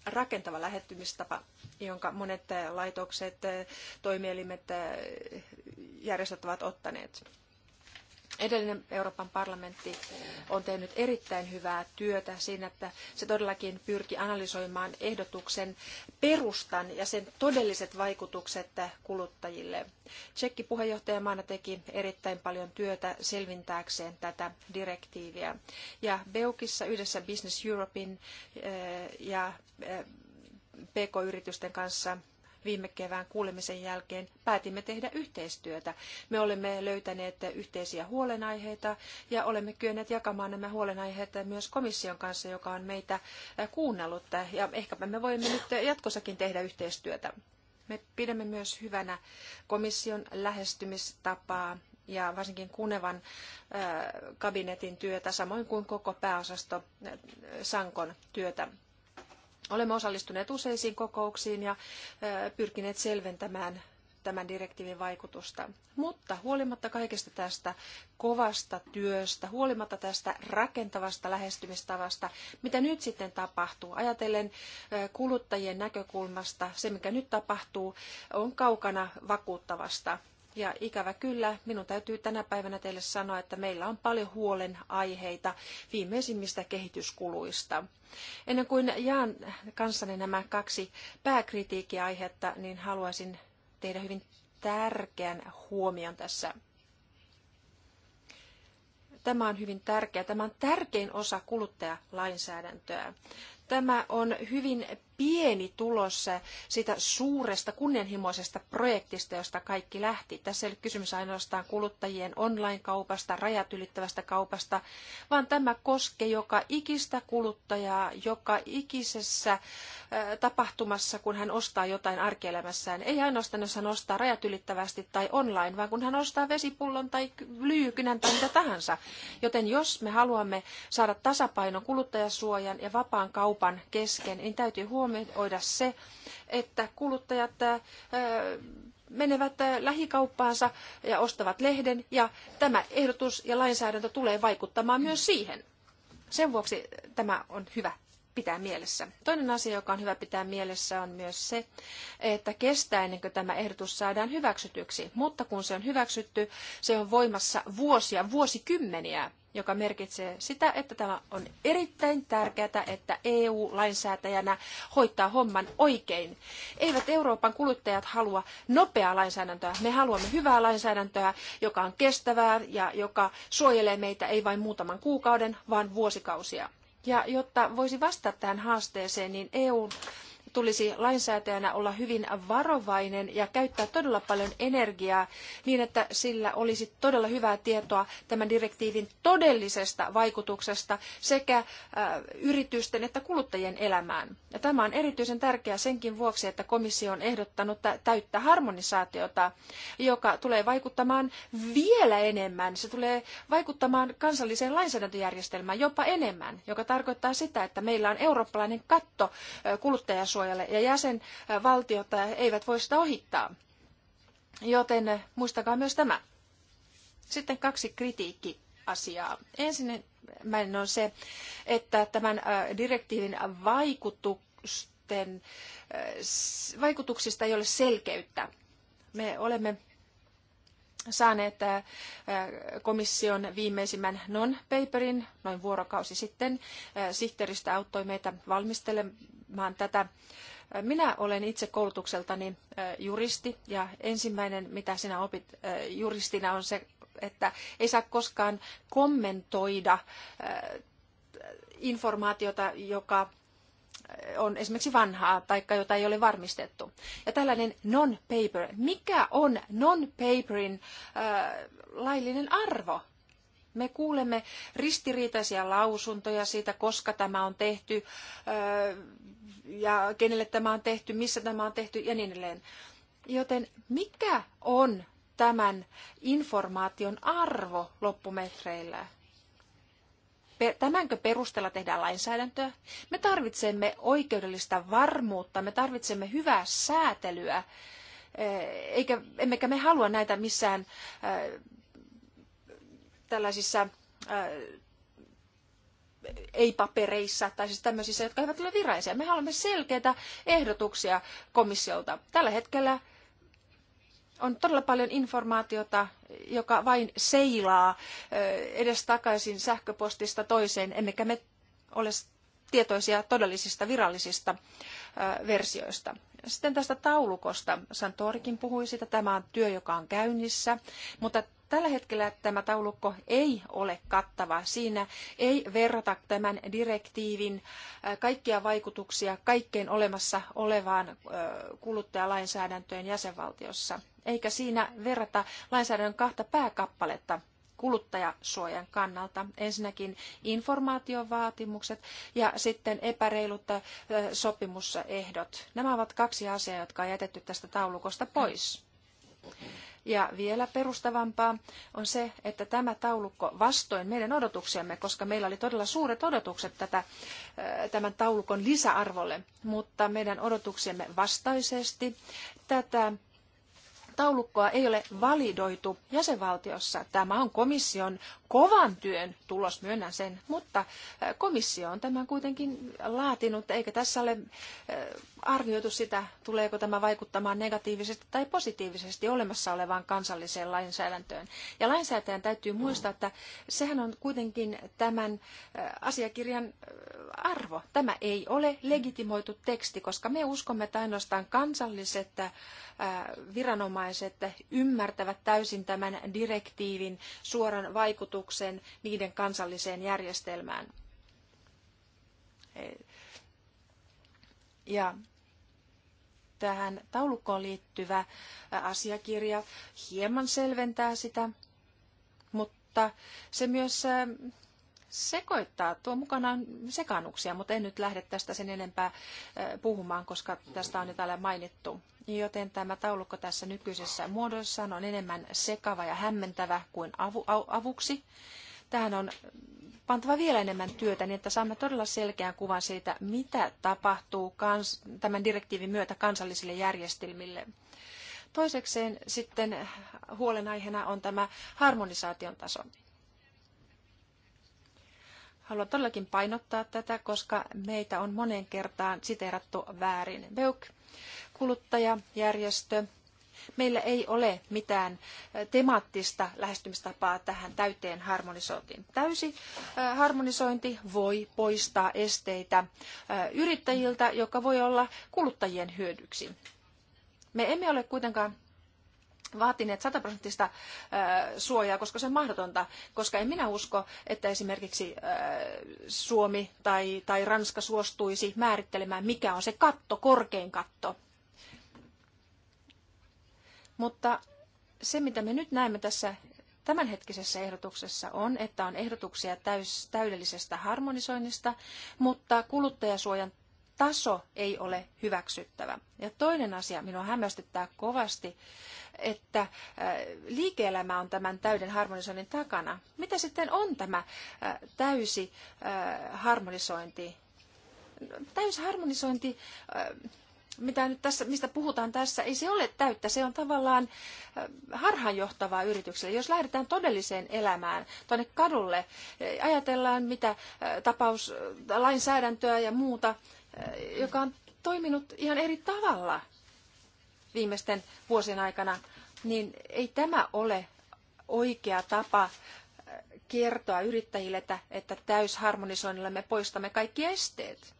rakentava lähettymistapa, jonka monet laitokset, toimielimet, järjestöt ovat ottaneet. Edellinen Euroopan parlamentti on tehnyt erittäin hyvää työtä siinä, että se todellakin pyrki analysoimaan ehdotuksen perustan ja sen todelliset vaikutukset kuluttajille. Tsekki puheenjohtajamaana teki erittäin paljon työtä selvintääkseen tätä direktiiviä. Ja Beukissa yhdessä Business Europein eh, ja eh, PK-yritysten kanssa – viime kevään kuulemisen jälkeen päätimme tehdä yhteistyötä. Me olemme löytäneet yhteisiä huolenaiheita ja olemme kyenneet jakamaan nämä huolenaiheet myös komission kanssa, joka on meitä kuunnellut. Ja ehkäpä me voimme nyt jatkossakin tehdä yhteistyötä. Me pidämme myös hyvänä komission lähestymistapaa ja varsinkin Kunevan kabinetin työtä, samoin kuin koko pääosasto Sankon työtä. Olemme osallistuneet useisiin kokouksiin ja pyrkineet selventämään tämän direktiivin vaikutusta. Mutta huolimatta kaikesta tästä kovasta työstä, huolimatta tästä rakentavasta lähestymistavasta, mitä nyt sitten tapahtuu, ajatellen kuluttajien näkökulmasta, se mikä nyt tapahtuu on kaukana vakuuttavasta. Ja ikävä kyllä, minun täytyy tänä päivänä teille sanoa, että meillä on paljon huolenaiheita viimeisimmistä kehityskuluista. Ennen kuin jaan kanssanne nämä kaksi pääkritiikkiaihetta, niin haluaisin tehdä hyvin tärkeän huomion tässä. Tämä on hyvin tärkeä. Tämä on tärkein osa kuluttajalainsäädäntöä. Tämä on hyvin pieni tulos sitä suuresta kunnianhimoisesta projektista, josta kaikki lähti. Tässä ei ole kysymys ainoastaan kuluttajien online-kaupasta, rajat ylittävästä kaupasta, vaan tämä koskee joka ikistä kuluttajaa, joka ikisessä tapahtumassa, kun hän ostaa jotain arkielämässään. Ei ainoastaan, jos hän ostaa rajat ylittävästi tai online, vaan kun hän ostaa vesipullon tai lyykynän tai mitä tahansa. Joten jos me haluamme saada tasapainon kuluttajasuojan ja vapaan kaupan kesken, niin täytyy huomioida, huomioida se, että kuluttajat äh, menevät äh, lähikauppaansa ja ostavat lehden, ja tämä ehdotus ja lainsäädäntö tulee vaikuttamaan myös siihen. Sen vuoksi tämä on hyvä pitää mielessä. Toinen asia, joka on hyvä pitää mielessä, on myös se, että kestää ennen kuin tämä ehdotus saadaan hyväksytyksi. Mutta kun se on hyväksytty, se on voimassa vuosia, vuosikymmeniä joka merkitsee sitä, että tämä on erittäin tärkeää, että EU-lainsäätäjänä hoitaa homman oikein. Eivät Euroopan kuluttajat halua nopeaa lainsäädäntöä. Me haluamme hyvää lainsäädäntöä, joka on kestävää ja joka suojelee meitä ei vain muutaman kuukauden, vaan vuosikausia. Ja jotta voisi vastata tähän haasteeseen, niin EUn tulisi lainsäätäjänä olla hyvin varovainen ja käyttää todella paljon energiaa niin, että sillä olisi todella hyvää tietoa tämän direktiivin todellisesta vaikutuksesta sekä äh, yritysten että kuluttajien elämään. Ja tämä on erityisen tärkeää senkin vuoksi, että komissio on ehdottanut täyttä harmonisaatiota, joka tulee vaikuttamaan vielä enemmän. Se tulee vaikuttamaan kansalliseen lainsäädäntöjärjestelmään jopa enemmän, joka tarkoittaa sitä, että meillä on eurooppalainen katto äh, kuluttajasuojan tietosuojalle ja jäsenvaltiot äh, eivät voi sitä ohittaa. Joten äh, muistakaa myös tämä. Sitten kaksi kritiikkiasiaa. Ensimmäinen on se, että tämän äh, direktiivin vaikutusten, vaikutuksista ei ole selkeyttä. Me olemme saaneet äh, äh, komission viimeisimmän non-paperin noin vuorokausi sitten. Äh, Sihteeristä auttoi meitä valmistelemaan tätä. Minä olen itse koulutukseltani juristi ja ensimmäinen, mitä sinä opit juristina, on se, että ei saa koskaan kommentoida informaatiota, joka on esimerkiksi vanhaa tai jota ei ole varmistettu. Ja tällainen non-paper, mikä on non-paperin äh, laillinen arvo? Me kuulemme ristiriitaisia lausuntoja siitä, koska tämä on tehty äh, ja kenelle tämä on tehty, missä tämä on tehty ja niin edelleen. Joten mikä on tämän informaation arvo loppumetreillä? tämänkö perusteella tehdään lainsäädäntöä? Me tarvitsemme oikeudellista varmuutta, me tarvitsemme hyvää säätelyä, eh, eikä, emmekä me halua näitä missään eh, tällaisissa eh, ei-papereissa tai siis tämmöisissä, jotka eivät ole virallisia. Me haluamme selkeitä ehdotuksia komissiolta. Tällä hetkellä on todella paljon informaatiota, joka vain seilaa edestakaisin sähköpostista toiseen, emmekä me ole tietoisia todellisista virallisista versioista. Sitten tästä taulukosta. Santorikin puhui sitä. Tämä on työ, joka on käynnissä, mutta tällä hetkellä tämä taulukko ei ole kattava. Siinä ei verrata tämän direktiivin kaikkia vaikutuksia kaikkeen olemassa olevaan kuluttajalainsäädäntöön jäsenvaltiossa eikä siinä verrata lainsäädännön kahta pääkappaletta kuluttajasuojan kannalta. Ensinnäkin informaatiovaatimukset ja sitten epäreilut sopimusehdot. Nämä ovat kaksi asiaa, jotka on jätetty tästä taulukosta pois. Ja vielä perustavampaa on se, että tämä taulukko vastoin meidän odotuksiamme, koska meillä oli todella suuret odotukset tätä, tämän taulukon lisäarvolle, mutta meidän odotuksiemme vastaisesti tätä taulukkoa ei ole validoitu jäsenvaltiossa. Tämä on komission kovan työn tulos, myönnän sen, mutta äh, komissio on tämän kuitenkin laatinut, eikä tässä ole äh, arvioitu sitä, tuleeko tämä vaikuttamaan negatiivisesti tai positiivisesti olemassa olevaan kansalliseen lainsäädäntöön. Ja lainsäätäjän täytyy muistaa, että sehän on kuitenkin tämän äh, asiakirjan arvo. Tämä ei ole legitimoitu teksti, koska me uskomme, että ainoastaan kansalliset viranomaiset ymmärtävät täysin tämän direktiivin suoran vaikutuksen vaikutuksen niiden kansalliseen järjestelmään. Ja tähän taulukkoon liittyvä asiakirja hieman selventää sitä, mutta se myös sekoittaa, tuo mukanaan sekannuksia, mutta en nyt lähde tästä sen enempää puhumaan, koska tästä on jo täällä mainittu. Joten tämä taulukko tässä nykyisessä muodossaan on enemmän sekava ja hämmentävä kuin avu, avuksi. Tähän on pantava vielä enemmän työtä niin, että saamme todella selkeän kuvan siitä, mitä tapahtuu kans, tämän direktiivin myötä kansallisille järjestelmille. Toisekseen sitten huolenaiheena on tämä harmonisaation taso. Haluan todellakin painottaa tätä, koska meitä on moneen kertaan siteerattu väärin. Beuk, kuluttajajärjestö, meillä ei ole mitään temaattista lähestymistapaa tähän täyteen harmonisointiin. Täysi harmonisointi voi poistaa esteitä yrittäjiltä, joka voi olla kuluttajien hyödyksi. Me emme ole kuitenkaan vaatineet sataprosenttista suojaa, koska se on mahdotonta, koska en minä usko, että esimerkiksi Suomi tai, tai Ranska suostuisi määrittelemään, mikä on se katto, korkein katto. Mutta se, mitä me nyt näemme tässä tämänhetkisessä ehdotuksessa on, että on ehdotuksia täys, täydellisestä harmonisoinnista, mutta kuluttajasuojan taso ei ole hyväksyttävä. Ja toinen asia minua hämmästyttää kovasti että äh, liike-elämä on tämän täyden harmonisoinnin takana. Mitä sitten on tämä äh, täysi äh, harmonisointi? Täysi harmonisointi, mitä nyt tässä, mistä puhutaan tässä, ei se ole täyttä. Se on tavallaan harhaanjohtavaa yritykselle. Jos lähdetään todelliseen elämään tuonne kadulle, ajatellaan mitä tapaus, lainsäädäntöä ja muuta, joka on toiminut ihan eri tavalla – viimeisten vuosien aikana, niin ei tämä ole oikea tapa äh, kertoa yrittäjille, että, että täysharmonisoinnilla me poistamme kaikki esteet.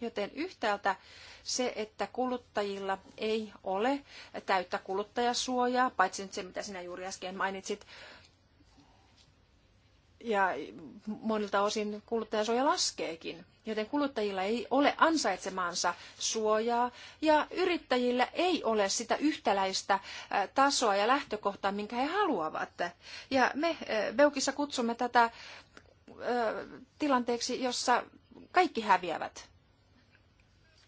Joten yhtäältä se, että kuluttajilla ei ole täyttä kuluttajasuojaa, paitsi nyt se, mitä sinä juuri äsken mainitsit, ja monilta osin kuluttajasuoja laskeekin, joten kuluttajilla ei ole ansaitsemaansa suojaa ja yrittäjillä ei ole sitä yhtäläistä äh, tasoa ja lähtökohtaa, minkä he haluavat. Ja me äh, Beukissa kutsumme tätä äh, tilanteeksi, jossa kaikki häviävät.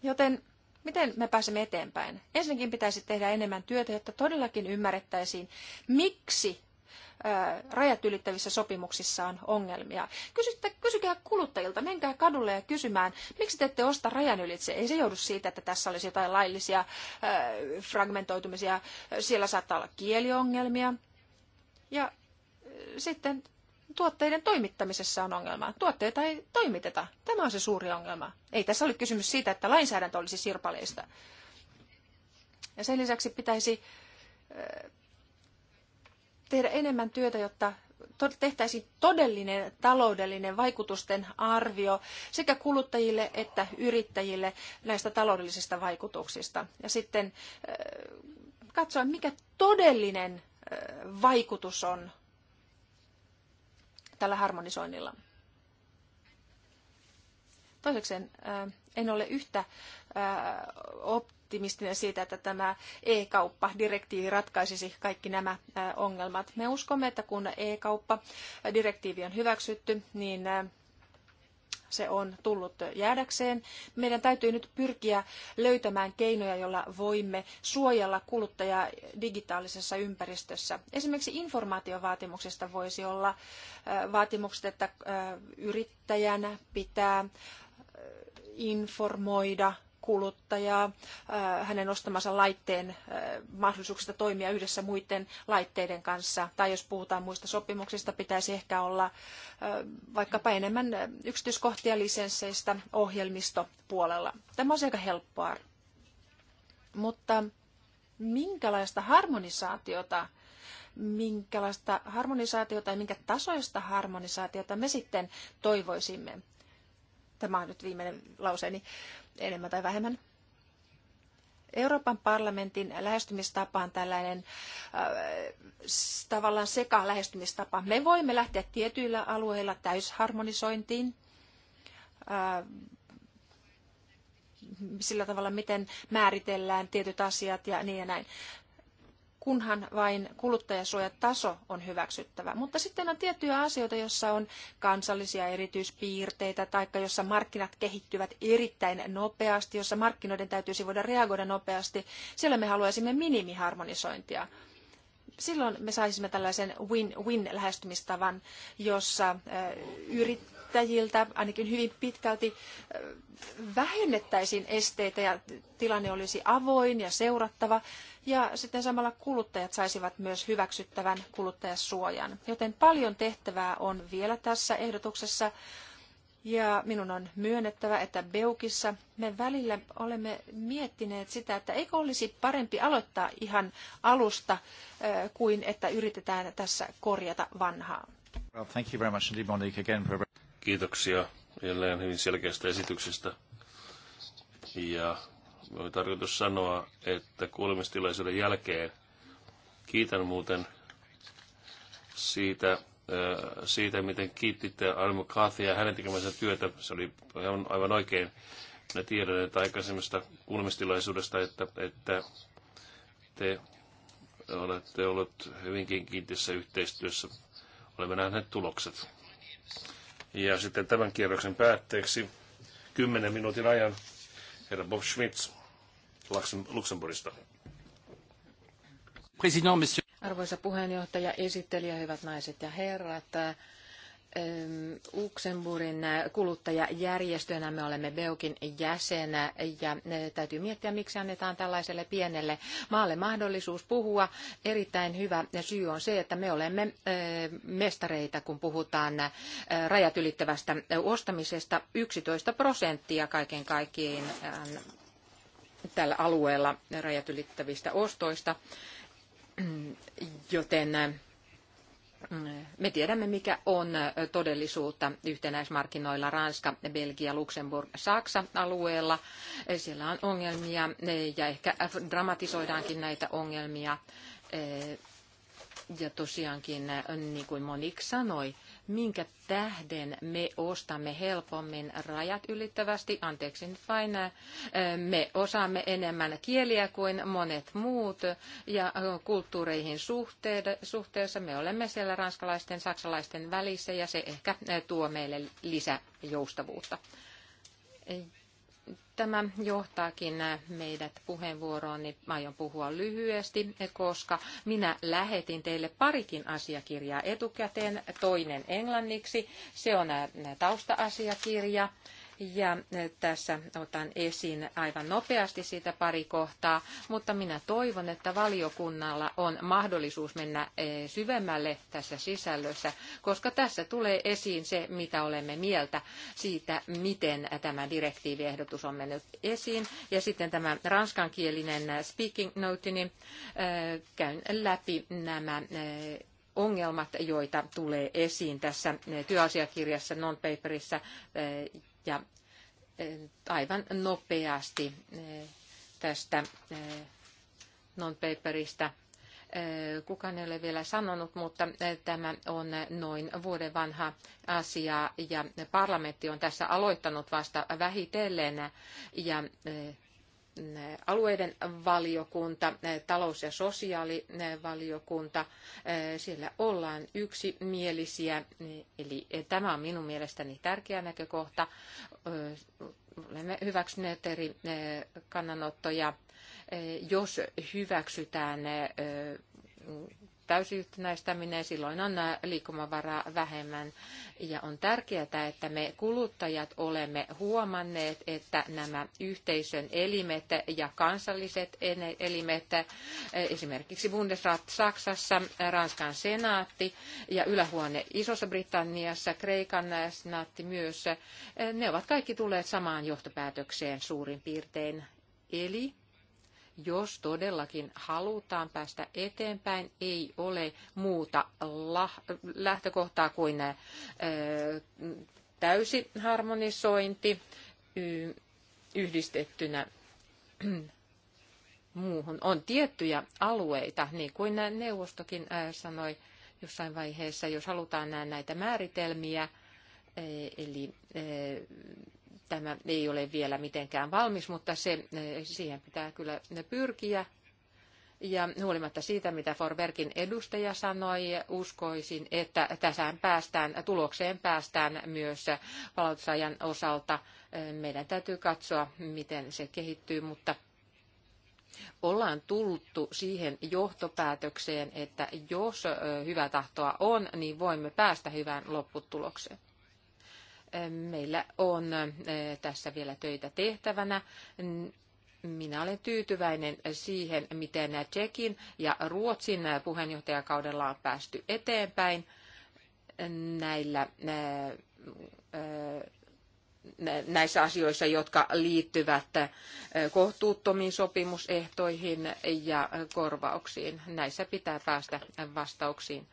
Joten miten me pääsemme eteenpäin? Ensinnäkin pitäisi tehdä enemmän työtä, jotta todellakin ymmärrettäisiin, miksi rajat ylittävissä sopimuksissa on ongelmia. kysykää kuluttajilta, menkää kadulle ja kysymään, miksi te ette osta rajan ylitse. Ei se johdu siitä, että tässä olisi jotain laillisia fragmentoitumisia. Siellä saattaa olla kieliongelmia. Ja sitten tuotteiden toimittamisessa on ongelma. Tuotteita ei toimiteta. Tämä on se suuri ongelma. Ei tässä ole kysymys siitä, että lainsäädäntö olisi sirpaleista. Ja sen lisäksi pitäisi tehdä enemmän työtä, jotta tehtäisiin todellinen taloudellinen vaikutusten arvio sekä kuluttajille että yrittäjille näistä taloudellisista vaikutuksista. Ja sitten äh, katsoa, mikä todellinen äh, vaikutus on tällä harmonisoinnilla. Toisekseen äh, en ole yhtä optimistinen siitä, että tämä e-kauppa-direktiivi ratkaisisi kaikki nämä ongelmat. Me uskomme, että kun e-kauppa-direktiivi on hyväksytty, niin se on tullut jäädäkseen. Meidän täytyy nyt pyrkiä löytämään keinoja, joilla voimme suojella kuluttajaa digitaalisessa ympäristössä. Esimerkiksi informaatiovaatimuksista voisi olla vaatimukset, että yrittäjän pitää informoida kuluttajaa äh, hänen ostamansa laitteen äh, mahdollisuuksista toimia yhdessä muiden laitteiden kanssa. Tai jos puhutaan muista sopimuksista, pitäisi ehkä olla äh, vaikkapa enemmän yksityiskohtia lisensseistä ohjelmistopuolella. Tämä on aika helppoa. Mutta minkälaista harmonisaatiota minkälaista harmonisaatiota ja minkä tasoista harmonisaatiota me sitten toivoisimme. Tämä on nyt viimeinen lauseeni enemmän tai vähemmän. Euroopan parlamentin lähestymistapa on tällainen äh, tavallaan seka lähestymistapa. Me voimme lähteä tietyillä alueilla täysharmonisointiin äh, sillä tavalla, miten määritellään tietyt asiat ja niin ja näin kunhan vain kuluttajasuojataso on hyväksyttävä. Mutta sitten on tiettyjä asioita, joissa on kansallisia erityispiirteitä tai jossa markkinat kehittyvät erittäin nopeasti, jossa markkinoiden täytyisi voida reagoida nopeasti. Siellä me haluaisimme minimiharmonisointia. Silloin me saisimme tällaisen win-win lähestymistavan, jossa yrittäjät yrittäjiltä ainakin hyvin pitkälti äh, vähennettäisiin esteitä ja tilanne olisi avoin ja seurattava ja sitten samalla kuluttajat saisivat myös hyväksyttävän kuluttajasuojan. Joten paljon tehtävää on vielä tässä ehdotuksessa ja minun on myönnettävä, että Beukissa me välillä olemme miettineet sitä, että eikö olisi parempi aloittaa ihan alusta äh, kuin että yritetään tässä korjata vanhaa. Well, thank you very much indeed, Monique, again for... Kiitoksia jälleen hyvin selkeästä esityksestä. Ja oli tarkoitus sanoa, että kuulemistilaisuuden jälkeen kiitän muuten siitä, siitä miten kiittitte Almu Kathia hänen tekemänsä työtä. Se oli aivan oikein. Minä tiedän, että aikaisemmasta kuulemistilaisuudesta, että, että te olette olleet hyvinkin kiintissä yhteistyössä. Olemme nähneet tulokset. Ja sitten tämän kierroksen päätteeksi 10 minuutin ajan herra Bob Schmitz Luxemburgista. Arvoisa puheenjohtaja, esittelijä, hyvät naiset ja herrat. Luxemburgin äh, kuluttajajärjestönä me olemme Beokin jäsenä ja äh, täytyy miettiä, miksi annetaan tällaiselle pienelle maalle mahdollisuus puhua. Erittäin hyvä syy on se, että me olemme äh, mestareita, kun puhutaan rajat ylittävästä ostamisesta. 11 prosenttia kaiken kaikkiaan tällä alueella rajat ylittävistä ostoista, joten me tiedämme, mikä on todellisuutta yhtenäismarkkinoilla Ranska, Belgia, Luxemburg, Saksa alueella. E, siellä on ongelmia e, ja ehkä dramatisoidaankin näitä ongelmia. E, ja tosiaankin, niin kuin Monik sanoi, minkä tähden me ostamme helpommin rajat ylittävästi, anteeksi nyt vain, me osaamme enemmän kieliä kuin monet muut ja kulttuureihin suhteessa me olemme siellä ranskalaisten, saksalaisten välissä ja se ehkä tuo meille lisäjoustavuutta tämä johtaakin meidät puheenvuoroon, niin aion puhua lyhyesti, koska minä lähetin teille parikin asiakirjaa etukäteen, toinen englanniksi, se on tausta-asiakirja, ja e, tässä otan esiin aivan nopeasti siitä pari kohtaa, mutta minä toivon, että valiokunnalla on mahdollisuus mennä e, syvemmälle tässä sisällössä, koska tässä tulee esiin se, mitä olemme mieltä siitä, miten tämä direktiiviehdotus on mennyt esiin. Ja sitten tämä ranskankielinen speaking note, niin e, käyn läpi nämä ongelmat, joita tulee esiin tässä työasiakirjassa, non-paperissa ja eh, aivan nopeasti eh, tästä eh, non-paperista. Kukaan ei ole vielä sanonut, mutta tämä on noin vuoden vanha asia ja parlamentti on tässä aloittanut vasta vähitellen ja alueiden valiokunta, talous- ja sosiaalivaliokunta. Siellä ollaan yksimielisiä, eli tämä on minun mielestäni tärkeä näkökohta. Olemme hyväksyneet eri kannanottoja. Jos hyväksytään täysi yhtenäistäminen, silloin on äh, liikkumavaraa vähemmän. Ja on tärkeää, että me kuluttajat olemme huomanneet, että nämä yhteisön elimet ja kansalliset elimet, äh, esimerkiksi Bundesrat Saksassa, äh, Ranskan senaatti ja ylähuone Isossa Britanniassa, Kreikan senaatti myös, ne ovat kaikki tulleet samaan johtopäätökseen suurin piirtein. Eli jos todellakin halutaan päästä eteenpäin, ei ole muuta lähtökohtaa kuin täysi harmonisointi yhdistettynä muuhun. On tiettyjä alueita, niin kuin neuvostokin sanoi jossain vaiheessa, jos halutaan näitä määritelmiä, e, eli e, Tämä ei ole vielä mitenkään valmis, mutta se, eh, siihen pitää kyllä pyrkiä. Ja huolimatta siitä, mitä Forbergin edustaja sanoi, uskoisin, että tässä päästään, tulokseen päästään myös palautusajan osalta. Eh, meidän täytyy katsoa, miten se kehittyy, mutta ollaan tultu siihen johtopäätökseen, että jos eh, hyvää tahtoa on, niin voimme päästä hyvään lopputulokseen. Meillä on eh, tässä vielä töitä tehtävänä. Minä olen tyytyväinen siihen, miten Tsekin ja Ruotsin puheenjohtajakaudella on päästy eteenpäin näillä, eh, eh, näissä asioissa, jotka liittyvät kohtuuttomiin sopimusehtoihin ja korvauksiin. Näissä pitää päästä vastauksiin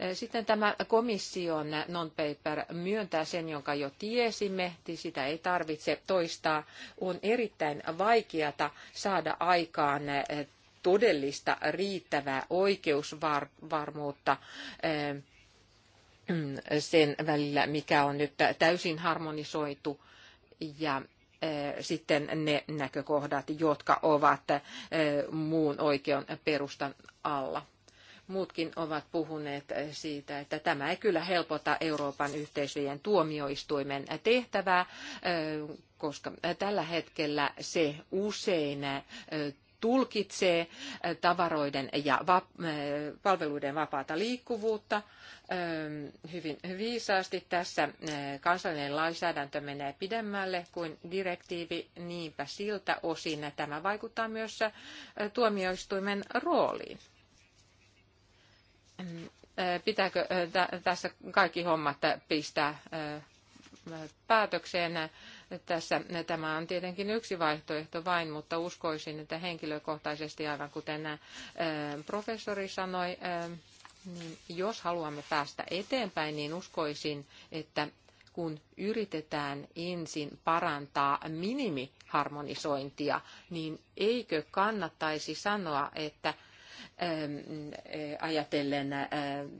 Eh, sitten tämä komission non-paper myöntää sen, jonka jo tiesimme, sitä ei tarvitse toistaa. On erittäin vaikeata saada aikaan eh, todellista riittävää oikeusvarmuutta eh, sen välillä, mikä on nyt täysin harmonisoitu ja sitten ne näkökohdat, jotka ovat muun oikeuden perustan alla. Muutkin ovat puhuneet siitä, että tämä ei kyllä helpota Euroopan yhteisöjen tuomioistuimen tehtävää, koska tällä hetkellä se usein tulkitsee tavaroiden ja palveluiden vapaata liikkuvuutta hyvin viisaasti. Tässä kansallinen lainsäädäntö menee pidemmälle kuin direktiivi, niinpä siltä osin tämä vaikuttaa myös tuomioistuimen rooliin pitääkö tässä kaikki hommat pistää päätökseen. Tässä tämä on tietenkin yksi vaihtoehto vain, mutta uskoisin, että henkilökohtaisesti, aivan kuten professori sanoi, niin jos haluamme päästä eteenpäin, niin uskoisin, että kun yritetään ensin parantaa minimiharmonisointia, niin eikö kannattaisi sanoa, että ajatellen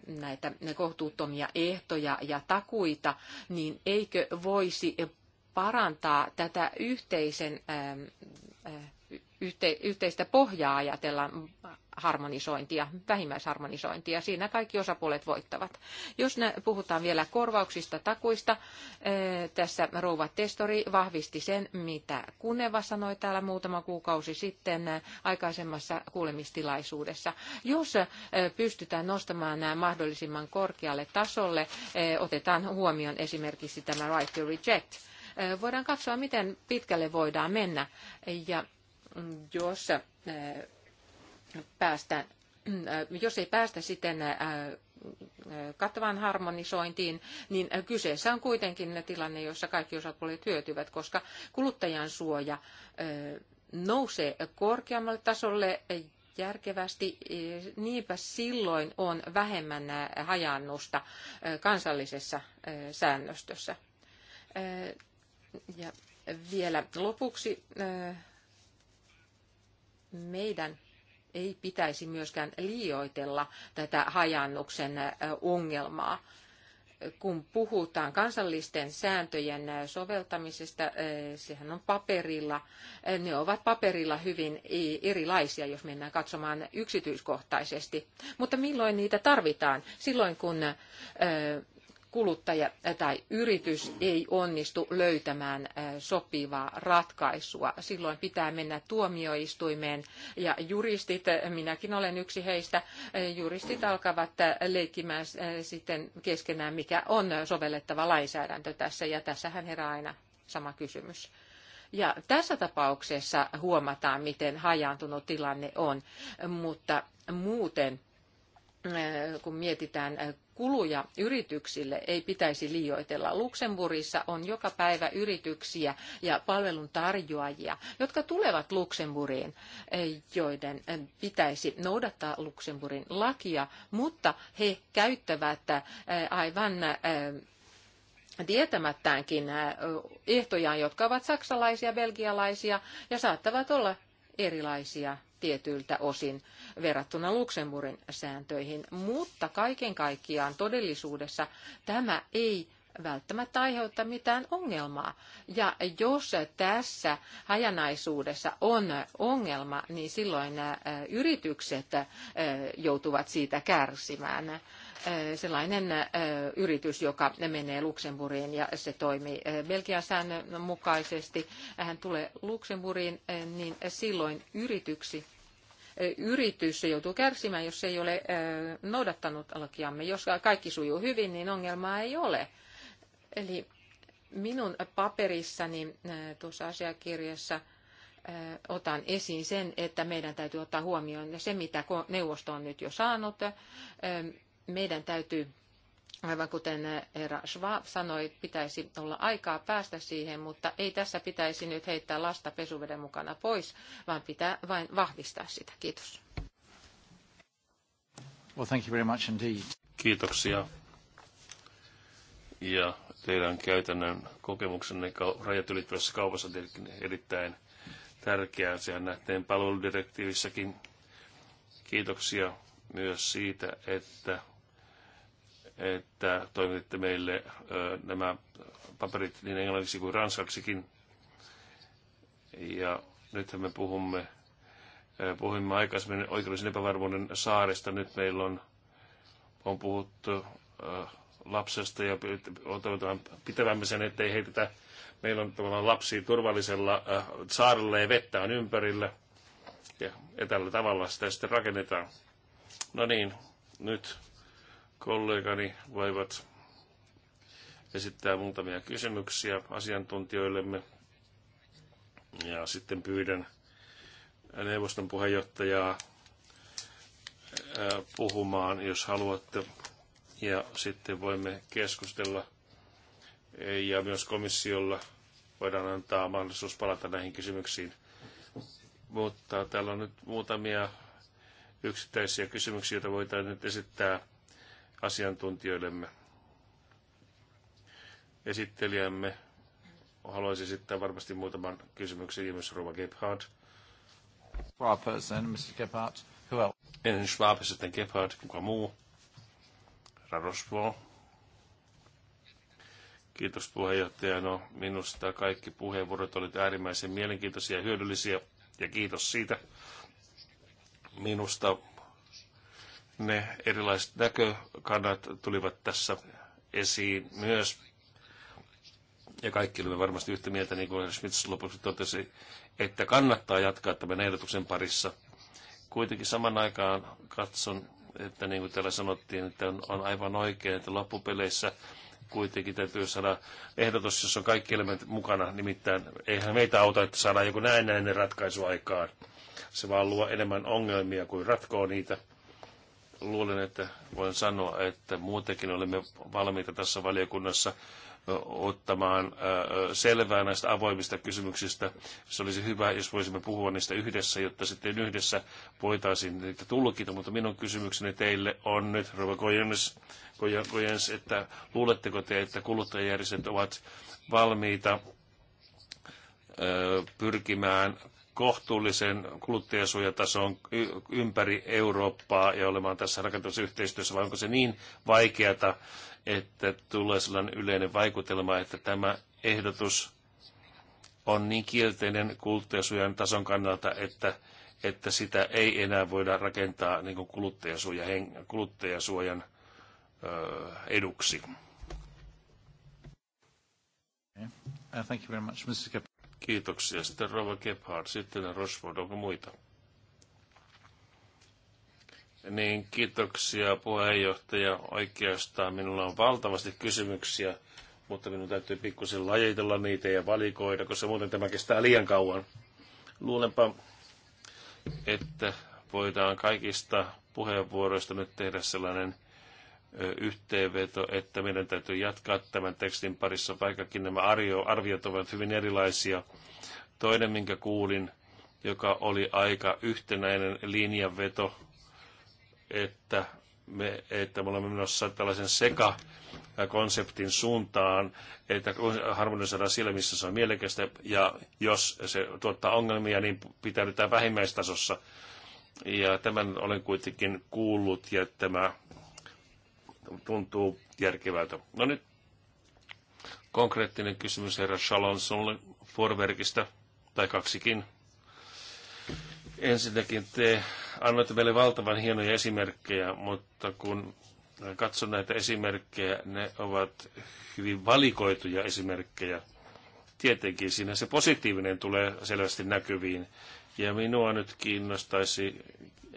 näitä kohtuuttomia ehtoja ja takuita, niin eikö voisi parantaa tätä yhteisen yhteistä pohjaa ajatella harmonisointia, vähimmäisharmonisointia. Siinä kaikki osapuolet voittavat. Jos puhutaan vielä korvauksista, takuista, eh, tässä rouva Testori vahvisti sen, mitä Kuneva sanoi täällä muutama kuukausi sitten eh, aikaisemmassa kuulemistilaisuudessa. Jos eh, pystytään nostamaan nämä mahdollisimman korkealle tasolle, otetaan huomioon esimerkiksi tämä right to reject, voidaan katsoa, miten pitkälle voidaan mennä. Ja jos eh, päästä eh, jos ei päästä sitten eh, kattavaan harmonisointiin, niin kyseessä on kuitenkin tilanne, jossa kaikki osapuolet hyötyvät, koska kuluttajan suoja nousee korkeammalle tasolle järkevästi, niinpä silloin on vähemmän hajannusta kansallisessa säännöstössä. Ja vielä lopuksi meidän ei pitäisi myöskään liioitella tätä hajannuksen ongelmaa. Kun puhutaan kansallisten sääntöjen soveltamisesta, sehän on paperilla. Ne ovat paperilla hyvin erilaisia, jos mennään katsomaan yksityiskohtaisesti. Mutta milloin niitä tarvitaan? Silloin kun kuluttaja tai yritys ei onnistu löytämään sopivaa ratkaisua. Silloin pitää mennä tuomioistuimeen ja juristit, minäkin olen yksi heistä, juristit alkavat leikkimään sitten keskenään, mikä on sovellettava lainsäädäntö tässä ja tässähän herää aina sama kysymys. Ja tässä tapauksessa huomataan, miten hajaantunut tilanne on, mutta muuten kun mietitään kuluja yrityksille ei pitäisi liioitella. Luxemburgissa on joka päivä yrityksiä ja palveluntarjoajia, jotka tulevat Luxemburgiin, eh, joiden eh, pitäisi noudattaa Luxemburgin lakia, mutta he käyttävät eh, aivan tietämättäänkin ehtojaan, jotka ovat saksalaisia, belgialaisia ja saattavat olla erilaisia tietyiltä osin verrattuna Luxemburgin sääntöihin, mutta kaiken kaikkiaan todellisuudessa tämä ei välttämättä aiheuta mitään ongelmaa. Ja jos tässä hajanaisuudessa on ongelma, niin silloin äh, yritykset äh, joutuvat siitä kärsimään. Äh, sellainen yritys, joka menee Luxemburgiin ja se toimii Belgian säännön mukaisesti, hän tulee Luxemburgiin, niin silloin yrityksi yritys joutuu kärsimään, jos ei ole noudattanut lakiamme. Jos kaikki sujuu hyvin, niin ongelmaa ei ole. Eli minun paperissani tuossa asiakirjassa otan esiin sen, että meidän täytyy ottaa huomioon se, mitä neuvosto on nyt jo saanut. Meidän täytyy Aivan kuten herra Schwab sanoi, pitäisi olla aikaa päästä siihen, mutta ei tässä pitäisi nyt heittää lasta pesuveden mukana pois, vaan pitää vain vahvistaa sitä. Kiitos. Well, thank you very much indeed. Kiitoksia. Ja teidän käytännön kokemuksenne rajat ylittävässä kaupassa on tietenkin erittäin tärkeää. Sehän nähtiin palveludirektiivissäkin. Kiitoksia myös siitä, että että toimititte meille nämä paperit niin englanniksi kuin ranskaksikin. Ja nythän me puhumme, puhumme aikaisemmin oikeudellisen epävarmuuden saaresta. Nyt meillä on, on puhuttu lapsesta ja toivotaan pitävämme sen, ettei heitetä. Meillä on tavallaan lapsi turvallisella saarella ja vettä on ympärillä. Ja, ja tällä tavalla sitä sitten rakennetaan. No niin, nyt kollegani voivat esittää muutamia kysymyksiä asiantuntijoillemme. Ja sitten pyydän neuvoston puheenjohtajaa puhumaan, jos haluatte. Ja sitten voimme keskustella. Ja myös komissiolla voidaan antaa mahdollisuus palata näihin kysymyksiin. Mutta täällä on nyt muutamia yksittäisiä kysymyksiä, joita voitaisiin nyt esittää asiantuntijoillemme. Esittelijämme haluaisi esittää varmasti muutaman kysymyksen, myös Rova Gebhard. Schwabers Mr. Gebhardt. Who else? Ensin Schwab ja sitten Gebhard. kuka muu? Rarosvo. Kiitos puheenjohtaja. No, minusta kaikki puheenvuorot olivat äärimmäisen mielenkiintoisia ja hyödyllisiä, ja kiitos siitä. Minusta ne erilaiset näkökannat tulivat tässä esiin myös. Ja kaikki olimme varmasti yhtä mieltä, niin kuin Schmitz lopuksi totesi, että kannattaa jatkaa tämän ehdotuksen parissa. Kuitenkin saman aikaan katson, että niin kuin täällä sanottiin, että on, on aivan oikein, että loppupeleissä kuitenkin täytyy saada ehdotus, jossa on kaikki elementit mukana. Nimittäin eihän meitä auta, että saadaan joku näennäinen ratkaisu aikaan. Se vaan luo enemmän ongelmia kuin ratkoo niitä luulen, että voin sanoa, että muutenkin olemme valmiita tässä valiokunnassa ottamaan selvää näistä avoimista kysymyksistä. Se olisi hyvä, jos voisimme puhua niistä yhdessä, jotta sitten yhdessä voitaisiin niitä tulkita. Mutta minun kysymykseni teille on nyt, Rova Kojens, Kojens että luuletteko te, että kuluttajajärjestöt ovat valmiita pyrkimään kohtuullisen kuluttajasuojatason ympäri Eurooppaa ja olemaan tässä rakentavassa yhteistyössä, vai onko se niin vaikeata, että tulee sellainen yleinen vaikutelma, että tämä ehdotus on niin kielteinen kuluttajasuojan tason kannalta, että, että sitä ei enää voida rakentaa niin kuin kuluttajasuojan, kuluttajasuojan ö, eduksi. Uh, thank you very much, Mr. Kiitoksia. Sitten Rova Gebhard, sitten Rosford, onko muita? Niin, kiitoksia puheenjohtaja. Oikeastaan minulla on valtavasti kysymyksiä, mutta minun täytyy pikkusen lajitella niitä ja valikoida, koska muuten tämä kestää liian kauan. Luulenpa, että voidaan kaikista puheenvuoroista nyt tehdä sellainen yhteenveto, että meidän täytyy jatkaa tämän tekstin parissa, vaikkakin nämä arviot ovat hyvin erilaisia. Toinen, minkä kuulin, joka oli aika yhtenäinen linjanveto, että me, että me olemme menossa tällaisen seka konseptin suuntaan, että harmonisoidaan siellä, missä se on mielekästä, ja jos se tuottaa ongelmia, niin pitäydytään vähimmäistasossa. Ja tämän olen kuitenkin kuullut, ja tämä tuntuu järkevältä. No nyt konkreettinen kysymys herra Chalonsonlle Forverkista, tai kaksikin. Ensinnäkin te annoitte meille valtavan hienoja esimerkkejä, mutta kun katson näitä esimerkkejä, ne ovat hyvin valikoituja esimerkkejä. Tietenkin siinä se positiivinen tulee selvästi näkyviin. Ja minua nyt kiinnostaisi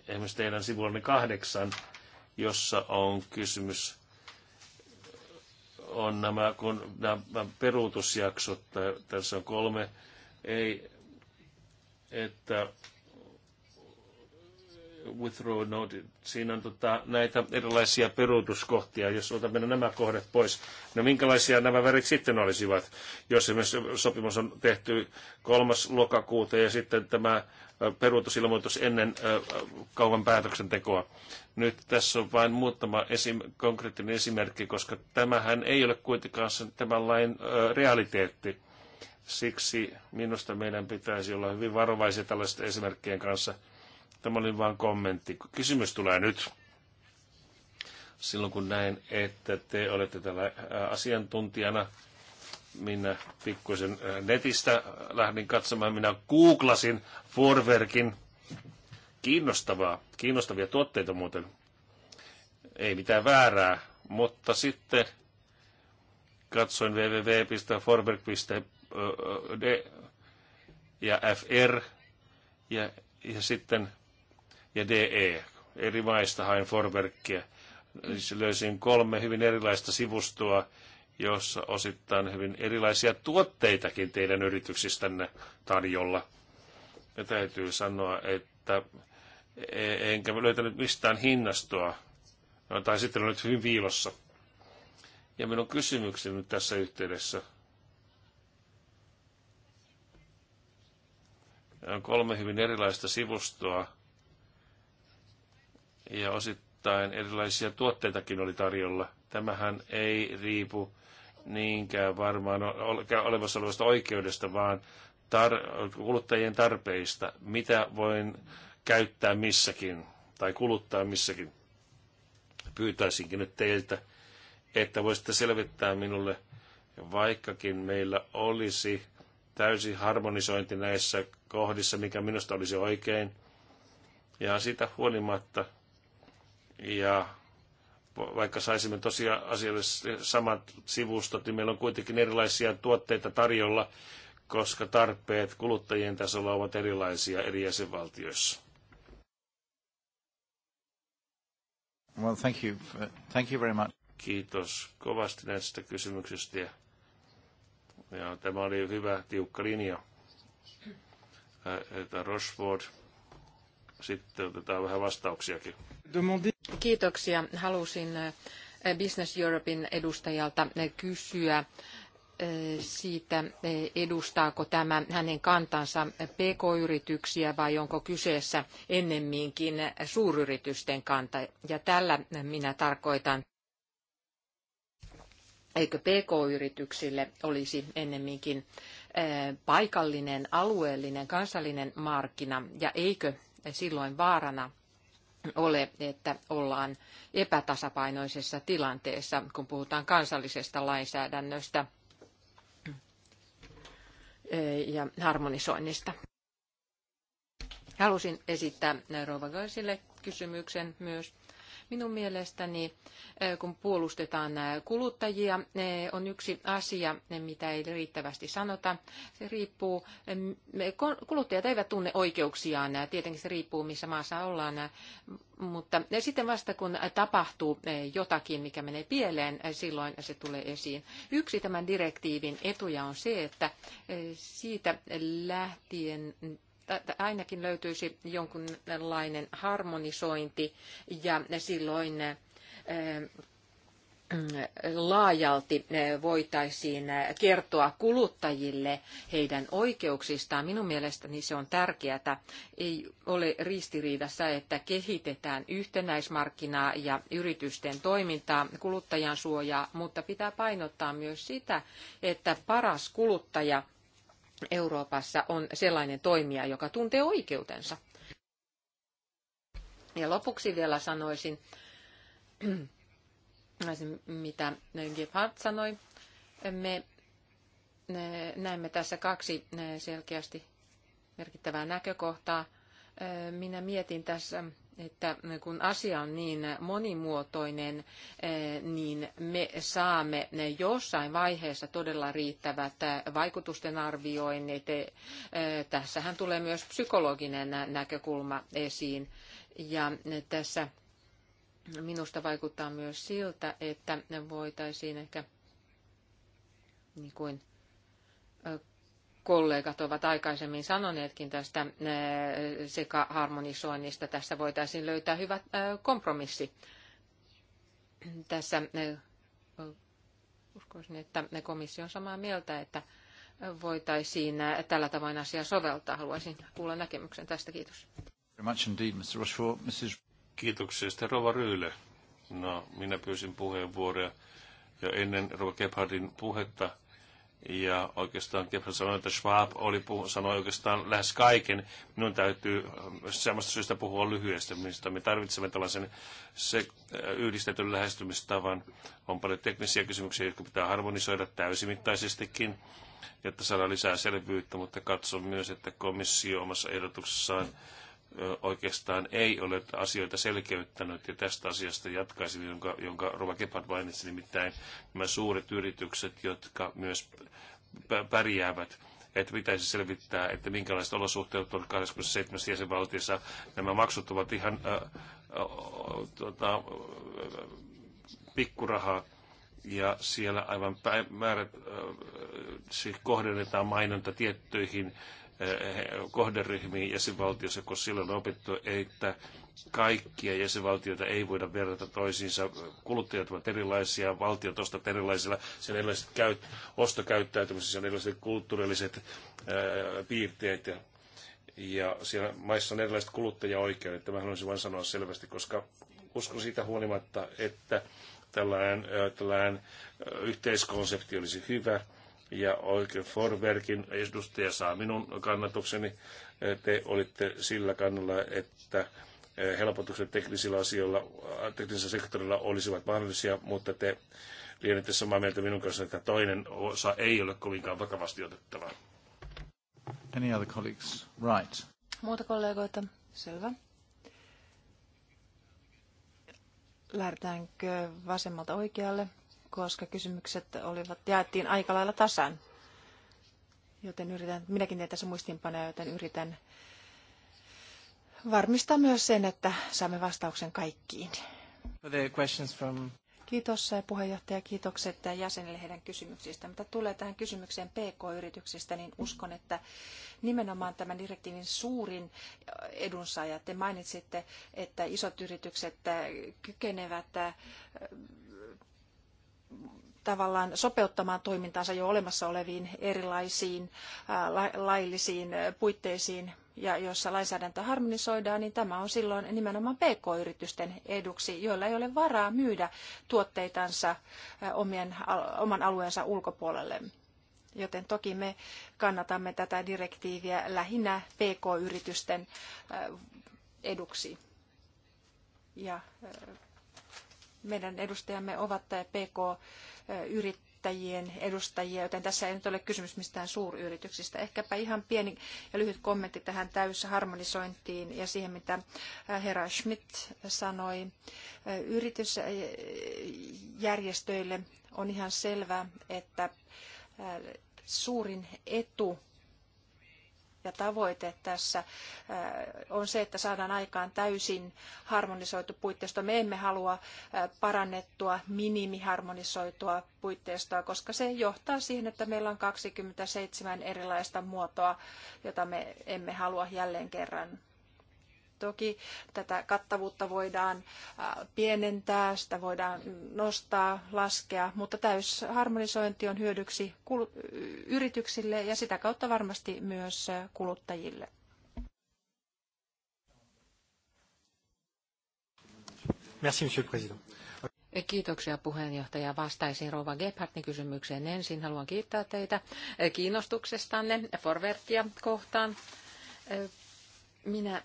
esimerkiksi teidän sivullanne kahdeksan jossa on kysymys on nämä, kun nämä peruutusjaksot, tässä on kolme, ei, että withdraw note, siinä on tota, näitä erilaisia peruutuskohtia, jos mennä nämä kohdat pois, no minkälaisia nämä värit sitten olisivat, jos esimerkiksi sopimus on tehty kolmas lokakuuta ja sitten tämä peruutusilmoitus ennen kaupan päätöksentekoa. Nyt tässä on vain muutama esim, konkreettinen esimerkki, koska tämähän ei ole kuitenkaan sen, tämän lain realiteetti. Siksi minusta meidän pitäisi olla hyvin varovaisia tällaisten esimerkkien kanssa. Tämä oli vain kommentti. Kysymys tulee nyt silloin kun näin, että te olette täällä asiantuntijana minä pikkuisen äh, netistä lähdin katsomaan, minä googlasin Forverkin. Kiinnostavaa, kiinnostavia tuotteita muuten. Ei mitään väärää, mutta sitten katsoin www.forberg.d ja FR ja, ja sitten ja DE. Eri maista hain Forbergia. Siis löysin kolme hyvin erilaista sivustoa, jossa osittain hyvin erilaisia tuotteitakin teidän yrityksistänne tarjolla. Ja täytyy sanoa, että e- enkä löytänyt mistään hinnastoa, no, tai sitten on nyt hyvin viilossa. Ja minun kysymykseni nyt tässä yhteydessä on kolme hyvin erilaista sivustoa ja osittain erilaisia tuotteitakin oli tarjolla. Tämähän ei riipu niinkään varmaan olemassa olevasta oikeudesta, vaan tar- kuluttajien tarpeista, mitä voin käyttää missäkin tai kuluttaa missäkin. Pyytäisinkin nyt teiltä, että voisitte selvittää minulle, vaikkakin meillä olisi täysi harmonisointi näissä kohdissa, mikä minusta olisi oikein. Ja sitä huolimatta, ja vaikka saisimme tosiaan asiallisesti samat sivustot, niin meillä on kuitenkin erilaisia tuotteita tarjolla, koska tarpeet kuluttajien tasolla ovat erilaisia eri jäsenvaltioissa. Well, thank you. Thank you very much. Kiitos kovasti näistä kysymyksistä. Ja, ja tämä oli hyvä, tiukka linja. Että Rochford sitten otetaan vähän vastauksiakin. Kiitoksia. Halusin eh, Business Europein edustajalta eh, kysyä eh, siitä, edustaako tämä hänen kantansa pk-yrityksiä vai onko kyseessä ennemminkin suuryritysten kanta. Ja tällä minä tarkoitan, eikö pk-yrityksille olisi ennemminkin paikallinen, alueellinen, kansallinen markkina ja eikö silloin vaarana ole, että ollaan epätasapainoisessa tilanteessa, kun puhutaan kansallisesta lainsäädännöstä ja harmonisoinnista. Halusin esittää Rova Goisille kysymyksen myös. Minun mielestäni, eh, kun puolustetaan eh, kuluttajia, eh, on yksi asia, mitä ei riittävästi sanota. Se riippuu, kuluttajat eivät tunne oikeuksiaan, tietenkin se riippuu, missä maassa ollaan, mutta sitten vasta kun tapahtuu jotakin, mikä menee pieleen, silloin se tulee esiin. Yksi tämän direktiivin etuja on se, että siitä lähtien ainakin löytyisi jonkunlainen harmonisointi ja silloin laajalti voitaisiin kertoa kuluttajille heidän oikeuksistaan. Minun mielestäni se on tärkeää. Ei ole ristiriidassa, että kehitetään yhtenäismarkkinaa ja yritysten toimintaa, kuluttajan suojaa, mutta pitää painottaa myös sitä, että paras kuluttaja – Euroopassa on sellainen toimija, joka tuntee oikeutensa. Ja lopuksi vielä sanoisin, <clears throat> mitä Gebhardt sanoi. Me näemme tässä kaksi selkeästi merkittävää näkökohtaa. Minä mietin tässä että kun asia on niin monimuotoinen, eh, niin me saamme jossain vaiheessa todella riittävät eh, vaikutusten arvioinnit. Eh, tässähän tulee myös psykologinen näkökulma esiin. Ja tässä minusta vaikuttaa myös siltä, että voitaisiin ehkä niin kuin kollegat ovat aikaisemmin sanoneetkin tästä eh, sekaharmonisoinnista. Tässä voitaisiin löytää hyvä eh, kompromissi. Tässä eh, uskoisin, että komissio on samaa mieltä, että voitaisiin tällä tavoin asiaa soveltaa. Haluaisin kuulla näkemyksen tästä. Kiitos. Kiitoksia. Sitten Rova Ryyle. No, minä pyysin puheenvuoroja. Ja ennen Rova Gebhardin puhetta ja oikeastaan Kepler sanoi, että Schwab oli puhu, sanoi oikeastaan lähes kaiken. Minun täytyy ähm, sellaista syystä puhua lyhyesti, mistä me tarvitsemme tällaisen se, äh, yhdistetyn lähestymistavan. On paljon teknisiä kysymyksiä, jotka pitää harmonisoida täysimittaisestikin, jotta saadaan lisää selvyyttä, mutta katson myös, että komissio omassa ehdotuksessaan mm oikeastaan ei ole asioita selkeyttänyt, ja tästä asiasta jatkaisin, jonka, jonka Rova Kepard mainitsi, nimittäin nämä suuret yritykset, jotka myös pärjäävät että pitäisi selvittää, että minkälaiset olosuhteet on 27 jäsenvaltiossa. Nämä maksut ovat ihan äh, äh, tota, äh, pikkurahaa ja siellä aivan määrät, äh, siis kohdennetaan mainonta tiettyihin Eh, kohderyhmiin jäsenvaltiossa, koska silloin on opittu, että kaikkia jäsenvaltioita ei voida verrata toisiinsa. Kuluttajat ovat erilaisia, valtiot ostavat erilaisilla, siellä erilaiset käyt, ostokäyttäytymisessä on erilaiset kulttuurilliset ää, eh, piirteet ja, ja siellä maissa on erilaiset kuluttajaoikeudet. Tämä haluaisin vain sanoa selvästi, koska uskon siitä huolimatta, että tällainen, eh, tällainen yhteiskonsepti olisi hyvä ja oikein Forbergin edustaja saa minun kannatukseni. Eh, te olitte sillä kannalla, että eh, helpotukset teknisillä asioilla, eh, teknisellä sektorilla olisivat mahdollisia, mutta te lienette samaa mieltä minun kanssa, että toinen osa ei ole kovinkaan vakavasti otettava. Any other colleagues? Right. Muuta kollegoita? Selvä. Lähdetäänkö vasemmalta oikealle? koska kysymykset olivat, jaettiin aika lailla tasan. Joten yritän, minäkin teen tässä muistiinpanoja, joten yritän varmistaa myös sen, että saamme vastauksen kaikkiin. Kiitos eh, puheenjohtaja, kiitokset eh, jäsenille heidän kysymyksistä. Mitä tulee tähän kysymykseen PK-yrityksistä, niin uskon, että nimenomaan tämän direktiivin suurin eh, edunsaaja, te mainitsitte, että isot yritykset kykenevät tavallaan sopeuttamaan toimintaansa jo olemassa oleviin erilaisiin laillisiin puitteisiin ja jossa lainsäädäntö harmonisoidaan, niin tämä on silloin nimenomaan PK-yritysten eduksi, joilla ei ole varaa myydä tuotteitansa omien, oman alueensa ulkopuolelle. Joten toki me kannatamme tätä direktiiviä lähinnä PK-yritysten eduksi. Ja meidän edustajamme ovat PK-yrittäjien edustajia, joten tässä ei nyt ole kysymys mistään suuryrityksistä. Ehkäpä ihan pieni ja lyhyt kommentti tähän täysharmonisointiin ja siihen, mitä herra Schmidt sanoi. Yritysjärjestöille on ihan selvää, että suurin etu ja tavoite tässä äh, on se, että saadaan aikaan täysin harmonisoitu puitteisto. Me emme halua äh, parannettua minimiharmonisoitua puitteistoa, koska se johtaa siihen, että meillä on 27 erilaista muotoa, jota me emme halua jälleen kerran. Toki tätä kattavuutta voidaan pienentää, sitä voidaan nostaa, laskea, mutta täysharmonisointi on hyödyksi yrityksille ja sitä kautta varmasti myös kuluttajille. Merci, monsieur le président. Kiitoksia puheenjohtaja. Vastaisin Rova Gebhardtin kysymykseen ensin. Haluan kiittää teitä kiinnostuksestanne Forvertia kohtaan. Minä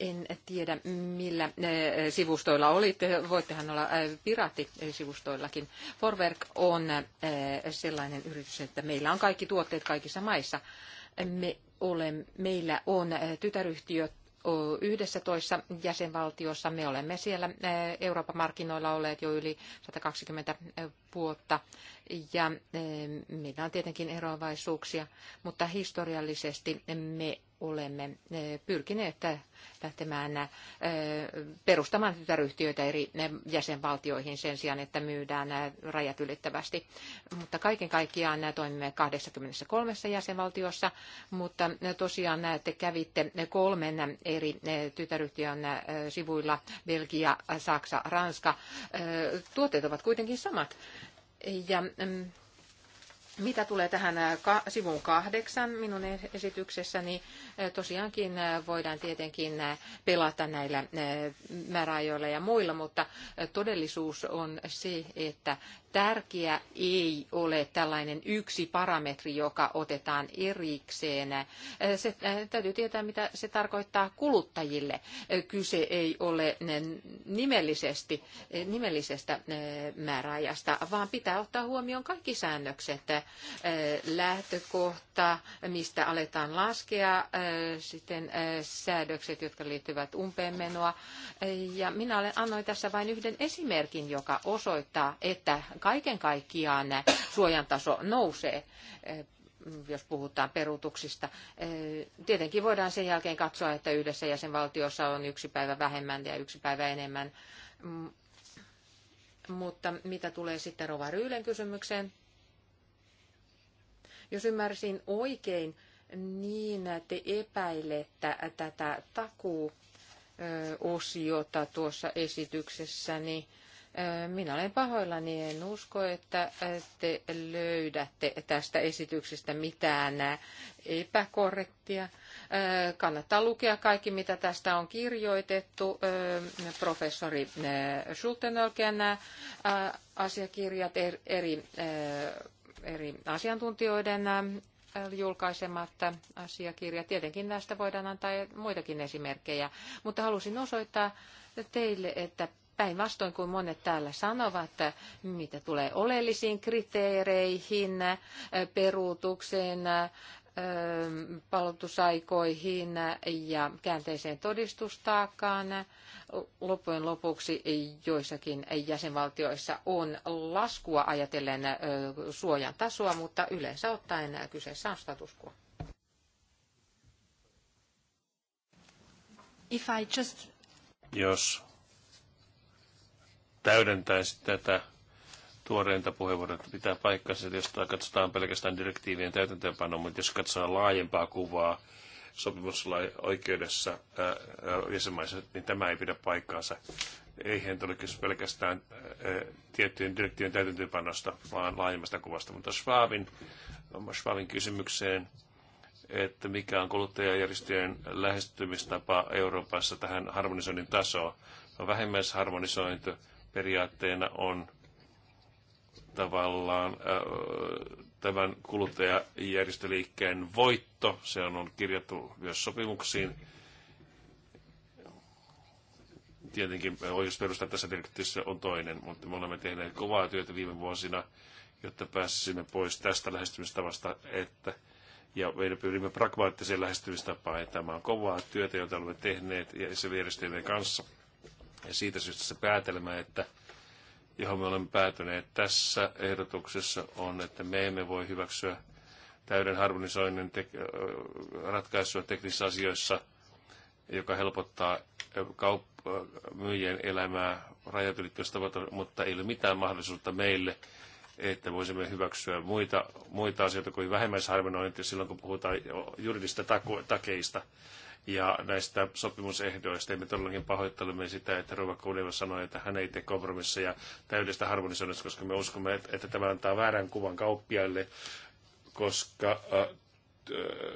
en tiedä, millä eh, sivustoilla olitte. Voittehan olla eh, piraattisivustoillakin. Forwerk on eh, sellainen yritys, että meillä on kaikki tuotteet kaikissa maissa. Me meillä on tytäryhtiöt toissa jäsenvaltiossa. Me olemme siellä Euroopan markkinoilla olleet jo yli 120 vuotta ja eh, meillä on tietenkin eroavaisuuksia, mutta historiallisesti me olemme eh, pyrkineet lähtemään eh, perustamaan tytäryhtiöitä eri jäsenvaltioihin sen sijaan, että myydään rajat ylittävästi. Mutta kaiken kaikkiaan toimimme 23 jäsenvaltiossa, mutta tosiaan näette kävitte kolmen eri tytäryhtiön sivuilla, Belgia, Saksa, Ranska. Tuotteet ovat kuitenkin samat ja mm, mitä tulee tähän äh, sivuun kahdeksan minun esityksessäni, Tosiaankin voidaan tietenkin pelata näillä määräajoilla ja muilla, mutta todellisuus on se, että tärkeä ei ole tällainen yksi parametri, joka otetaan erikseen. Se, täytyy tietää, mitä se tarkoittaa kuluttajille. Kyse ei ole nimellisesti, nimellisestä määräajasta, vaan pitää ottaa huomioon kaikki säännökset. Lähtökohta, mistä aletaan laskea sitten säädökset, jotka liittyvät umpeenmenoa. Ja minä olen, annoin tässä vain yhden esimerkin, joka osoittaa, että kaiken kaikkiaan suojan taso nousee jos puhutaan peruutuksista. Tietenkin voidaan sen jälkeen katsoa, että yhdessä jäsenvaltiossa on yksi päivä vähemmän ja yksi päivä enemmän. Mutta mitä tulee sitten Rova Ryylen kysymykseen? Jos ymmärsin oikein, niin, te epäilette tätä takuosiota tuossa esityksessäni. Niin minä olen pahoillani, en usko, että te löydätte tästä esityksestä mitään epäkorrektia. Kannattaa lukea kaikki, mitä tästä on kirjoitettu. Professori Schultenolken asiakirjat eri, eri asiantuntijoiden julkaisemat asiakirja Tietenkin näistä voidaan antaa muitakin esimerkkejä, mutta halusin osoittaa teille, että päinvastoin kuin monet täällä sanovat, mitä tulee oleellisiin kriteereihin, peruutukseen, Ähm, palautusaikoihin ja käänteiseen todistustaakkaan. Loppujen lopuksi joissakin jäsenvaltioissa on laskua ajatellen suojan tasoa, mutta yleensä ottaen kyseessä on status quo. If I just... Jos täydentäisit tätä tuoreinta puheenvuoroa, että pitää paikkansa, että jos katsotaan pelkästään direktiivien täytäntöönpanoa, mutta jos katsotaan laajempaa kuvaa oikeudessa jäsenmaissa, niin tämä ei pidä paikkaansa. Eihän ole kysymys pelkästään ää, tiettyjen direktiivien täytäntöönpanosta, vaan laajemmasta kuvasta. Mutta Schwabin, Schwabin kysymykseen, että mikä on kuluttajajärjestöjen lähestymistapa Euroopassa tähän harmonisoinnin tasoon. No, vähimmäisharmonisointi periaatteena on tavallaan tämän kuluttajajärjestöliikkeen voitto. Se on kirjattu myös sopimuksiin. Tietenkin oikeusperusta tässä direktiivissä on toinen, mutta me olemme tehneet kovaa työtä viime vuosina, jotta pääsisimme pois tästä lähestymistavasta, että ja meidän pyrimme pragmaattiseen lähestymistapaan, että tämä on kovaa työtä, jota olemme tehneet ja se järjestelmien kanssa. Ja siitä syystä se päätelmä, että johon me olemme päätyneet tässä ehdotuksessa, on, että me emme voi hyväksyä täyden harmonisoinnin te- ratkaisua teknisissä asioissa, joka helpottaa kaup- myyjien elämää rajat mutta ei ole mitään mahdollisuutta meille, että voisimme hyväksyä muita, muita asioita kuin vähemmäisharminointi silloin, kun puhutaan juridista taku- takeista ja näistä sopimusehdoista. Ja me todellakin pahoittelemme sitä, että Rova Kuleva sanoi, että hän ei tee kompromisseja täydestä harmonisoinnista, koska me uskomme, että tämä antaa väärän kuvan kauppiaille, koska äh,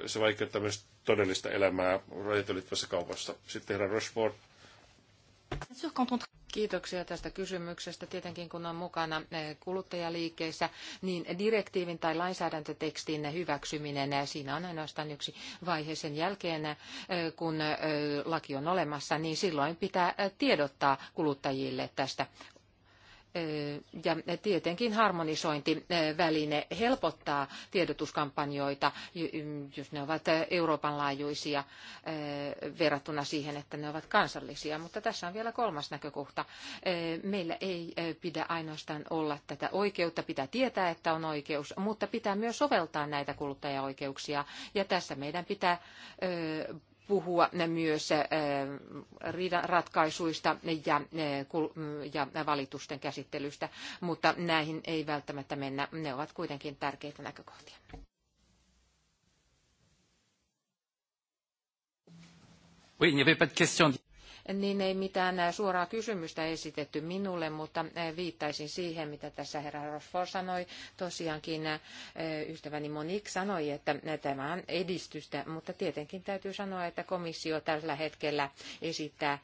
se vaikeuttaa myös todellista elämää rajoitettavissa kaupassa. Sitten herra Rochefort. Kiitoksia tästä kysymyksestä. Tietenkin kun on mukana eh, kuluttajaliikkeissä, niin direktiivin tai lainsäädäntötekstin hyväksyminen, eh, siinä on ainoastaan yksi vaihe sen jälkeen, eh, kun laki on olemassa, niin silloin pitää tiedottaa kuluttajille tästä ja tietenkin harmonisointiväline helpottaa tiedotuskampanjoita, jos ne ovat Euroopan laajuisia verrattuna siihen, että ne ovat kansallisia. Mutta tässä on vielä kolmas näkökohta. Meillä ei pidä ainoastaan olla tätä oikeutta, pitää tietää, että on oikeus, mutta pitää myös soveltaa näitä kuluttajaoikeuksia. Ja tässä meidän pitää puhua myös eh, ratkaisuista eh, ja valitusten käsittelystä, mutta näihin ei välttämättä mennä. Ne ovat kuitenkin tärkeitä näkökohtia. Oui, il n'y avait pas de question niin ei mitään suoraa kysymystä esitetty minulle, mutta eh, viittaisin siihen, mitä tässä herra Rosford sanoi. Tosiaankin eh, ystäväni Monique sanoi, että eh, tämä on edistystä, mutta tietenkin täytyy sanoa, että komissio tällä hetkellä esittää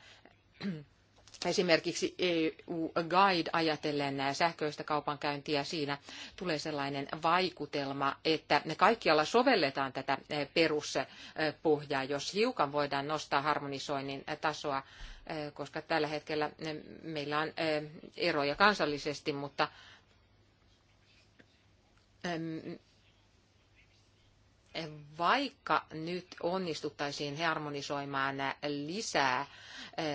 Esimerkiksi EU Guide ajatellen sähköistä kaupankäyntiä, siinä tulee sellainen vaikutelma, että ne kaikkialla sovelletaan tätä e, peruspohjaa, jos hiukan voidaan nostaa harmonisoinnin tasoa, e, koska tällä hetkellä e, meillä on eroja kansallisesti, mutta vaikka nyt onnistuttaisiin harmonisoimaan lisää eh,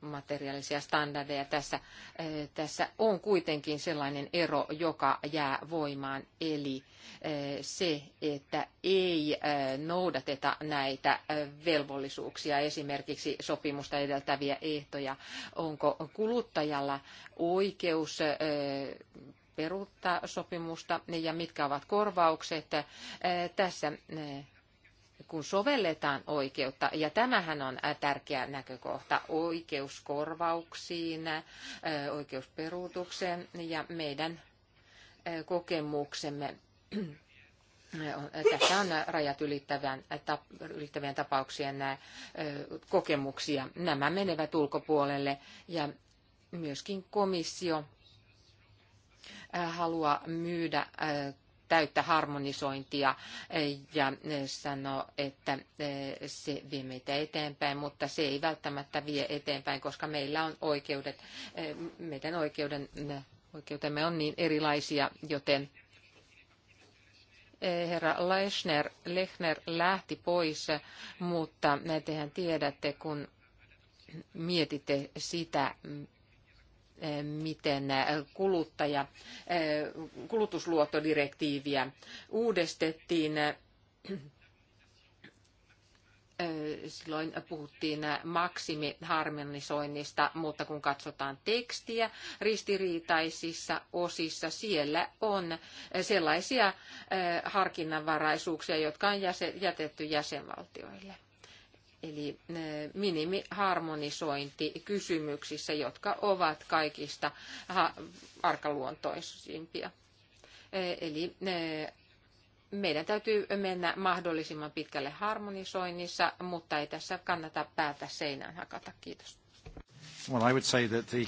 materiaalisia standardeja tässä, eh, tässä on kuitenkin sellainen ero, joka jää voimaan, eli eh, se, että ei noudateta näitä velvollisuuksia, esimerkiksi sopimusta edeltäviä ehtoja. Onko kuluttajalla oikeus peruuttaa sopimusta ja mitkä ovat korvaukset tässä kun sovelletaan oikeutta, ja tämähän on tärkeä näkökohta, oikeus korvauksiin, oikeus peruutukseen ja meidän kokemuksemme tässä on rajat ylittävän, ylittävien tapauksien kokemuksia. Nämä menevät ulkopuolelle ja myöskin komissio halua myydä täyttä harmonisointia ja sanoa, että se vie meitä eteenpäin, mutta se ei välttämättä vie eteenpäin, koska meillä on oikeudet, meidän oikeuden, oikeutemme on niin erilaisia, joten herra Lechner, Lechner lähti pois, mutta tehän tiedätte, kun mietitte sitä, miten kuluttaja, kulutusluottodirektiiviä uudistettiin. Silloin puhuttiin maksimiharmonisoinnista, mutta kun katsotaan tekstiä ristiriitaisissa osissa, siellä on sellaisia harkinnanvaraisuuksia, jotka on jätetty jäsenvaltioille eli eh, minimiharmonisointi kysymyksissä, jotka ovat kaikista arkaluontoisimpia. Eh, eli eh, meidän täytyy mennä mahdollisimman pitkälle harmonisoinnissa, mutta ei tässä kannata päätä seinään hakata. Kiitos. Well, I would say that the...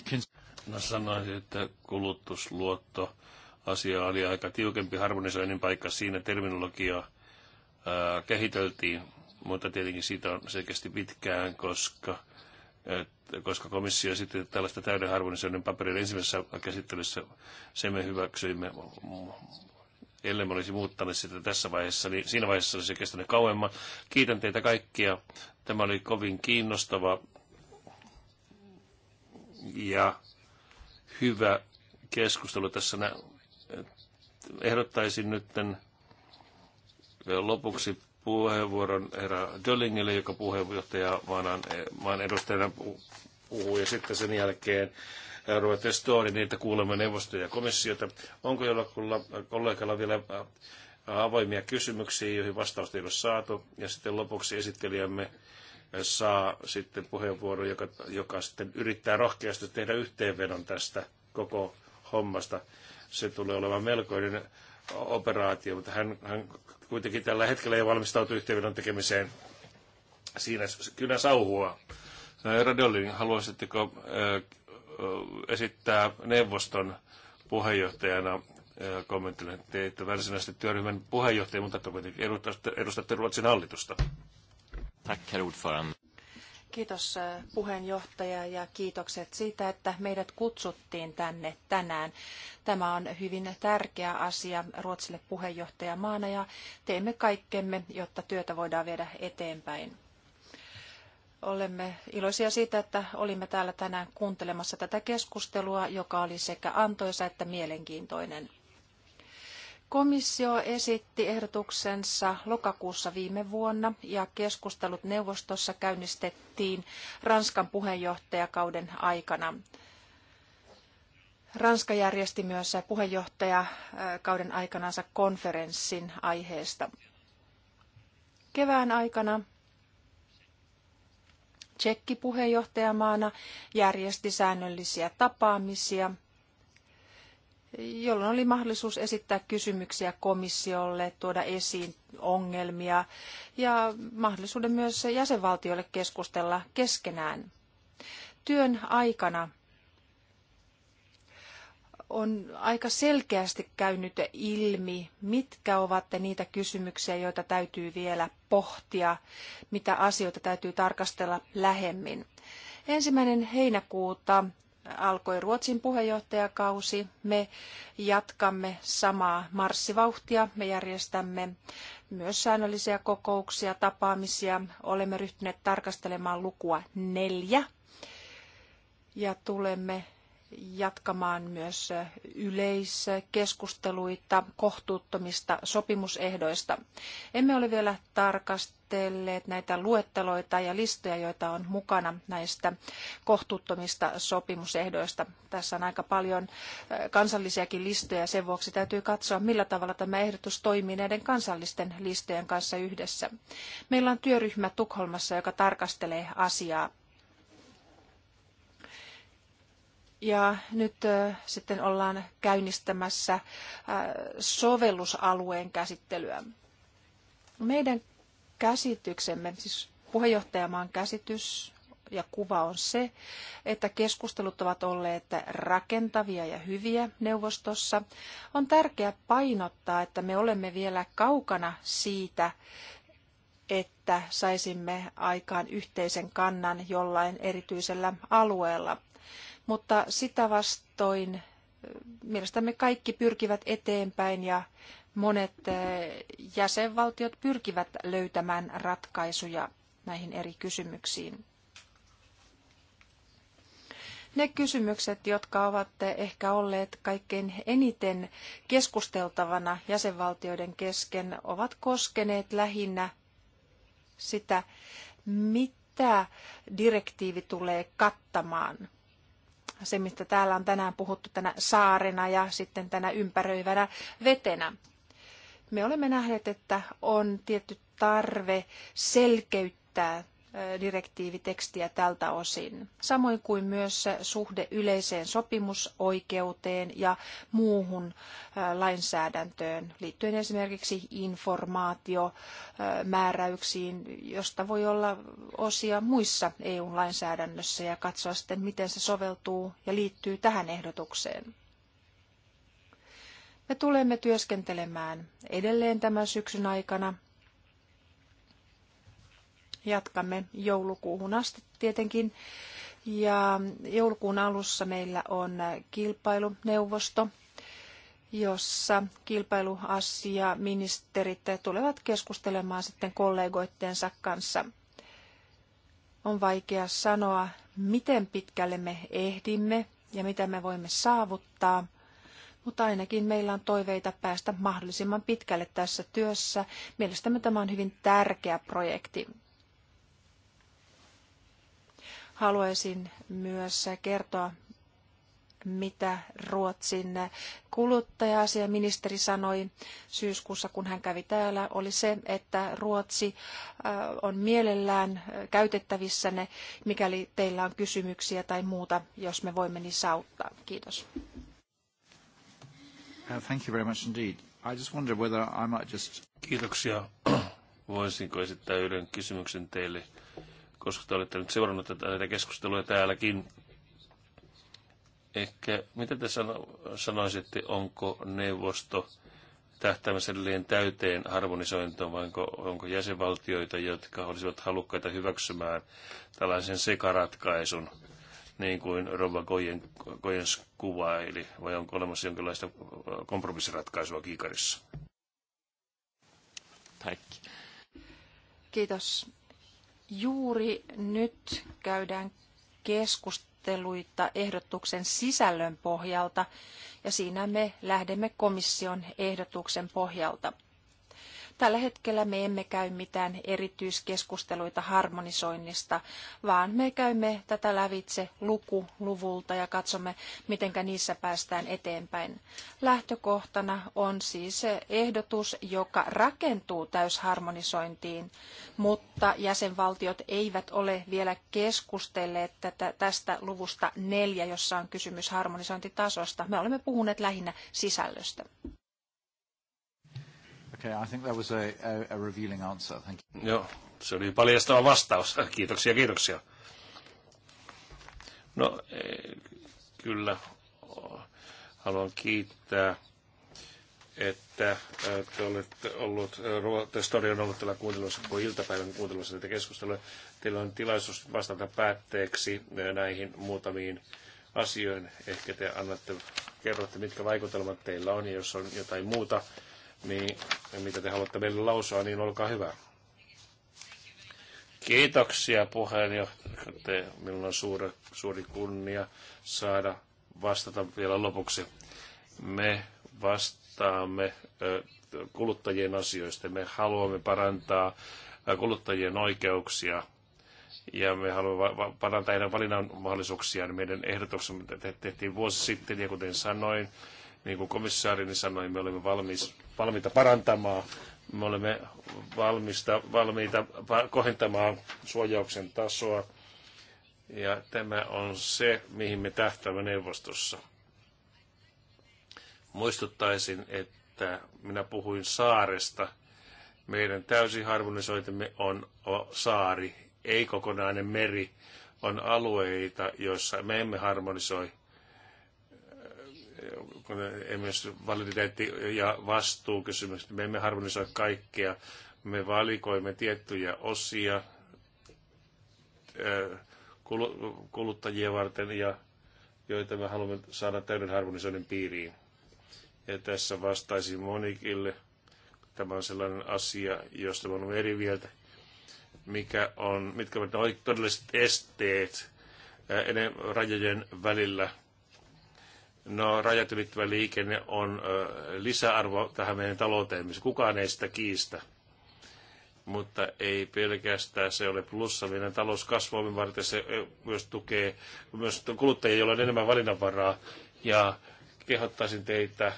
Mä sanoisin, että kulutusluotto asia oli aika tiukempi harmonisoinnin paikka. Siinä terminologiaa kehiteltiin mutta tietenkin siitä on selkeästi pitkään, koska koska komissio sitten tällaista täyden harmonisoinnin paperin ensimmäisessä käsittelyssä, se me hyväksyimme, ellei olisi muuttanut sitä tässä vaiheessa, niin siinä vaiheessa olisi kestänyt kauemmin. Kiitän teitä kaikkia. Tämä oli kovin kiinnostava ja hyvä keskustelu tässä. Nä- ehdottaisin nyt lopuksi puheenvuoron herra Döllingille, joka puheenjohtaja maan, maan edustajana puhuu, ja sitten sen jälkeen Robert Story, niin että kuulemme neuvostoja ja komissiota. Onko jollakulla kollegalla vielä äh, avoimia kysymyksiä, joihin vastausta ei ole saatu, ja sitten lopuksi esittelijämme äh, saa sitten puheenvuoron, joka, joka sitten yrittää rohkeasti tehdä yhteenvedon tästä koko hommasta. Se tulee olemaan melkoinen operaatio, mutta hän, hän kuitenkin tällä hetkellä ei valmistautu yhteenvedon tekemiseen. Siinä kynä sauhua. No, Radolin, haluaisitteko esittää neuvoston puheenjohtajana kommenttinen. Te ette varsinaisesti työryhmän puheenjohtaja, mutta kuitenkin edustatte, edustatte Ruotsin hallitusta. Tack, herr ordförande. Kiitos äh, puheenjohtaja ja kiitokset siitä, että meidät kutsuttiin tänne tänään. Tämä on hyvin tärkeä asia Ruotsille puheenjohtajamaana ja teemme kaikkemme, jotta työtä voidaan viedä eteenpäin. Olemme iloisia siitä, että olimme täällä tänään kuuntelemassa tätä keskustelua, joka oli sekä antoisa että mielenkiintoinen. Komissio esitti ehdotuksensa lokakuussa viime vuonna ja keskustelut neuvostossa käynnistettiin Ranskan puheenjohtajakauden aikana. Ranska järjesti myös puheenjohtajakauden aikanansa konferenssin aiheesta. Kevään aikana Tsekki puheenjohtajamaana järjesti säännöllisiä tapaamisia – jolloin oli mahdollisuus esittää kysymyksiä komissiolle, tuoda esiin ongelmia ja mahdollisuuden myös jäsenvaltioille keskustella keskenään. Työn aikana on aika selkeästi käynyt ilmi, mitkä ovat niitä kysymyksiä, joita täytyy vielä pohtia, mitä asioita täytyy tarkastella lähemmin. Ensimmäinen heinäkuuta alkoi Ruotsin puheenjohtajakausi. Me jatkamme samaa marssivauhtia. Me järjestämme myös säännöllisiä kokouksia, tapaamisia. Olemme ryhtyneet tarkastelemaan lukua neljä ja tulemme jatkamaan myös yleiskeskusteluita kohtuuttomista sopimusehdoista. Emme ole vielä tarkastelleet näitä luetteloita ja listoja, joita on mukana näistä kohtuuttomista sopimusehdoista. Tässä on aika paljon eh, kansallisiakin listoja, sen vuoksi täytyy katsoa, millä tavalla tämä ehdotus toimii näiden kansallisten listojen kanssa yhdessä. Meillä on työryhmä Tukholmassa, joka tarkastelee asiaa Ja nyt sitten ollaan käynnistämässä sovellusalueen käsittelyä. Meidän käsityksemme, siis puheenjohtajamaan käsitys ja kuva on se, että keskustelut ovat olleet rakentavia ja hyviä neuvostossa. On tärkeää painottaa, että me olemme vielä kaukana siitä, että saisimme aikaan yhteisen kannan jollain erityisellä alueella mutta sitä vastoin eh, mielestämme kaikki pyrkivät eteenpäin ja monet eh, jäsenvaltiot pyrkivät löytämään ratkaisuja näihin eri kysymyksiin. Ne kysymykset, jotka ovat eh, ehkä olleet kaikkein eniten keskusteltavana jäsenvaltioiden kesken, ovat koskeneet lähinnä sitä, mitä direktiivi tulee kattamaan – se, mistä täällä on tänään puhuttu tänä saarena ja sitten tänä ympäröivänä vetenä. Me olemme nähneet, että on tietty tarve selkeyttää direktiivitekstiä tältä osin, samoin kuin myös suhde yleiseen sopimusoikeuteen ja muuhun lainsäädäntöön liittyen esimerkiksi informaatiomääräyksiin, josta voi olla osia muissa EU-lainsäädännössä ja katsoa sitten, miten se soveltuu ja liittyy tähän ehdotukseen. Me tulemme työskentelemään edelleen tämän syksyn aikana – Jatkamme joulukuuhun asti tietenkin. Ja joulukuun alussa meillä on kilpailuneuvosto, jossa kilpailuasia ministerit tulevat keskustelemaan sitten kollegoittensa kanssa. On vaikea sanoa, miten pitkälle me ehdimme ja mitä me voimme saavuttaa, mutta ainakin meillä on toiveita päästä mahdollisimman pitkälle tässä työssä. Mielestämme tämä on hyvin tärkeä projekti. Haluaisin myös kertoa, mitä Ruotsin kuluttaja-asiaministeri sanoi syyskuussa, kun hän kävi täällä, oli se, että Ruotsi äh, on mielellään käytettävissänne, mikäli teillä on kysymyksiä tai muuta, jos me voimme niissä auttaa. Kiitos. Uh, thank you very much indeed. I just wonder whether I might just... Kiitoksia. <clears throat> Voisinko esittää yhden kysymyksen teille? koska te olette nyt seurannut tätä, näitä keskusteluja täälläkin. Ehkä, mitä te sano, sanoisitte, onko neuvosto tähtäämässä täyteen harmonisointoon, vai onko, onko jäsenvaltioita, jotka olisivat halukkaita hyväksymään tällaisen sekaratkaisun, niin kuin Rova Kojens kuva, kuvaili, vai onko olemassa jonkinlaista kompromissiratkaisua kiikarissa? Tack. Kiitos. Juuri nyt käydään keskusteluita ehdotuksen sisällön pohjalta ja siinä me lähdemme komission ehdotuksen pohjalta. Tällä hetkellä me emme käy mitään erityiskeskusteluita harmonisoinnista, vaan me käymme tätä lävitse luku luvulta ja katsomme, miten niissä päästään eteenpäin. Lähtökohtana on siis ehdotus, joka rakentuu täysharmonisointiin, mutta jäsenvaltiot eivät ole vielä keskustelleet tästä luvusta neljä, jossa on kysymys harmonisointitasosta. Me olemme puhuneet lähinnä sisällöstä. Okay, I think that was a, a, a revealing answer. Thank you. Joo, se oli paljastava vastaus. <laughs> Kiitoksia, kiitoksia. No, e, kyllä. Haluan kiittää, että te olette ollut, te story on ollut täällä kuuntelussa, kun iltapäivän kuuntelussa tätä keskustelua. Teillä on tilaisuus vastata päätteeksi näihin muutamiin asioihin. Ehkä te annatte, kerrotte, mitkä vaikutelmat teillä on, ja jos on jotain muuta niin mitä te haluatte meille lausua, niin olkaa hyvä. Kiitoksia puheenjohtaja. Minulla on suuri, suuri kunnia saada vastata vielä lopuksi. Me vastaamme kuluttajien asioista. Me haluamme parantaa kuluttajien oikeuksia ja me haluamme parantaa heidän valinnan mahdollisuuksiaan. Meidän ehdotuksemme tehtiin vuosi sitten ja kuten sanoin, niin kuin komissaari sanoi, me olemme valmis, valmiita parantamaan, me olemme valmista, valmiita kohentamaan suojauksen tasoa. Ja tämä on se, mihin me tähtäämme neuvostossa. Muistuttaisin, että minä puhuin saaresta. Meidän täysin harmonisoitimme on saari, ei kokonainen meri. On alueita, joissa me emme harmonisoi kun myös validiteetti- ja vastuukysymykset. Me emme harmonisoi kaikkea. Me valikoimme tiettyjä osia äh, kuluttajia varten ja joita me haluamme saada täyden harmonisoinnin piiriin. Ja tässä vastaisin Monikille. Tämä on sellainen asia, josta olen eri mieltä. Mikä on, mitkä ovat todelliset esteet äh, rajojen välillä – No, rajat ylittävä liikenne on ö, lisäarvo tähän meidän talouteen, missä kukaan ei sitä kiistä. Mutta ei pelkästään se ole plussa meidän talouskasvuamme varten, se myös tukee myös kuluttajia, joilla on enemmän valinnanvaraa. Ja kehottaisin teitä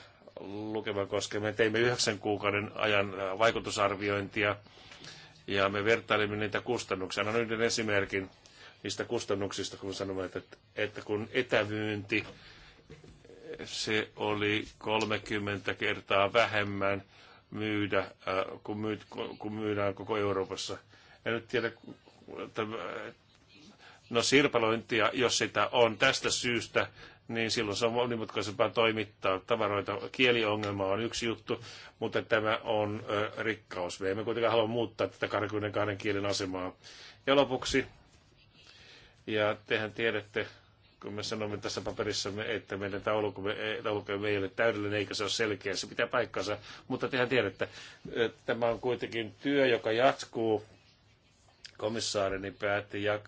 lukemaan, koska me teimme yhdeksän kuukauden ajan vaikutusarviointia ja me vertailimme niitä kustannuksia. Annan yhden esimerkin niistä kustannuksista, kun sanomme, että, että kun etävyynti se oli 30 kertaa vähemmän myydä, äh, kun, myyd, kun myydään koko Euroopassa. En nyt tiedä, no sirpalointia, jos sitä on tästä syystä, niin silloin se on monimutkaisempaa toimittaa tavaroita. Kieliongelma on yksi juttu, mutta tämä on äh, rikkaus. Me emme kuitenkaan halua muuttaa tätä 22 kielen asemaa. Ja lopuksi, ja tehän tiedätte, kun me sanomme tässä paperissamme, että meidän taulukomme, eh, taulukomme ei ole täydellinen eikä se ole selkeä, se pitää paikkansa, mutta tehän tiedätte, että eh, tämä on kuitenkin työ, joka jatkuu. Komissaarini päätti ja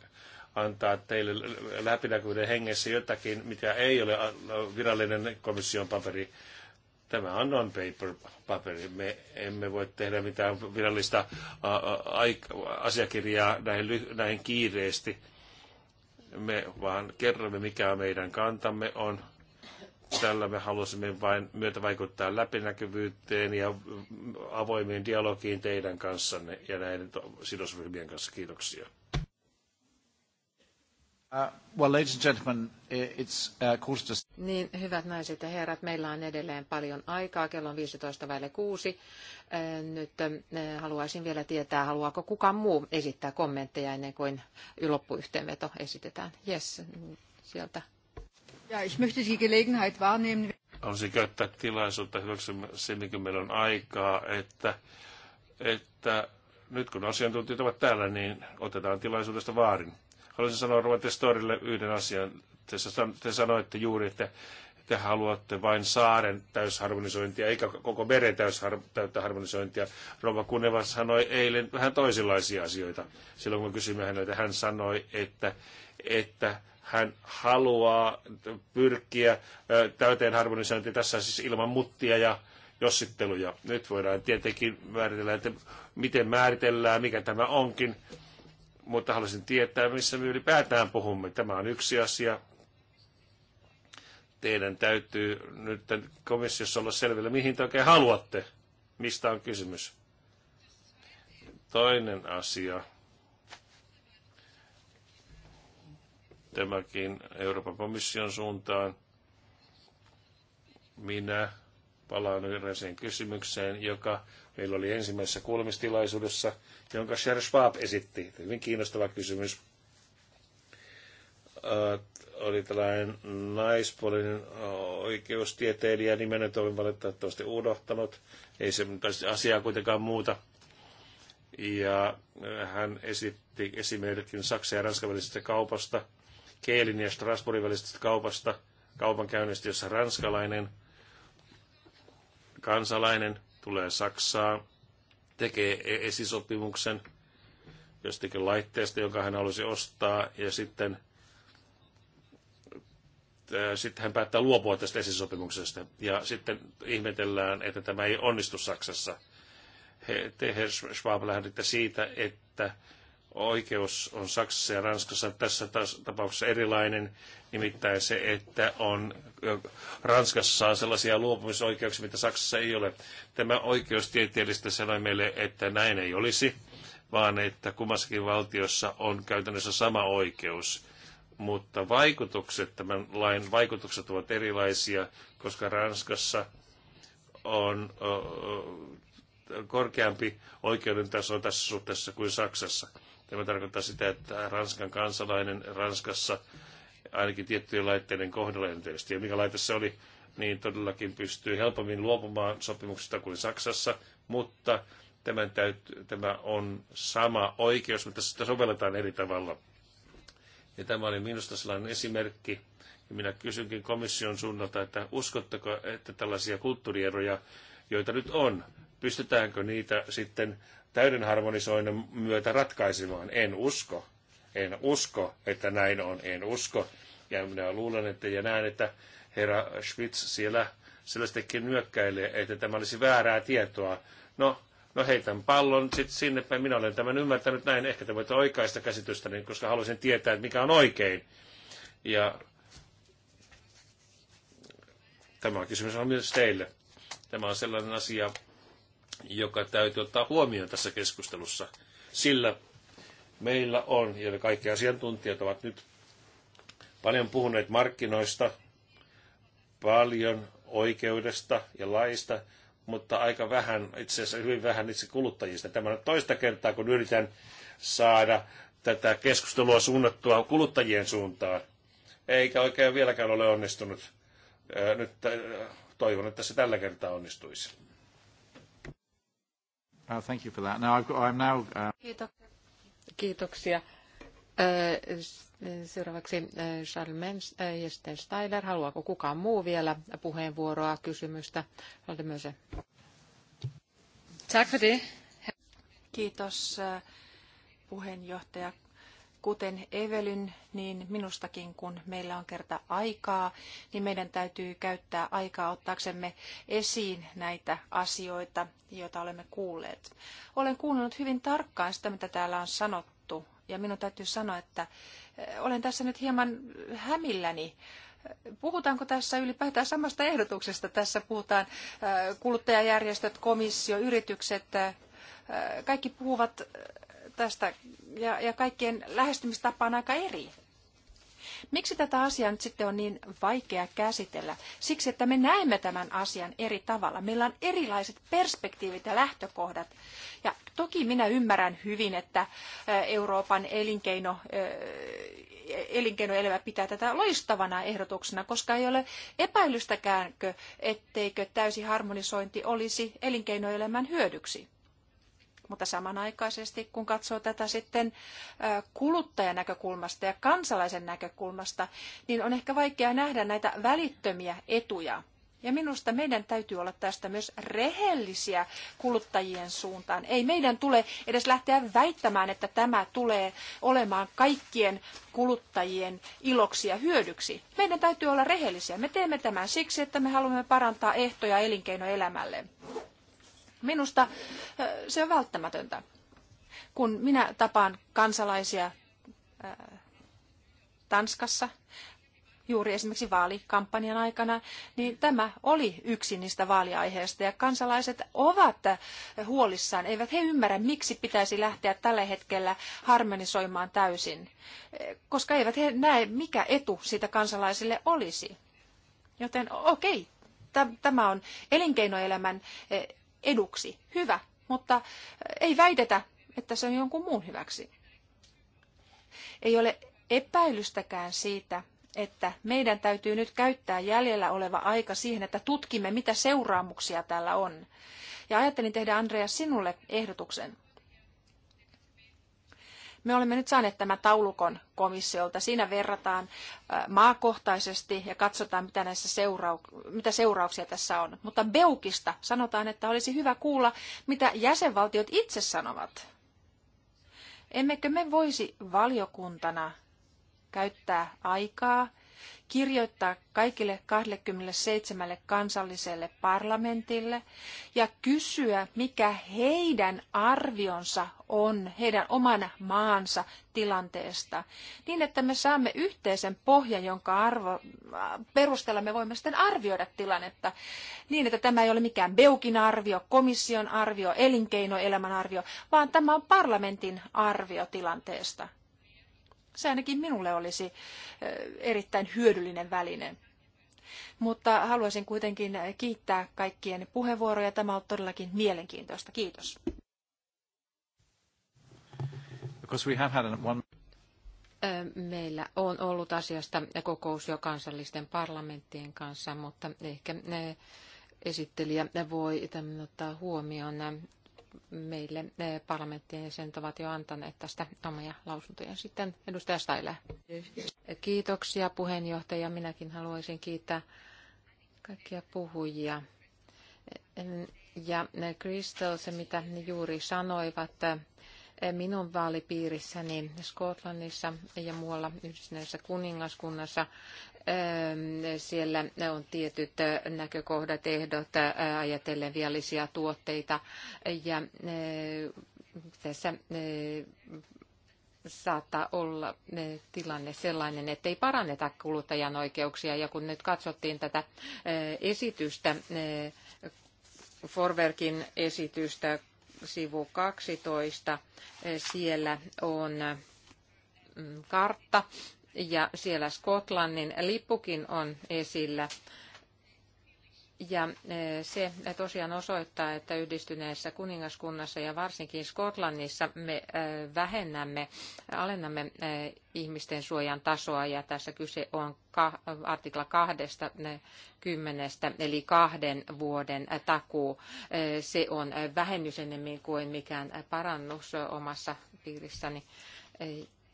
antaa teille läpinäkyvyyden hengessä jotakin, mitä ei ole no, virallinen komission paperi. Tämä on non-paper paperi. Me emme voi tehdä mitään virallista asiakirjaa näin, näin kiireesti me vaan kerromme, mikä meidän kantamme on. Tällä me halusimme vain myötä vaikuttaa läpinäkyvyyteen ja avoimiin dialogiin teidän kanssanne ja näiden sidosryhmien kanssa. Kiitoksia. Uh, uh, niin, hyvät naiset ja herrat, meillä on edelleen paljon aikaa, kello on 15 vaille kuusi. Nyt haluaisin vielä tietää, haluaako kukaan muu esittää kommentteja ennen kuin loppuyhteenveto esitetään. Yes, sieltä. Ja, ich möchte die Gelegenheit wahrnehmen. Haluaisin käyttää tilaisuutta hyväksymme meillä on aikaa, että, että nyt kun asiantuntijat ovat täällä, niin otetaan tilaisuudesta vaarin. Haluaisin sanoa Ruote Storille yhden asian. Te, te sanoitte juuri, että te haluatte vain saaren täysharmonisointia, eikä koko meren täyttä harmonisointia. Rova Kuneva sanoi eilen vähän toisenlaisia asioita. Silloin kun kysyimme häneltä, hän sanoi, että, että hän haluaa pyrkiä täyteen harmonisointiin tässä siis ilman muttia ja jossitteluja. Nyt voidaan tietenkin määritellä, että miten määritellään, mikä tämä onkin mutta haluaisin tietää, missä me ylipäätään puhumme. Tämä on yksi asia. Teidän täytyy nyt komissiossa olla selvillä, mihin te oikein haluatte, mistä on kysymys. Toinen asia. Tämäkin Euroopan komission suuntaan. Minä palaan yleiseen kysymykseen, joka Meillä oli ensimmäisessä kuulemistilaisuudessa, jonka Sher Schwab esitti. Hyvin kiinnostava kysymys. Äh, oli tällainen naispuolinen oikeustieteilijä, nimen olen valitettavasti unohtanut. Ei se asiaa kuitenkaan muuta. Ja hän esitti esimerkin Saksan ja Ranskan välisestä kaupasta, Keelin ja Strasbourgin välisestä kaupasta, kaupankäynnistä, jossa ranskalainen kansalainen tulee Saksaan, tekee e- esisopimuksen jostakin laitteesta, jonka hän halusi ostaa, ja sitten, äh, sitten hän päättää luopua tästä esisopimuksesta. Ja sitten ihmetellään, että tämä ei onnistu Saksassa. He, te, Herr Schwab, lähditte siitä, että oikeus on Saksassa ja Ranskassa tässä tapauksessa erilainen, nimittäin se, että on Ranskassa on sellaisia luopumisoikeuksia, mitä Saksassa ei ole. Tämä oikeustieteellistä sanoi meille, että näin ei olisi, vaan että kummassakin valtiossa on käytännössä sama oikeus. Mutta vaikutukset, tämän lain vaikutukset ovat erilaisia, koska Ranskassa on korkeampi oikeuden taso tässä suhteessa kuin Saksassa. Tämä tarkoittaa sitä, että Ranskan kansalainen Ranskassa ainakin tiettyjen laitteiden kohdalla, en tietysti mikä laite se oli, niin todellakin pystyy helpommin luopumaan sopimuksesta kuin Saksassa, mutta tämän täytyy, tämä on sama oikeus, mutta sitä sovelletaan eri tavalla. Ja tämä oli minusta sellainen esimerkki, ja minä kysynkin komission suunnalta, että uskotteko, että tällaisia kulttuurieroja, joita nyt on, pystytäänkö niitä sitten täyden harmonisoinnin myötä ratkaisemaan. En usko. En usko, että näin on. En usko. Ja minä luulen, että ja näen, että herra Schmitz siellä sellaistakin nyökkäilee, että tämä olisi väärää tietoa. No, no heitän pallon sitten sinne päin. Minä olen tämän ymmärtänyt näin. Ehkä te voitte oikaista käsitystä, niin koska haluaisin tietää, että mikä on oikein. Ja tämä kysymys on myös teille. Tämä on sellainen asia, joka täytyy ottaa huomioon tässä keskustelussa, sillä meillä on, ja kaikki asiantuntijat ovat nyt paljon puhuneet markkinoista, paljon oikeudesta ja laista, mutta aika vähän, itse asiassa hyvin vähän itse kuluttajista. Tämä on toista kertaa, kun yritän saada tätä keskustelua suunnattua kuluttajien suuntaan. Eikä oikein vieläkään ole onnistunut. Nyt toivon, että se tällä kertaa onnistuisi. Kiitoksia. Seuraavaksi Charles Mens uh, ja sitten Steiner. Haluaako kukaan muu vielä puheenvuoroa, kysymystä? Olette myös. Tack Kiitos uh, puheenjohtaja kuten Evelyn, niin minustakin kun meillä on kerta aikaa, niin meidän täytyy käyttää aikaa ottaaksemme esiin näitä asioita, joita olemme kuulleet. Olen kuunnellut hyvin tarkkaan sitä, mitä täällä on sanottu, ja minun täytyy sanoa, että eh, olen tässä nyt hieman hämilläni. Puhutaanko tässä ylipäätään samasta ehdotuksesta? Tässä puhutaan eh, kuluttajajärjestöt, komissio, yritykset, eh, kaikki puhuvat tästä ja, ja kaikkien lähestymistapa on aika eri. Miksi tätä asiaa nyt sitten on niin vaikea käsitellä? Siksi, että me näemme tämän asian eri tavalla. Meillä on erilaiset perspektiivit ja lähtökohdat. Ja toki minä ymmärrän hyvin, että Euroopan elinkeino, elinkeinoelämä pitää tätä loistavana ehdotuksena, koska ei ole epäilystäkäänkö, etteikö täysi harmonisointi olisi elinkeinoelämän hyödyksi. Mutta samanaikaisesti, kun katsoo tätä sitten kuluttajan näkökulmasta ja kansalaisen näkökulmasta, niin on ehkä vaikea nähdä näitä välittömiä etuja. Ja minusta meidän täytyy olla tästä myös rehellisiä kuluttajien suuntaan. Ei meidän tule edes lähteä väittämään, että tämä tulee olemaan kaikkien kuluttajien iloksi ja hyödyksi. Meidän täytyy olla rehellisiä. Me teemme tämän siksi, että me haluamme parantaa ehtoja elinkeinoelämälle. Minusta se on välttämätöntä. Kun minä tapaan kansalaisia Tanskassa juuri esimerkiksi vaalikampanjan aikana, niin tämä oli yksi niistä vaaliaiheista ja kansalaiset ovat huolissaan. Eivät he ymmärrä, miksi pitäisi lähteä tällä hetkellä harmonisoimaan täysin, koska eivät he näe, mikä etu siitä kansalaisille olisi. Joten okei, tämä on elinkeinoelämän eduksi. Hyvä, mutta äh, ei väitetä, että se on jonkun muun hyväksi. Ei ole epäilystäkään siitä, että meidän täytyy nyt käyttää jäljellä oleva aika siihen, että tutkimme, mitä seuraamuksia tällä on. Ja ajattelin tehdä Andreas sinulle ehdotuksen. Me olemme nyt saaneet tämän taulukon komissiolta. Siinä verrataan maakohtaisesti ja katsotaan, mitä, näissä seurau- mitä seurauksia tässä on. Mutta Beukista sanotaan, että olisi hyvä kuulla, mitä jäsenvaltiot itse sanovat. Emmekö me voisi valiokuntana käyttää aikaa kirjoittaa kaikille 27 kansalliselle parlamentille ja kysyä, mikä heidän arvionsa on heidän oman maansa tilanteesta, niin että me saamme yhteisen pohjan, jonka arvo, perusteella me voimme sitten arvioida tilannetta, niin että tämä ei ole mikään Beukin arvio, komission arvio, elinkeinoelämän arvio, vaan tämä on parlamentin arvio tilanteesta. Se ainakin minulle olisi erittäin hyödyllinen väline. Mutta haluaisin kuitenkin kiittää kaikkien puheenvuoroja. Tämä on todellakin mielenkiintoista. Kiitos. Meillä on ollut asiasta kokous jo kansallisten parlamenttien kanssa, mutta ehkä esittelijä voi ottaa huomioon meille eh, parlamenttien jäsenet ovat jo antaneet tästä omia lausuntoja. Sitten edustaja Stailä. Kiitoksia puheenjohtaja. Minäkin haluaisin kiittää kaikkia puhujia. Ja eh, Crystal, se mitä ne juuri sanoivat, eh, minun vaalipiirissäni Skotlannissa ja muualla yhdistyneessä kuningaskunnassa siellä on tietyt näkökohdat, ehdot ajatellen viallisia tuotteita ja tässä saattaa olla tilanne sellainen, että ei paranneta kuluttajan oikeuksia. Ja kun nyt katsottiin tätä esitystä, Forverkin esitystä sivu 12, siellä on mm, kartta ja siellä Skotlannin lippukin on esillä. Ja e, se tosiaan osoittaa, että yhdistyneessä kuningaskunnassa ja varsinkin Skotlannissa me e, vähennämme, alennamme e, ihmisten suojan tasoa ja tässä kyse on artikla kahdesta kymmenestä eli kahden vuoden takuu. Se on vähennys enemmän kuin mikään parannus omassa piirissäni.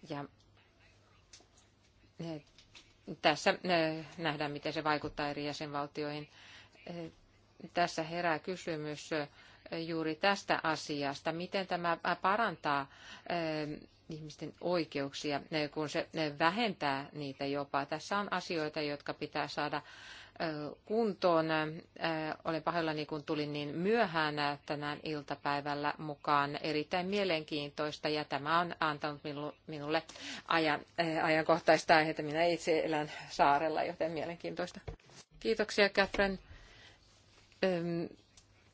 Ja Eh, tässä eh, nähdään, miten se vaikuttaa eri jäsenvaltioihin. Eh, tässä herää kysymys juuri tästä asiasta, miten tämä parantaa ihmisten oikeuksia, kun se vähentää niitä jopa. Tässä on asioita, jotka pitää saada kuntoon. Olen pahoillani, kun tulin niin myöhään tänään iltapäivällä mukaan. Erittäin mielenkiintoista ja tämä on antanut minulle ajan, ajankohtaista aihetta. Minä itse elän saarella, joten mielenkiintoista. Kiitoksia, Catherine.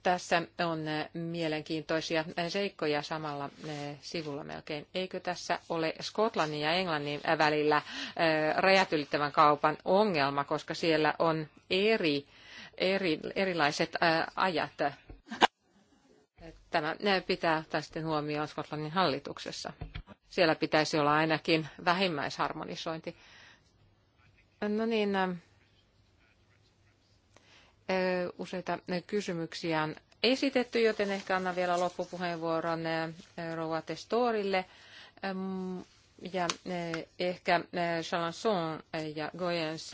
Tässä on mielenkiintoisia seikkoja samalla sivulla melkein. Eikö tässä ole Skotlannin ja Englannin välillä rajat ylittävän kaupan ongelma, koska siellä on eri, eri, erilaiset ajat? Tämä pitää ottaa sitten huomioon Skotlannin hallituksessa. Siellä pitäisi olla ainakin vähimmäisharmonisointi. No niin, Useita kysymyksiä on esitetty, joten ehkä annan vielä loppupuheenvuoron Rouva Testorille. Ja ehkä Chalanson ja Goyens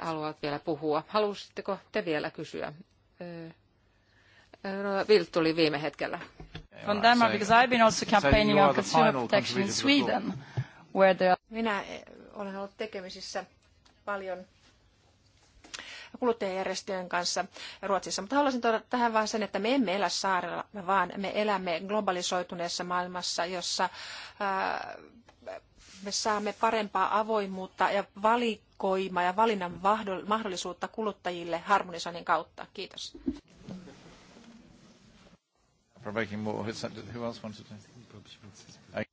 haluavat vielä puhua. Halusitteko te vielä kysyä? Vilt tuli viime hetkellä. From Denmark, because I've been also campaigning on consumer protection in Sweden, where there... Minä olen ollut tekemisissä paljon kuluttajajärjestöjen kanssa Ruotsissa. Mutta haluaisin tuoda tähän vain sen, että me emme elä saarella, vaan me elämme globalisoituneessa maailmassa, jossa äh, me saamme parempaa avoimuutta ja valikoimaa ja valinnan mahdollisuutta kuluttajille harmonisoinnin kautta. Kiitos.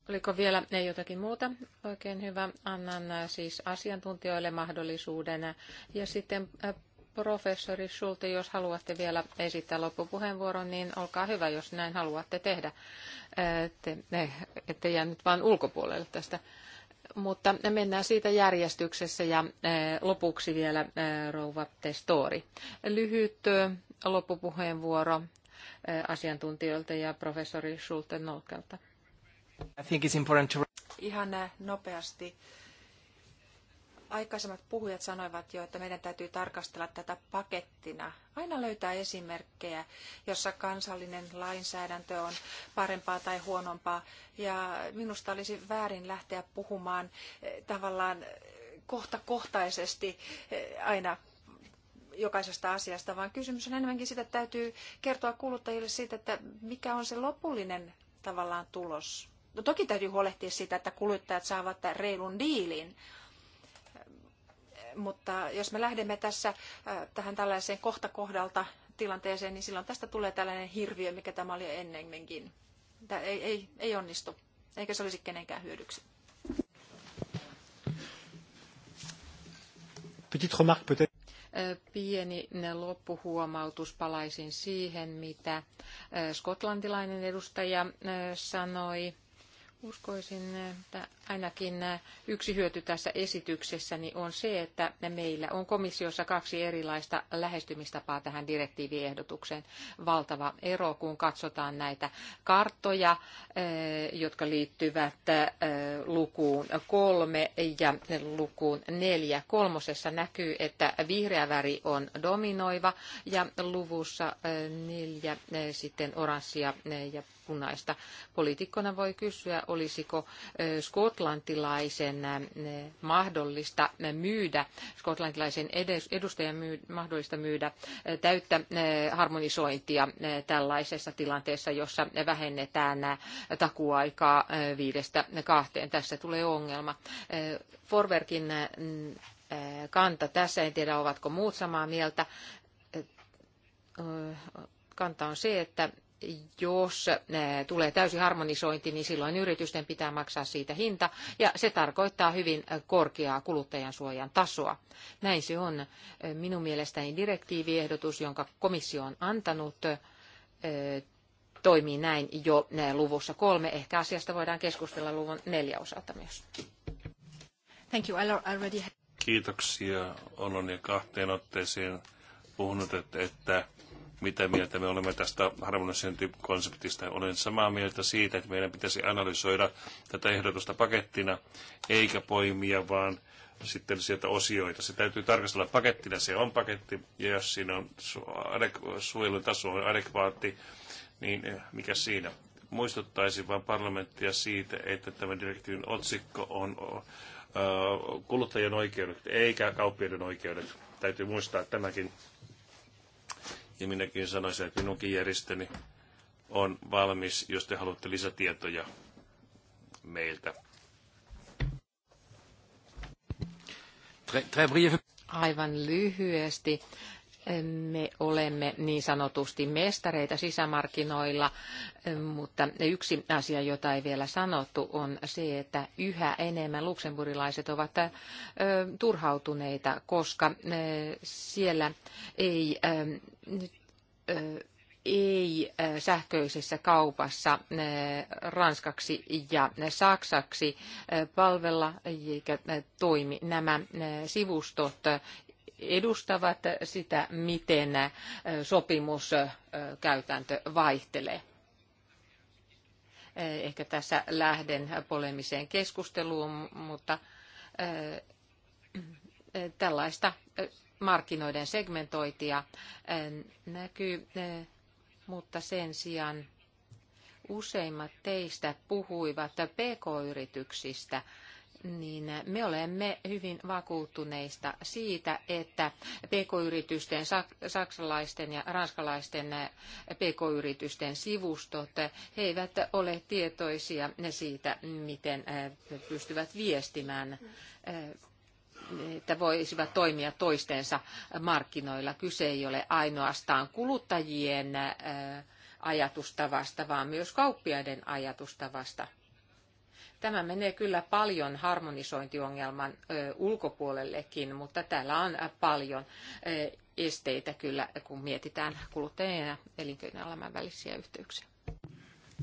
Oliko vielä jotakin muuta? Oikein hyvä. Annan äh, siis asiantuntijoille mahdollisuuden. Ja sitten äh, professori Schulte, jos haluatte vielä esittää loppupuheenvuoron, niin olkaa hyvä, jos näin haluatte tehdä. Äh, te, äh, ette jää nyt vain ulkopuolelle tästä. Mutta mennään siitä järjestyksessä ja äh, lopuksi vielä rouva Testori. Lyhyt loppupuheenvuoro asiantuntijoilta ja professori Schulte Nolkelta. Ihan nopeasti Aikaisemmat puhujat sanoivat jo, että meidän täytyy tarkastella tätä pakettina. Aina löytää esimerkkejä, jossa kansallinen lainsäädäntö on parempaa tai huonompaa. Ja minusta olisi väärin lähteä puhumaan eh, tavallaan eh, kohtakohtaisesti eh, aina jokaisesta asiasta, vaan kysymys on enemmänkin sitä, että täytyy kertoa kuluttajille siitä, että mikä on se lopullinen tavallaan tulos. No, toki täytyy huolehtia siitä, että kuluttajat saavat reilun diilin, mutta jos me lähdemme tässä äh, tähän tällaiseen kohta kohdalta tilanteeseen, niin silloin tästä tulee tällainen hirviö, mikä tämä oli ennemminkin. Tämä ei, ei, ei onnistu, eikä se olisi kenenkään hyödyksi. pieni loppuhuomautus. Palaisin siihen, mitä skotlantilainen edustaja sanoi. Uskoisin, että ainakin yksi hyöty tässä esityksessäni on se, että meillä on komissiossa kaksi erilaista lähestymistapaa tähän direktiiviehdotukseen. Valtava ero, kun katsotaan näitä karttoja, eh, jotka liittyvät eh, lukuun kolme ja lukuun neljä. Kolmosessa näkyy, että vihreä väri on dominoiva ja luvussa eh, neljä sitten oranssia ja yhteiskunnallista. Poliitikkona voi kysyä, olisiko skotlantilaisen mahdollista myydä, skotlantilaisen edustajan mahdollista myydä täyttä harmonisointia tällaisessa tilanteessa, jossa vähennetään takuaikaa viidestä kahteen. Tässä tulee ongelma. Forverkin kanta tässä, en tiedä ovatko muut samaa mieltä, kanta on se, että jos eh, tulee täysi harmonisointi, niin silloin yritysten pitää maksaa siitä hinta, ja se tarkoittaa hyvin eh, korkeaa kuluttajansuojan tasoa. Näin se on eh, minun mielestäni direktiiviehdotus, jonka komissio on antanut, toimii näin jo luvussa kolme. Ehkä asiasta voidaan keskustella luvun neljä osalta myös. Thank you. Already... Kiitoksia. Olen jo kahteen otteeseen puhunut, että mitä mieltä me olemme tästä harmonisointikonseptista. Olen samaa mieltä siitä, että meidän pitäisi analysoida tätä ehdotusta pakettina, eikä poimia, vaan sitten sieltä osioita. Se täytyy tarkastella pakettina, se on paketti, ja jos siinä on suojelun taso on adekvaatti, niin eh, mikä siinä? Muistuttaisin vain parlamenttia siitä, että tämän direktiivin otsikko on kuluttajien oikeudet, eikä kauppiaiden oikeudet. Täytyy muistaa tämäkin ja minäkin sanoisin, että minunkin järjestäni on valmis, jos te haluatte lisätietoja meiltä. Aivan lyhyesti me olemme niin sanotusti mestareita sisämarkkinoilla, mutta yksi asia, jota ei vielä sanottu, on se, että yhä enemmän luksemburilaiset ovat turhautuneita, koska siellä ei ei sähköisessä kaupassa ranskaksi ja saksaksi palvella eikä toimi nämä sivustot edustavat sitä, miten sopimuskäytäntö vaihtelee. Ehkä tässä lähden polemiseen keskusteluun, mutta tällaista markkinoiden segmentointia näkyy, mutta sen sijaan useimmat teistä puhuivat pk-yrityksistä niin me olemme hyvin vakuuttuneista siitä, että pk-yritysten, saksalaisten ja ranskalaisten pk-yritysten sivustot, he eivät ole tietoisia siitä, miten pystyvät viestimään että voisivat toimia toistensa markkinoilla. Kyse ei ole ainoastaan kuluttajien ajatustavasta, vaan myös kauppiaiden ajatustavasta. Tämä menee kyllä paljon harmonisointiongelman ulkopuolellekin, mutta täällä on paljon esteitä kyllä, kun mietitään kuluttajien ja elinkeinoelämän välisiä yhteyksiä.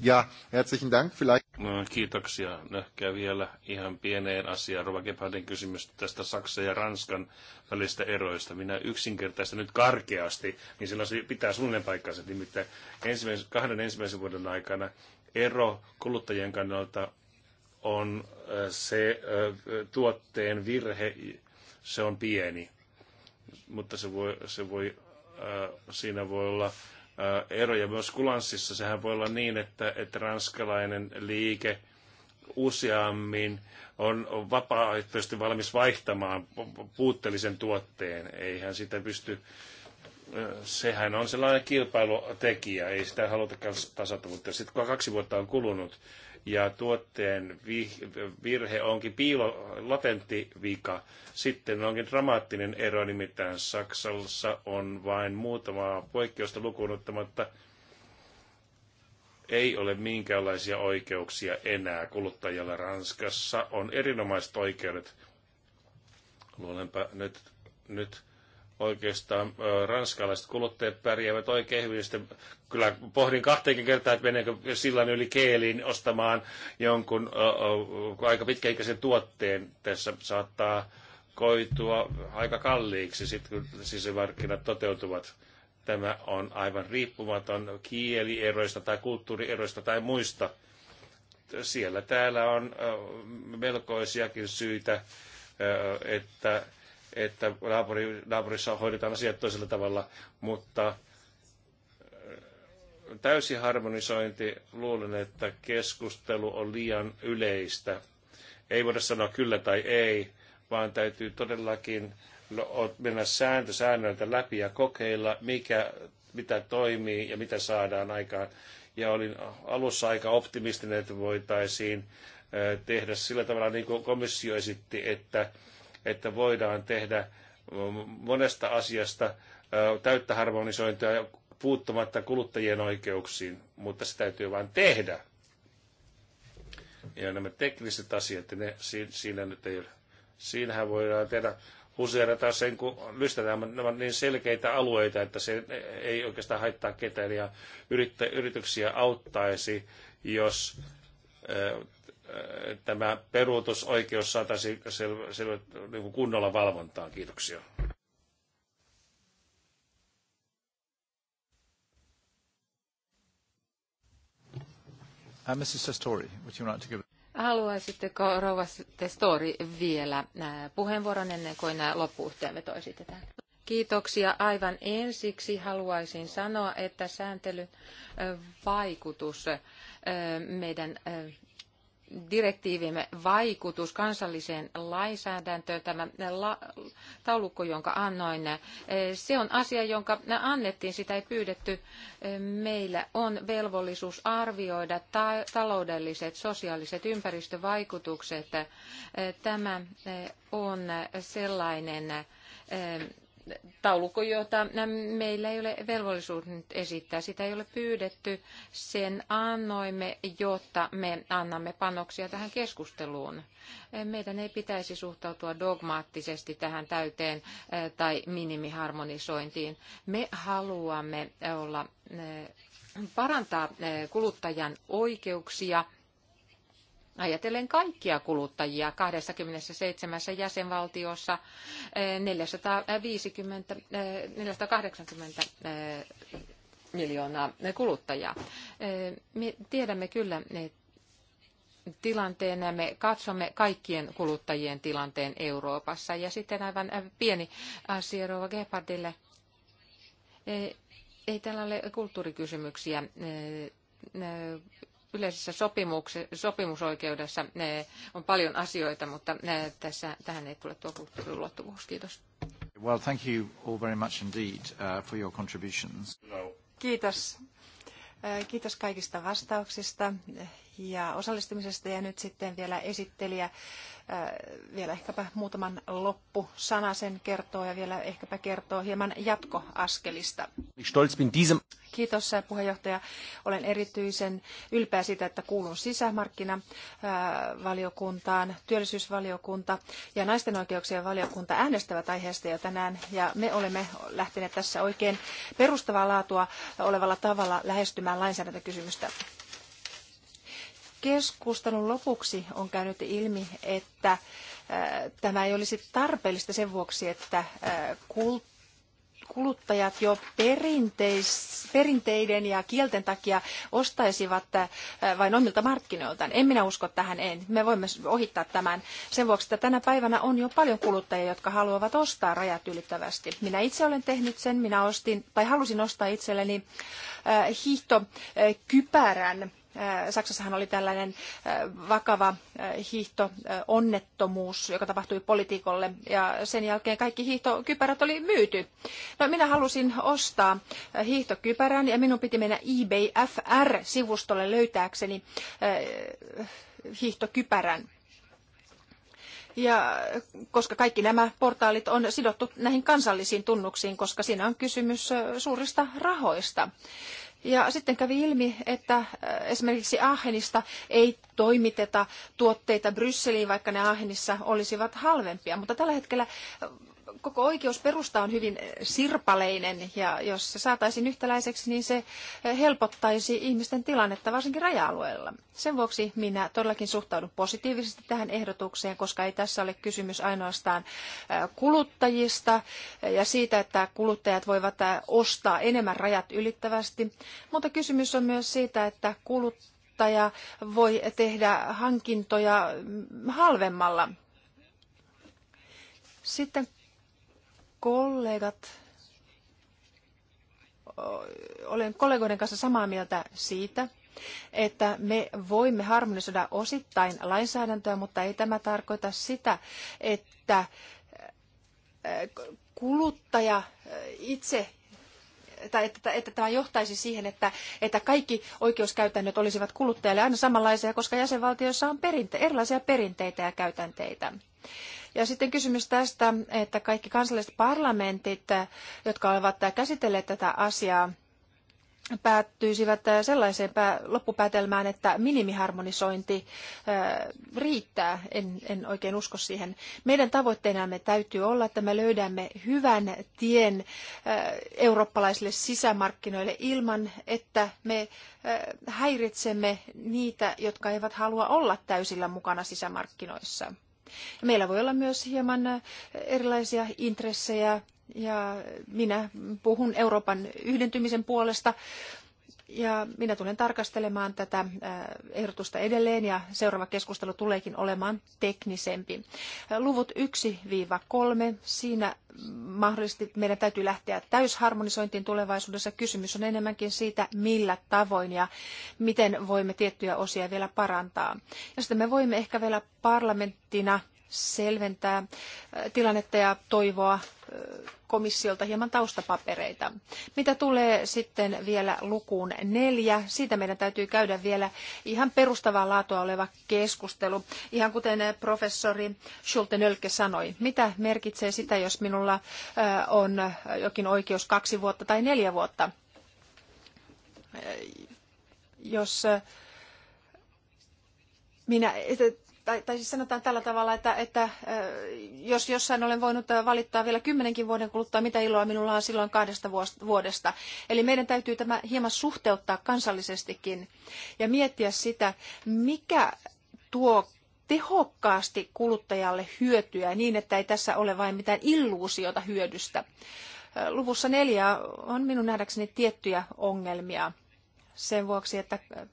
Ja, herzlichen Dank. Vielleicht... No, kiitoksia. Nähkää no, vielä ihan pieneen asiaan. Rova Gebhardin kysymys tästä Saksan ja Ranskan välistä eroista. Minä yksinkertaista nyt karkeasti, niin silloin se pitää suunnilleen paikkansa. Nimittäin ensimmäisen, kahden ensimmäisen vuoden aikana ero kuluttajien kannalta on se tuotteen virhe, se on pieni, mutta se voi, se voi, siinä voi olla eroja myös kulanssissa. Sehän voi olla niin, että, että ranskalainen liike useammin on vapaaehtoisesti valmis vaihtamaan puutteellisen tuotteen. Eihän sitä pysty, sehän on sellainen kilpailutekijä, ei sitä haluta tasata, mutta sitten kun kaksi vuotta on kulunut, ja tuotteen virhe onkin piilo, latentti vika. Sitten onkin dramaattinen ero, nimittäin Saksassa on vain muutamaa poikkeusta lukuun ottamatta ei ole minkäänlaisia oikeuksia enää kuluttajalla. Ranskassa on erinomaiset oikeudet. Luulenpa nyt, nyt Oikeastaan ranskalaiset kuluttajat pärjäävät oikein hyvin. Sitten kyllä pohdin kahteenkin kertaan, että meneekö sillan yli keeliin ostamaan jonkun ö, ö, aika pitkäikäisen tuotteen. Tässä saattaa koitua aika kalliiksi, sit, kun sisämarkkinat toteutuvat. Tämä on aivan riippumaton kielieroista tai kulttuurieroista tai muista. Siellä täällä on melkoisiakin syitä, että että naapuri, naapurissa hoidetaan asiat toisella tavalla, mutta äh, täysi harmonisointi, luulen, että keskustelu on liian yleistä. Ei voida sanoa kyllä tai ei, vaan täytyy todellakin no, mennä sääntö säännöiltä läpi ja kokeilla, mikä, mitä toimii ja mitä saadaan aikaan. Ja olin alussa aika optimistinen, että voitaisiin äh, tehdä sillä tavalla, niin kuin komissio esitti, että että voidaan tehdä monesta asiasta täyttä harmonisointia puuttumatta kuluttajien oikeuksiin, mutta se täytyy vain tehdä. Ja nämä tekniset asiat, ne, siinä nyt ei ole. Siinähän voidaan tehdä huseerata sen, kun lystetään nämä niin selkeitä alueita, että se ei oikeastaan haittaa ketään ja yrittä, yrityksiä auttaisi, jos Äh, tämä peruutusoikeus saataisiin sel, sel, niin kunnolla valvontaan. Kiitoksia. Uh, Mrs. Testori, would you like to give... Haluaisitteko rouva Testori vielä äh, puheenvuoron ennen kuin äh, loppuyhteenveto esitetään? Kiitoksia. Aivan ensiksi haluaisin sanoa, että sääntelyn vaikutus meidän direktiivimme vaikutus kansalliseen lainsäädäntöön, tämä taulukko, jonka annoin, eh, se on asia, jonka annettiin, sitä ei pyydetty. Eh, meillä on velvollisuus arvioida taloudelliset, sosiaaliset ympäristövaikutukset. Eh, tämä on sellainen taulukko, jota meillä ei ole velvollisuus nyt esittää. Sitä ei ole pyydetty. Sen annoimme, jotta me annamme panoksia tähän keskusteluun. Meidän ei pitäisi suhtautua dogmaattisesti tähän täyteen tai minimiharmonisointiin. Me haluamme olla, parantaa kuluttajan oikeuksia – Ajatellen kaikkia kuluttajia 27 jäsenvaltiossa 450, eh, 480 eh, eh, miljoonaa kuluttajaa. Me tiedämme kyllä tilanteen, me katsomme kaikkien kuluttajien tilanteen Euroopassa. Ja sitten aivan pieni asia Rova Gebhardille. Ei täällä ole kulttuurikysymyksiä yleisessä sopimusoikeudessa on paljon asioita, mutta tässä, tähän ei tule tuo kulttuuriulottuvuus. Kiitos. Well, thank you all very much indeed uh, for your contributions. Kiitos. Kiitos kaikista vastauksista ja osallistumisesta ja nyt sitten vielä esittelijä äh, vielä ehkäpä muutaman loppusana sen kertoo ja vielä ehkäpä kertoo hieman jatkoaskelista. Kiitos äh, puheenjohtaja. Olen erityisen ylpeä siitä, että kuulun sisämarkkinavaliokuntaan, äh, työllisyysvaliokunta ja naisten oikeuksien valiokunta äänestävät aiheesta jo tänään ja me olemme lähteneet tässä oikein perustavaa laatua olevalla tavalla lähestymään lainsäädäntökysymystä keskustelun lopuksi on käynyt ilmi, että äh, tämä ei olisi tarpeellista sen vuoksi, että äh, kuluttajat jo perinteiden ja kielten takia ostaisivat äh, vain omilta markkinoiltaan. En minä usko tähän, en. Me voimme ohittaa tämän sen vuoksi, että tänä päivänä on jo paljon kuluttajia, jotka haluavat ostaa rajat ylittävästi. Minä itse olen tehnyt sen, minä ostin tai halusin ostaa itselleni hiihtokypärän Äh, Saksassahan oli tällainen äh, vakava äh, onnettomuus, joka tapahtui poliitikolle ja sen jälkeen kaikki hiihtokypärät oli myyty. No, minä halusin ostaa hiihtokypärän ja minun piti mennä eBay FR-sivustolle löytääkseni hiihtokypärän. Ja koska kaikki nämä portaalit on sidottu näihin kansallisiin tunnuksiin, koska siinä on kysymys suurista rahoista. Ja sitten kävi ilmi, että äh, esimerkiksi Aachenista ei toimiteta tuotteita Brysseliin, vaikka ne Aachenissa olisivat halvempia. Mutta tällä hetkellä äh, koko oikeusperusta on hyvin eh, sirpaleinen ja jos se saataisiin yhtäläiseksi, niin se eh, helpottaisi ihmisten tilannetta varsinkin raja-alueella. Sen vuoksi minä todellakin suhtaudun positiivisesti tähän ehdotukseen, koska ei tässä ole kysymys ainoastaan eh, kuluttajista ja siitä, että kuluttajat voivat ostaa enemmän rajat ylittävästi, mutta kysymys on myös siitä, että kuluttaja voi tehdä hankintoja mm, halvemmalla sitten kollegat, olen kollegoiden kanssa samaa mieltä siitä, että me voimme harmonisoida osittain lainsäädäntöä, mutta ei tämä tarkoita sitä, että äh, kuluttaja äh, itse tai että, että tämä johtaisi siihen, että, että kaikki oikeuskäytännöt olisivat kuluttajalle aina samanlaisia, koska jäsenvaltioissa on perinte, erilaisia perinteitä ja käytänteitä. Ja sitten kysymys tästä, että kaikki kansalliset parlamentit, jotka ovat käsitelleet tätä asiaa, päättyisivät sellaiseen loppupäätelmään, että minimiharmonisointi äh, riittää. En, en oikein usko siihen. Meidän tavoitteenamme täytyy olla, että me löydämme hyvän tien äh, eurooppalaisille sisämarkkinoille ilman, että me äh, häiritsemme niitä, jotka eivät halua olla täysillä mukana sisämarkkinoissa. Meillä voi olla myös hieman erilaisia intressejä ja minä puhun Euroopan yhdentymisen puolesta ja minä tulen tarkastelemaan tätä ehdotusta edelleen ja seuraava keskustelu tuleekin olemaan teknisempi. Luvut 1-3, siinä mahdollisesti meidän täytyy lähteä täysharmonisointiin tulevaisuudessa. Kysymys on enemmänkin siitä, millä tavoin ja miten voimme tiettyjä osia vielä parantaa. Ja sitten me voimme ehkä vielä parlamenttina selventää äh, tilannetta ja toivoa äh, komissiolta hieman taustapapereita. Mitä tulee sitten vielä lukuun neljä, siitä meidän täytyy käydä vielä ihan perustavaa laatua oleva keskustelu. Ihan kuten äh, professori Schulte-Nölke sanoi, mitä merkitsee sitä, jos minulla on jokin oikeus kaksi vuotta tai neljä vuotta? Jos minä, tai, tai siis sanotaan tällä tavalla, että, että jos jossain olen voinut valittaa vielä kymmenenkin vuoden kuluttua, mitä iloa minulla on silloin kahdesta vuodesta. Eli meidän täytyy tämä hieman suhteuttaa kansallisestikin ja miettiä sitä, mikä tuo tehokkaasti kuluttajalle hyötyä niin, että ei tässä ole vain mitään illuusiota hyödystä. Luvussa neljä on minun nähdäkseni tiettyjä ongelmia sen vuoksi, että äh,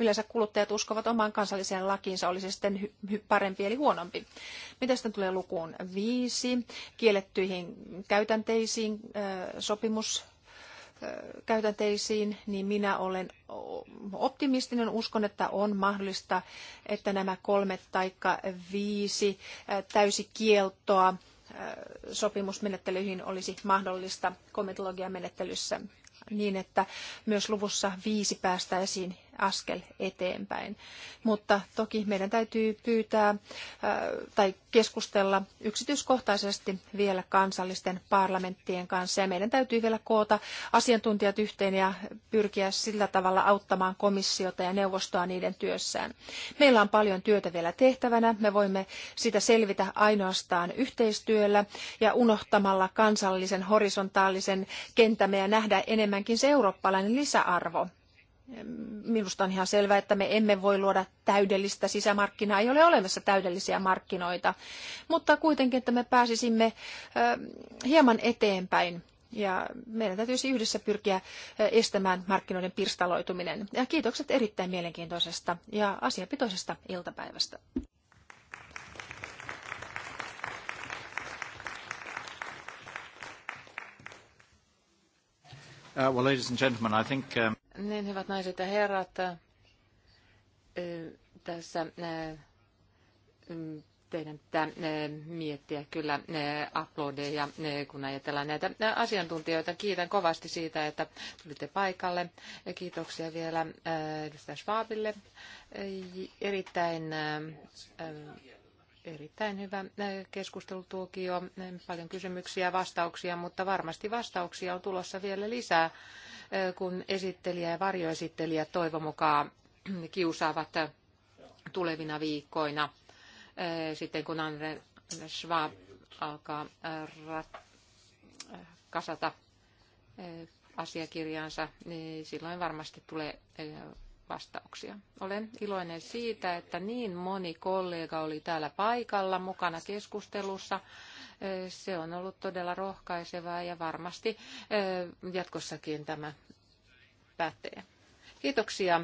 yleensä kuluttajat uskovat omaan kansalliseen lakiinsa, olisi sitten parempi eli huonompi. Mitä sitten tulee lukuun viisi, kiellettyihin käytänteisiin, äh, sopimus äh, käytänteisiin, niin minä olen optimistinen. Uskon, että on mahdollista, että nämä kolme tai viisi täysikieltoa sopimusmenettelyihin olisi mahdollista komitologiamenettelyssä niin, että myös luvussa viisi päästäisiin askel eteenpäin. Mutta toki meidän täytyy pyytää äh, tai keskustella yksityiskohtaisesti vielä kansallisten parlamenttien kanssa ja meidän täytyy vielä koota asiantuntijat yhteen ja pyrkiä sillä tavalla auttamaan komissiota ja neuvostoa niiden työssään. Meillä on paljon työtä vielä tehtävänä. Me voimme sitä selvitä ainoastaan yhteistyöllä ja unohtamalla kansallisen horisontaalisen kenttämme ja nähdä enemmänkin se eurooppalainen lisäarvo Minusta on ihan selvää, että me emme voi luoda täydellistä sisämarkkinaa, ei ole olemassa täydellisiä markkinoita, mutta kuitenkin, että me pääsisimme hieman eteenpäin ja meidän täytyisi yhdessä pyrkiä estämään markkinoiden pirstaloituminen. Ja kiitokset erittäin mielenkiintoisesta ja asiapitoisesta iltapäivästä. Uh, well, ladies and gentlemen, I think, um... Niin, hyvät naiset ja herrat, tässä mm, teidän pitää miettiä kyllä uploadeja, kun ajatellaan näitä asiantuntijoita. Kiitän kovasti siitä, että tulitte paikalle. Kiitoksia vielä edustaja Schwabille. Erittäin, erittäin hyvä keskustelutuokio. paljon kysymyksiä ja vastauksia, mutta varmasti vastauksia on tulossa vielä lisää kun esittelijä ja varjoesittelijä toivon mukaan <clears throat> kiusaavat tulevina viikkoina, sitten kun Andre Schwab alkaa kasata asiakirjaansa, niin silloin varmasti tulee vastauksia. Olen iloinen siitä, että niin moni kollega oli täällä paikalla mukana keskustelussa. Se on ollut todella rohkaisevaa ja varmasti jatkossakin tämä pätee. Kiitoksia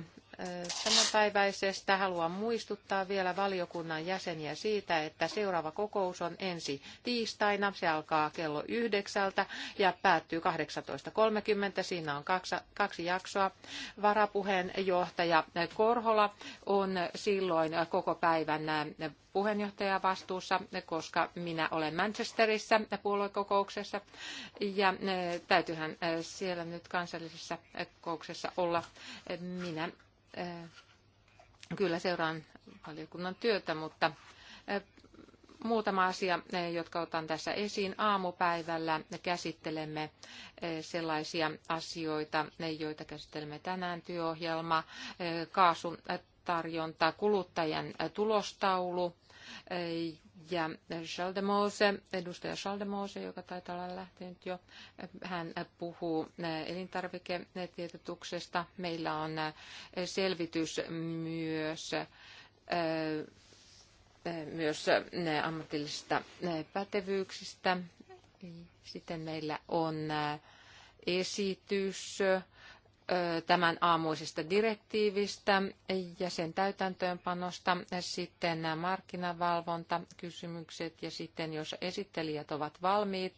tämänpäiväisestä. Haluan muistuttaa vielä valiokunnan jäseniä siitä, että seuraava kokous on ensi tiistaina. Se alkaa kello yhdeksältä ja päättyy 18.30. Siinä on kaksi, kaksi jaksoa. Varapuheenjohtaja Korhola on silloin koko päivän puheenjohtaja vastuussa, koska minä olen Manchesterissa puoluekokouksessa ja täytyyhän siellä nyt kansallisessa kokouksessa olla minä kyllä seuraan valiokunnan työtä, mutta muutama asia, jotka otan tässä esiin. Aamupäivällä käsittelemme sellaisia asioita, joita käsittelemme tänään. Työohjelma, kaasun tarjonta, kuluttajan tulostaulu, ja Schaldemose, edustaja Schaldemose, joka taitaa olla lähtenyt jo, hän puhuu elintarviketiedotuksesta. Meillä on selvitys myös myös ammatillisista pätevyyksistä. Sitten meillä on esitys tämän aamuisesta direktiivistä ja sen täytäntöönpanosta, sitten nämä markkinavalvontakysymykset ja sitten jos esittelijät ovat valmiit,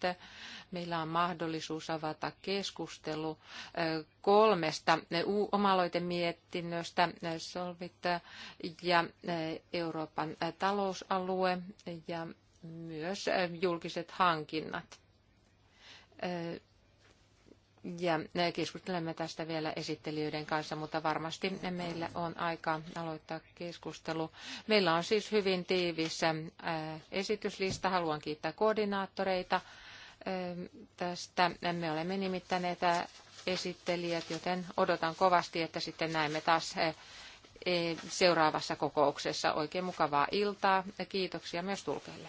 meillä on mahdollisuus avata keskustelu kolmesta omaloitemietinnöstä, Solvit ja Euroopan talousalue ja myös julkiset hankinnat ja eh, keskustelemme tästä vielä esittelijöiden kanssa, mutta varmasti meillä on aika aloittaa keskustelu. Meillä on siis hyvin tiivis eh, esityslista. Haluan kiittää koordinaattoreita eh, tästä. Me olemme nimittäneet esittelijät, joten odotan kovasti, että sitten näemme taas e, seuraavassa kokouksessa. Oikein mukavaa iltaa ja kiitoksia myös tulkeille.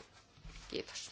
Kiitos.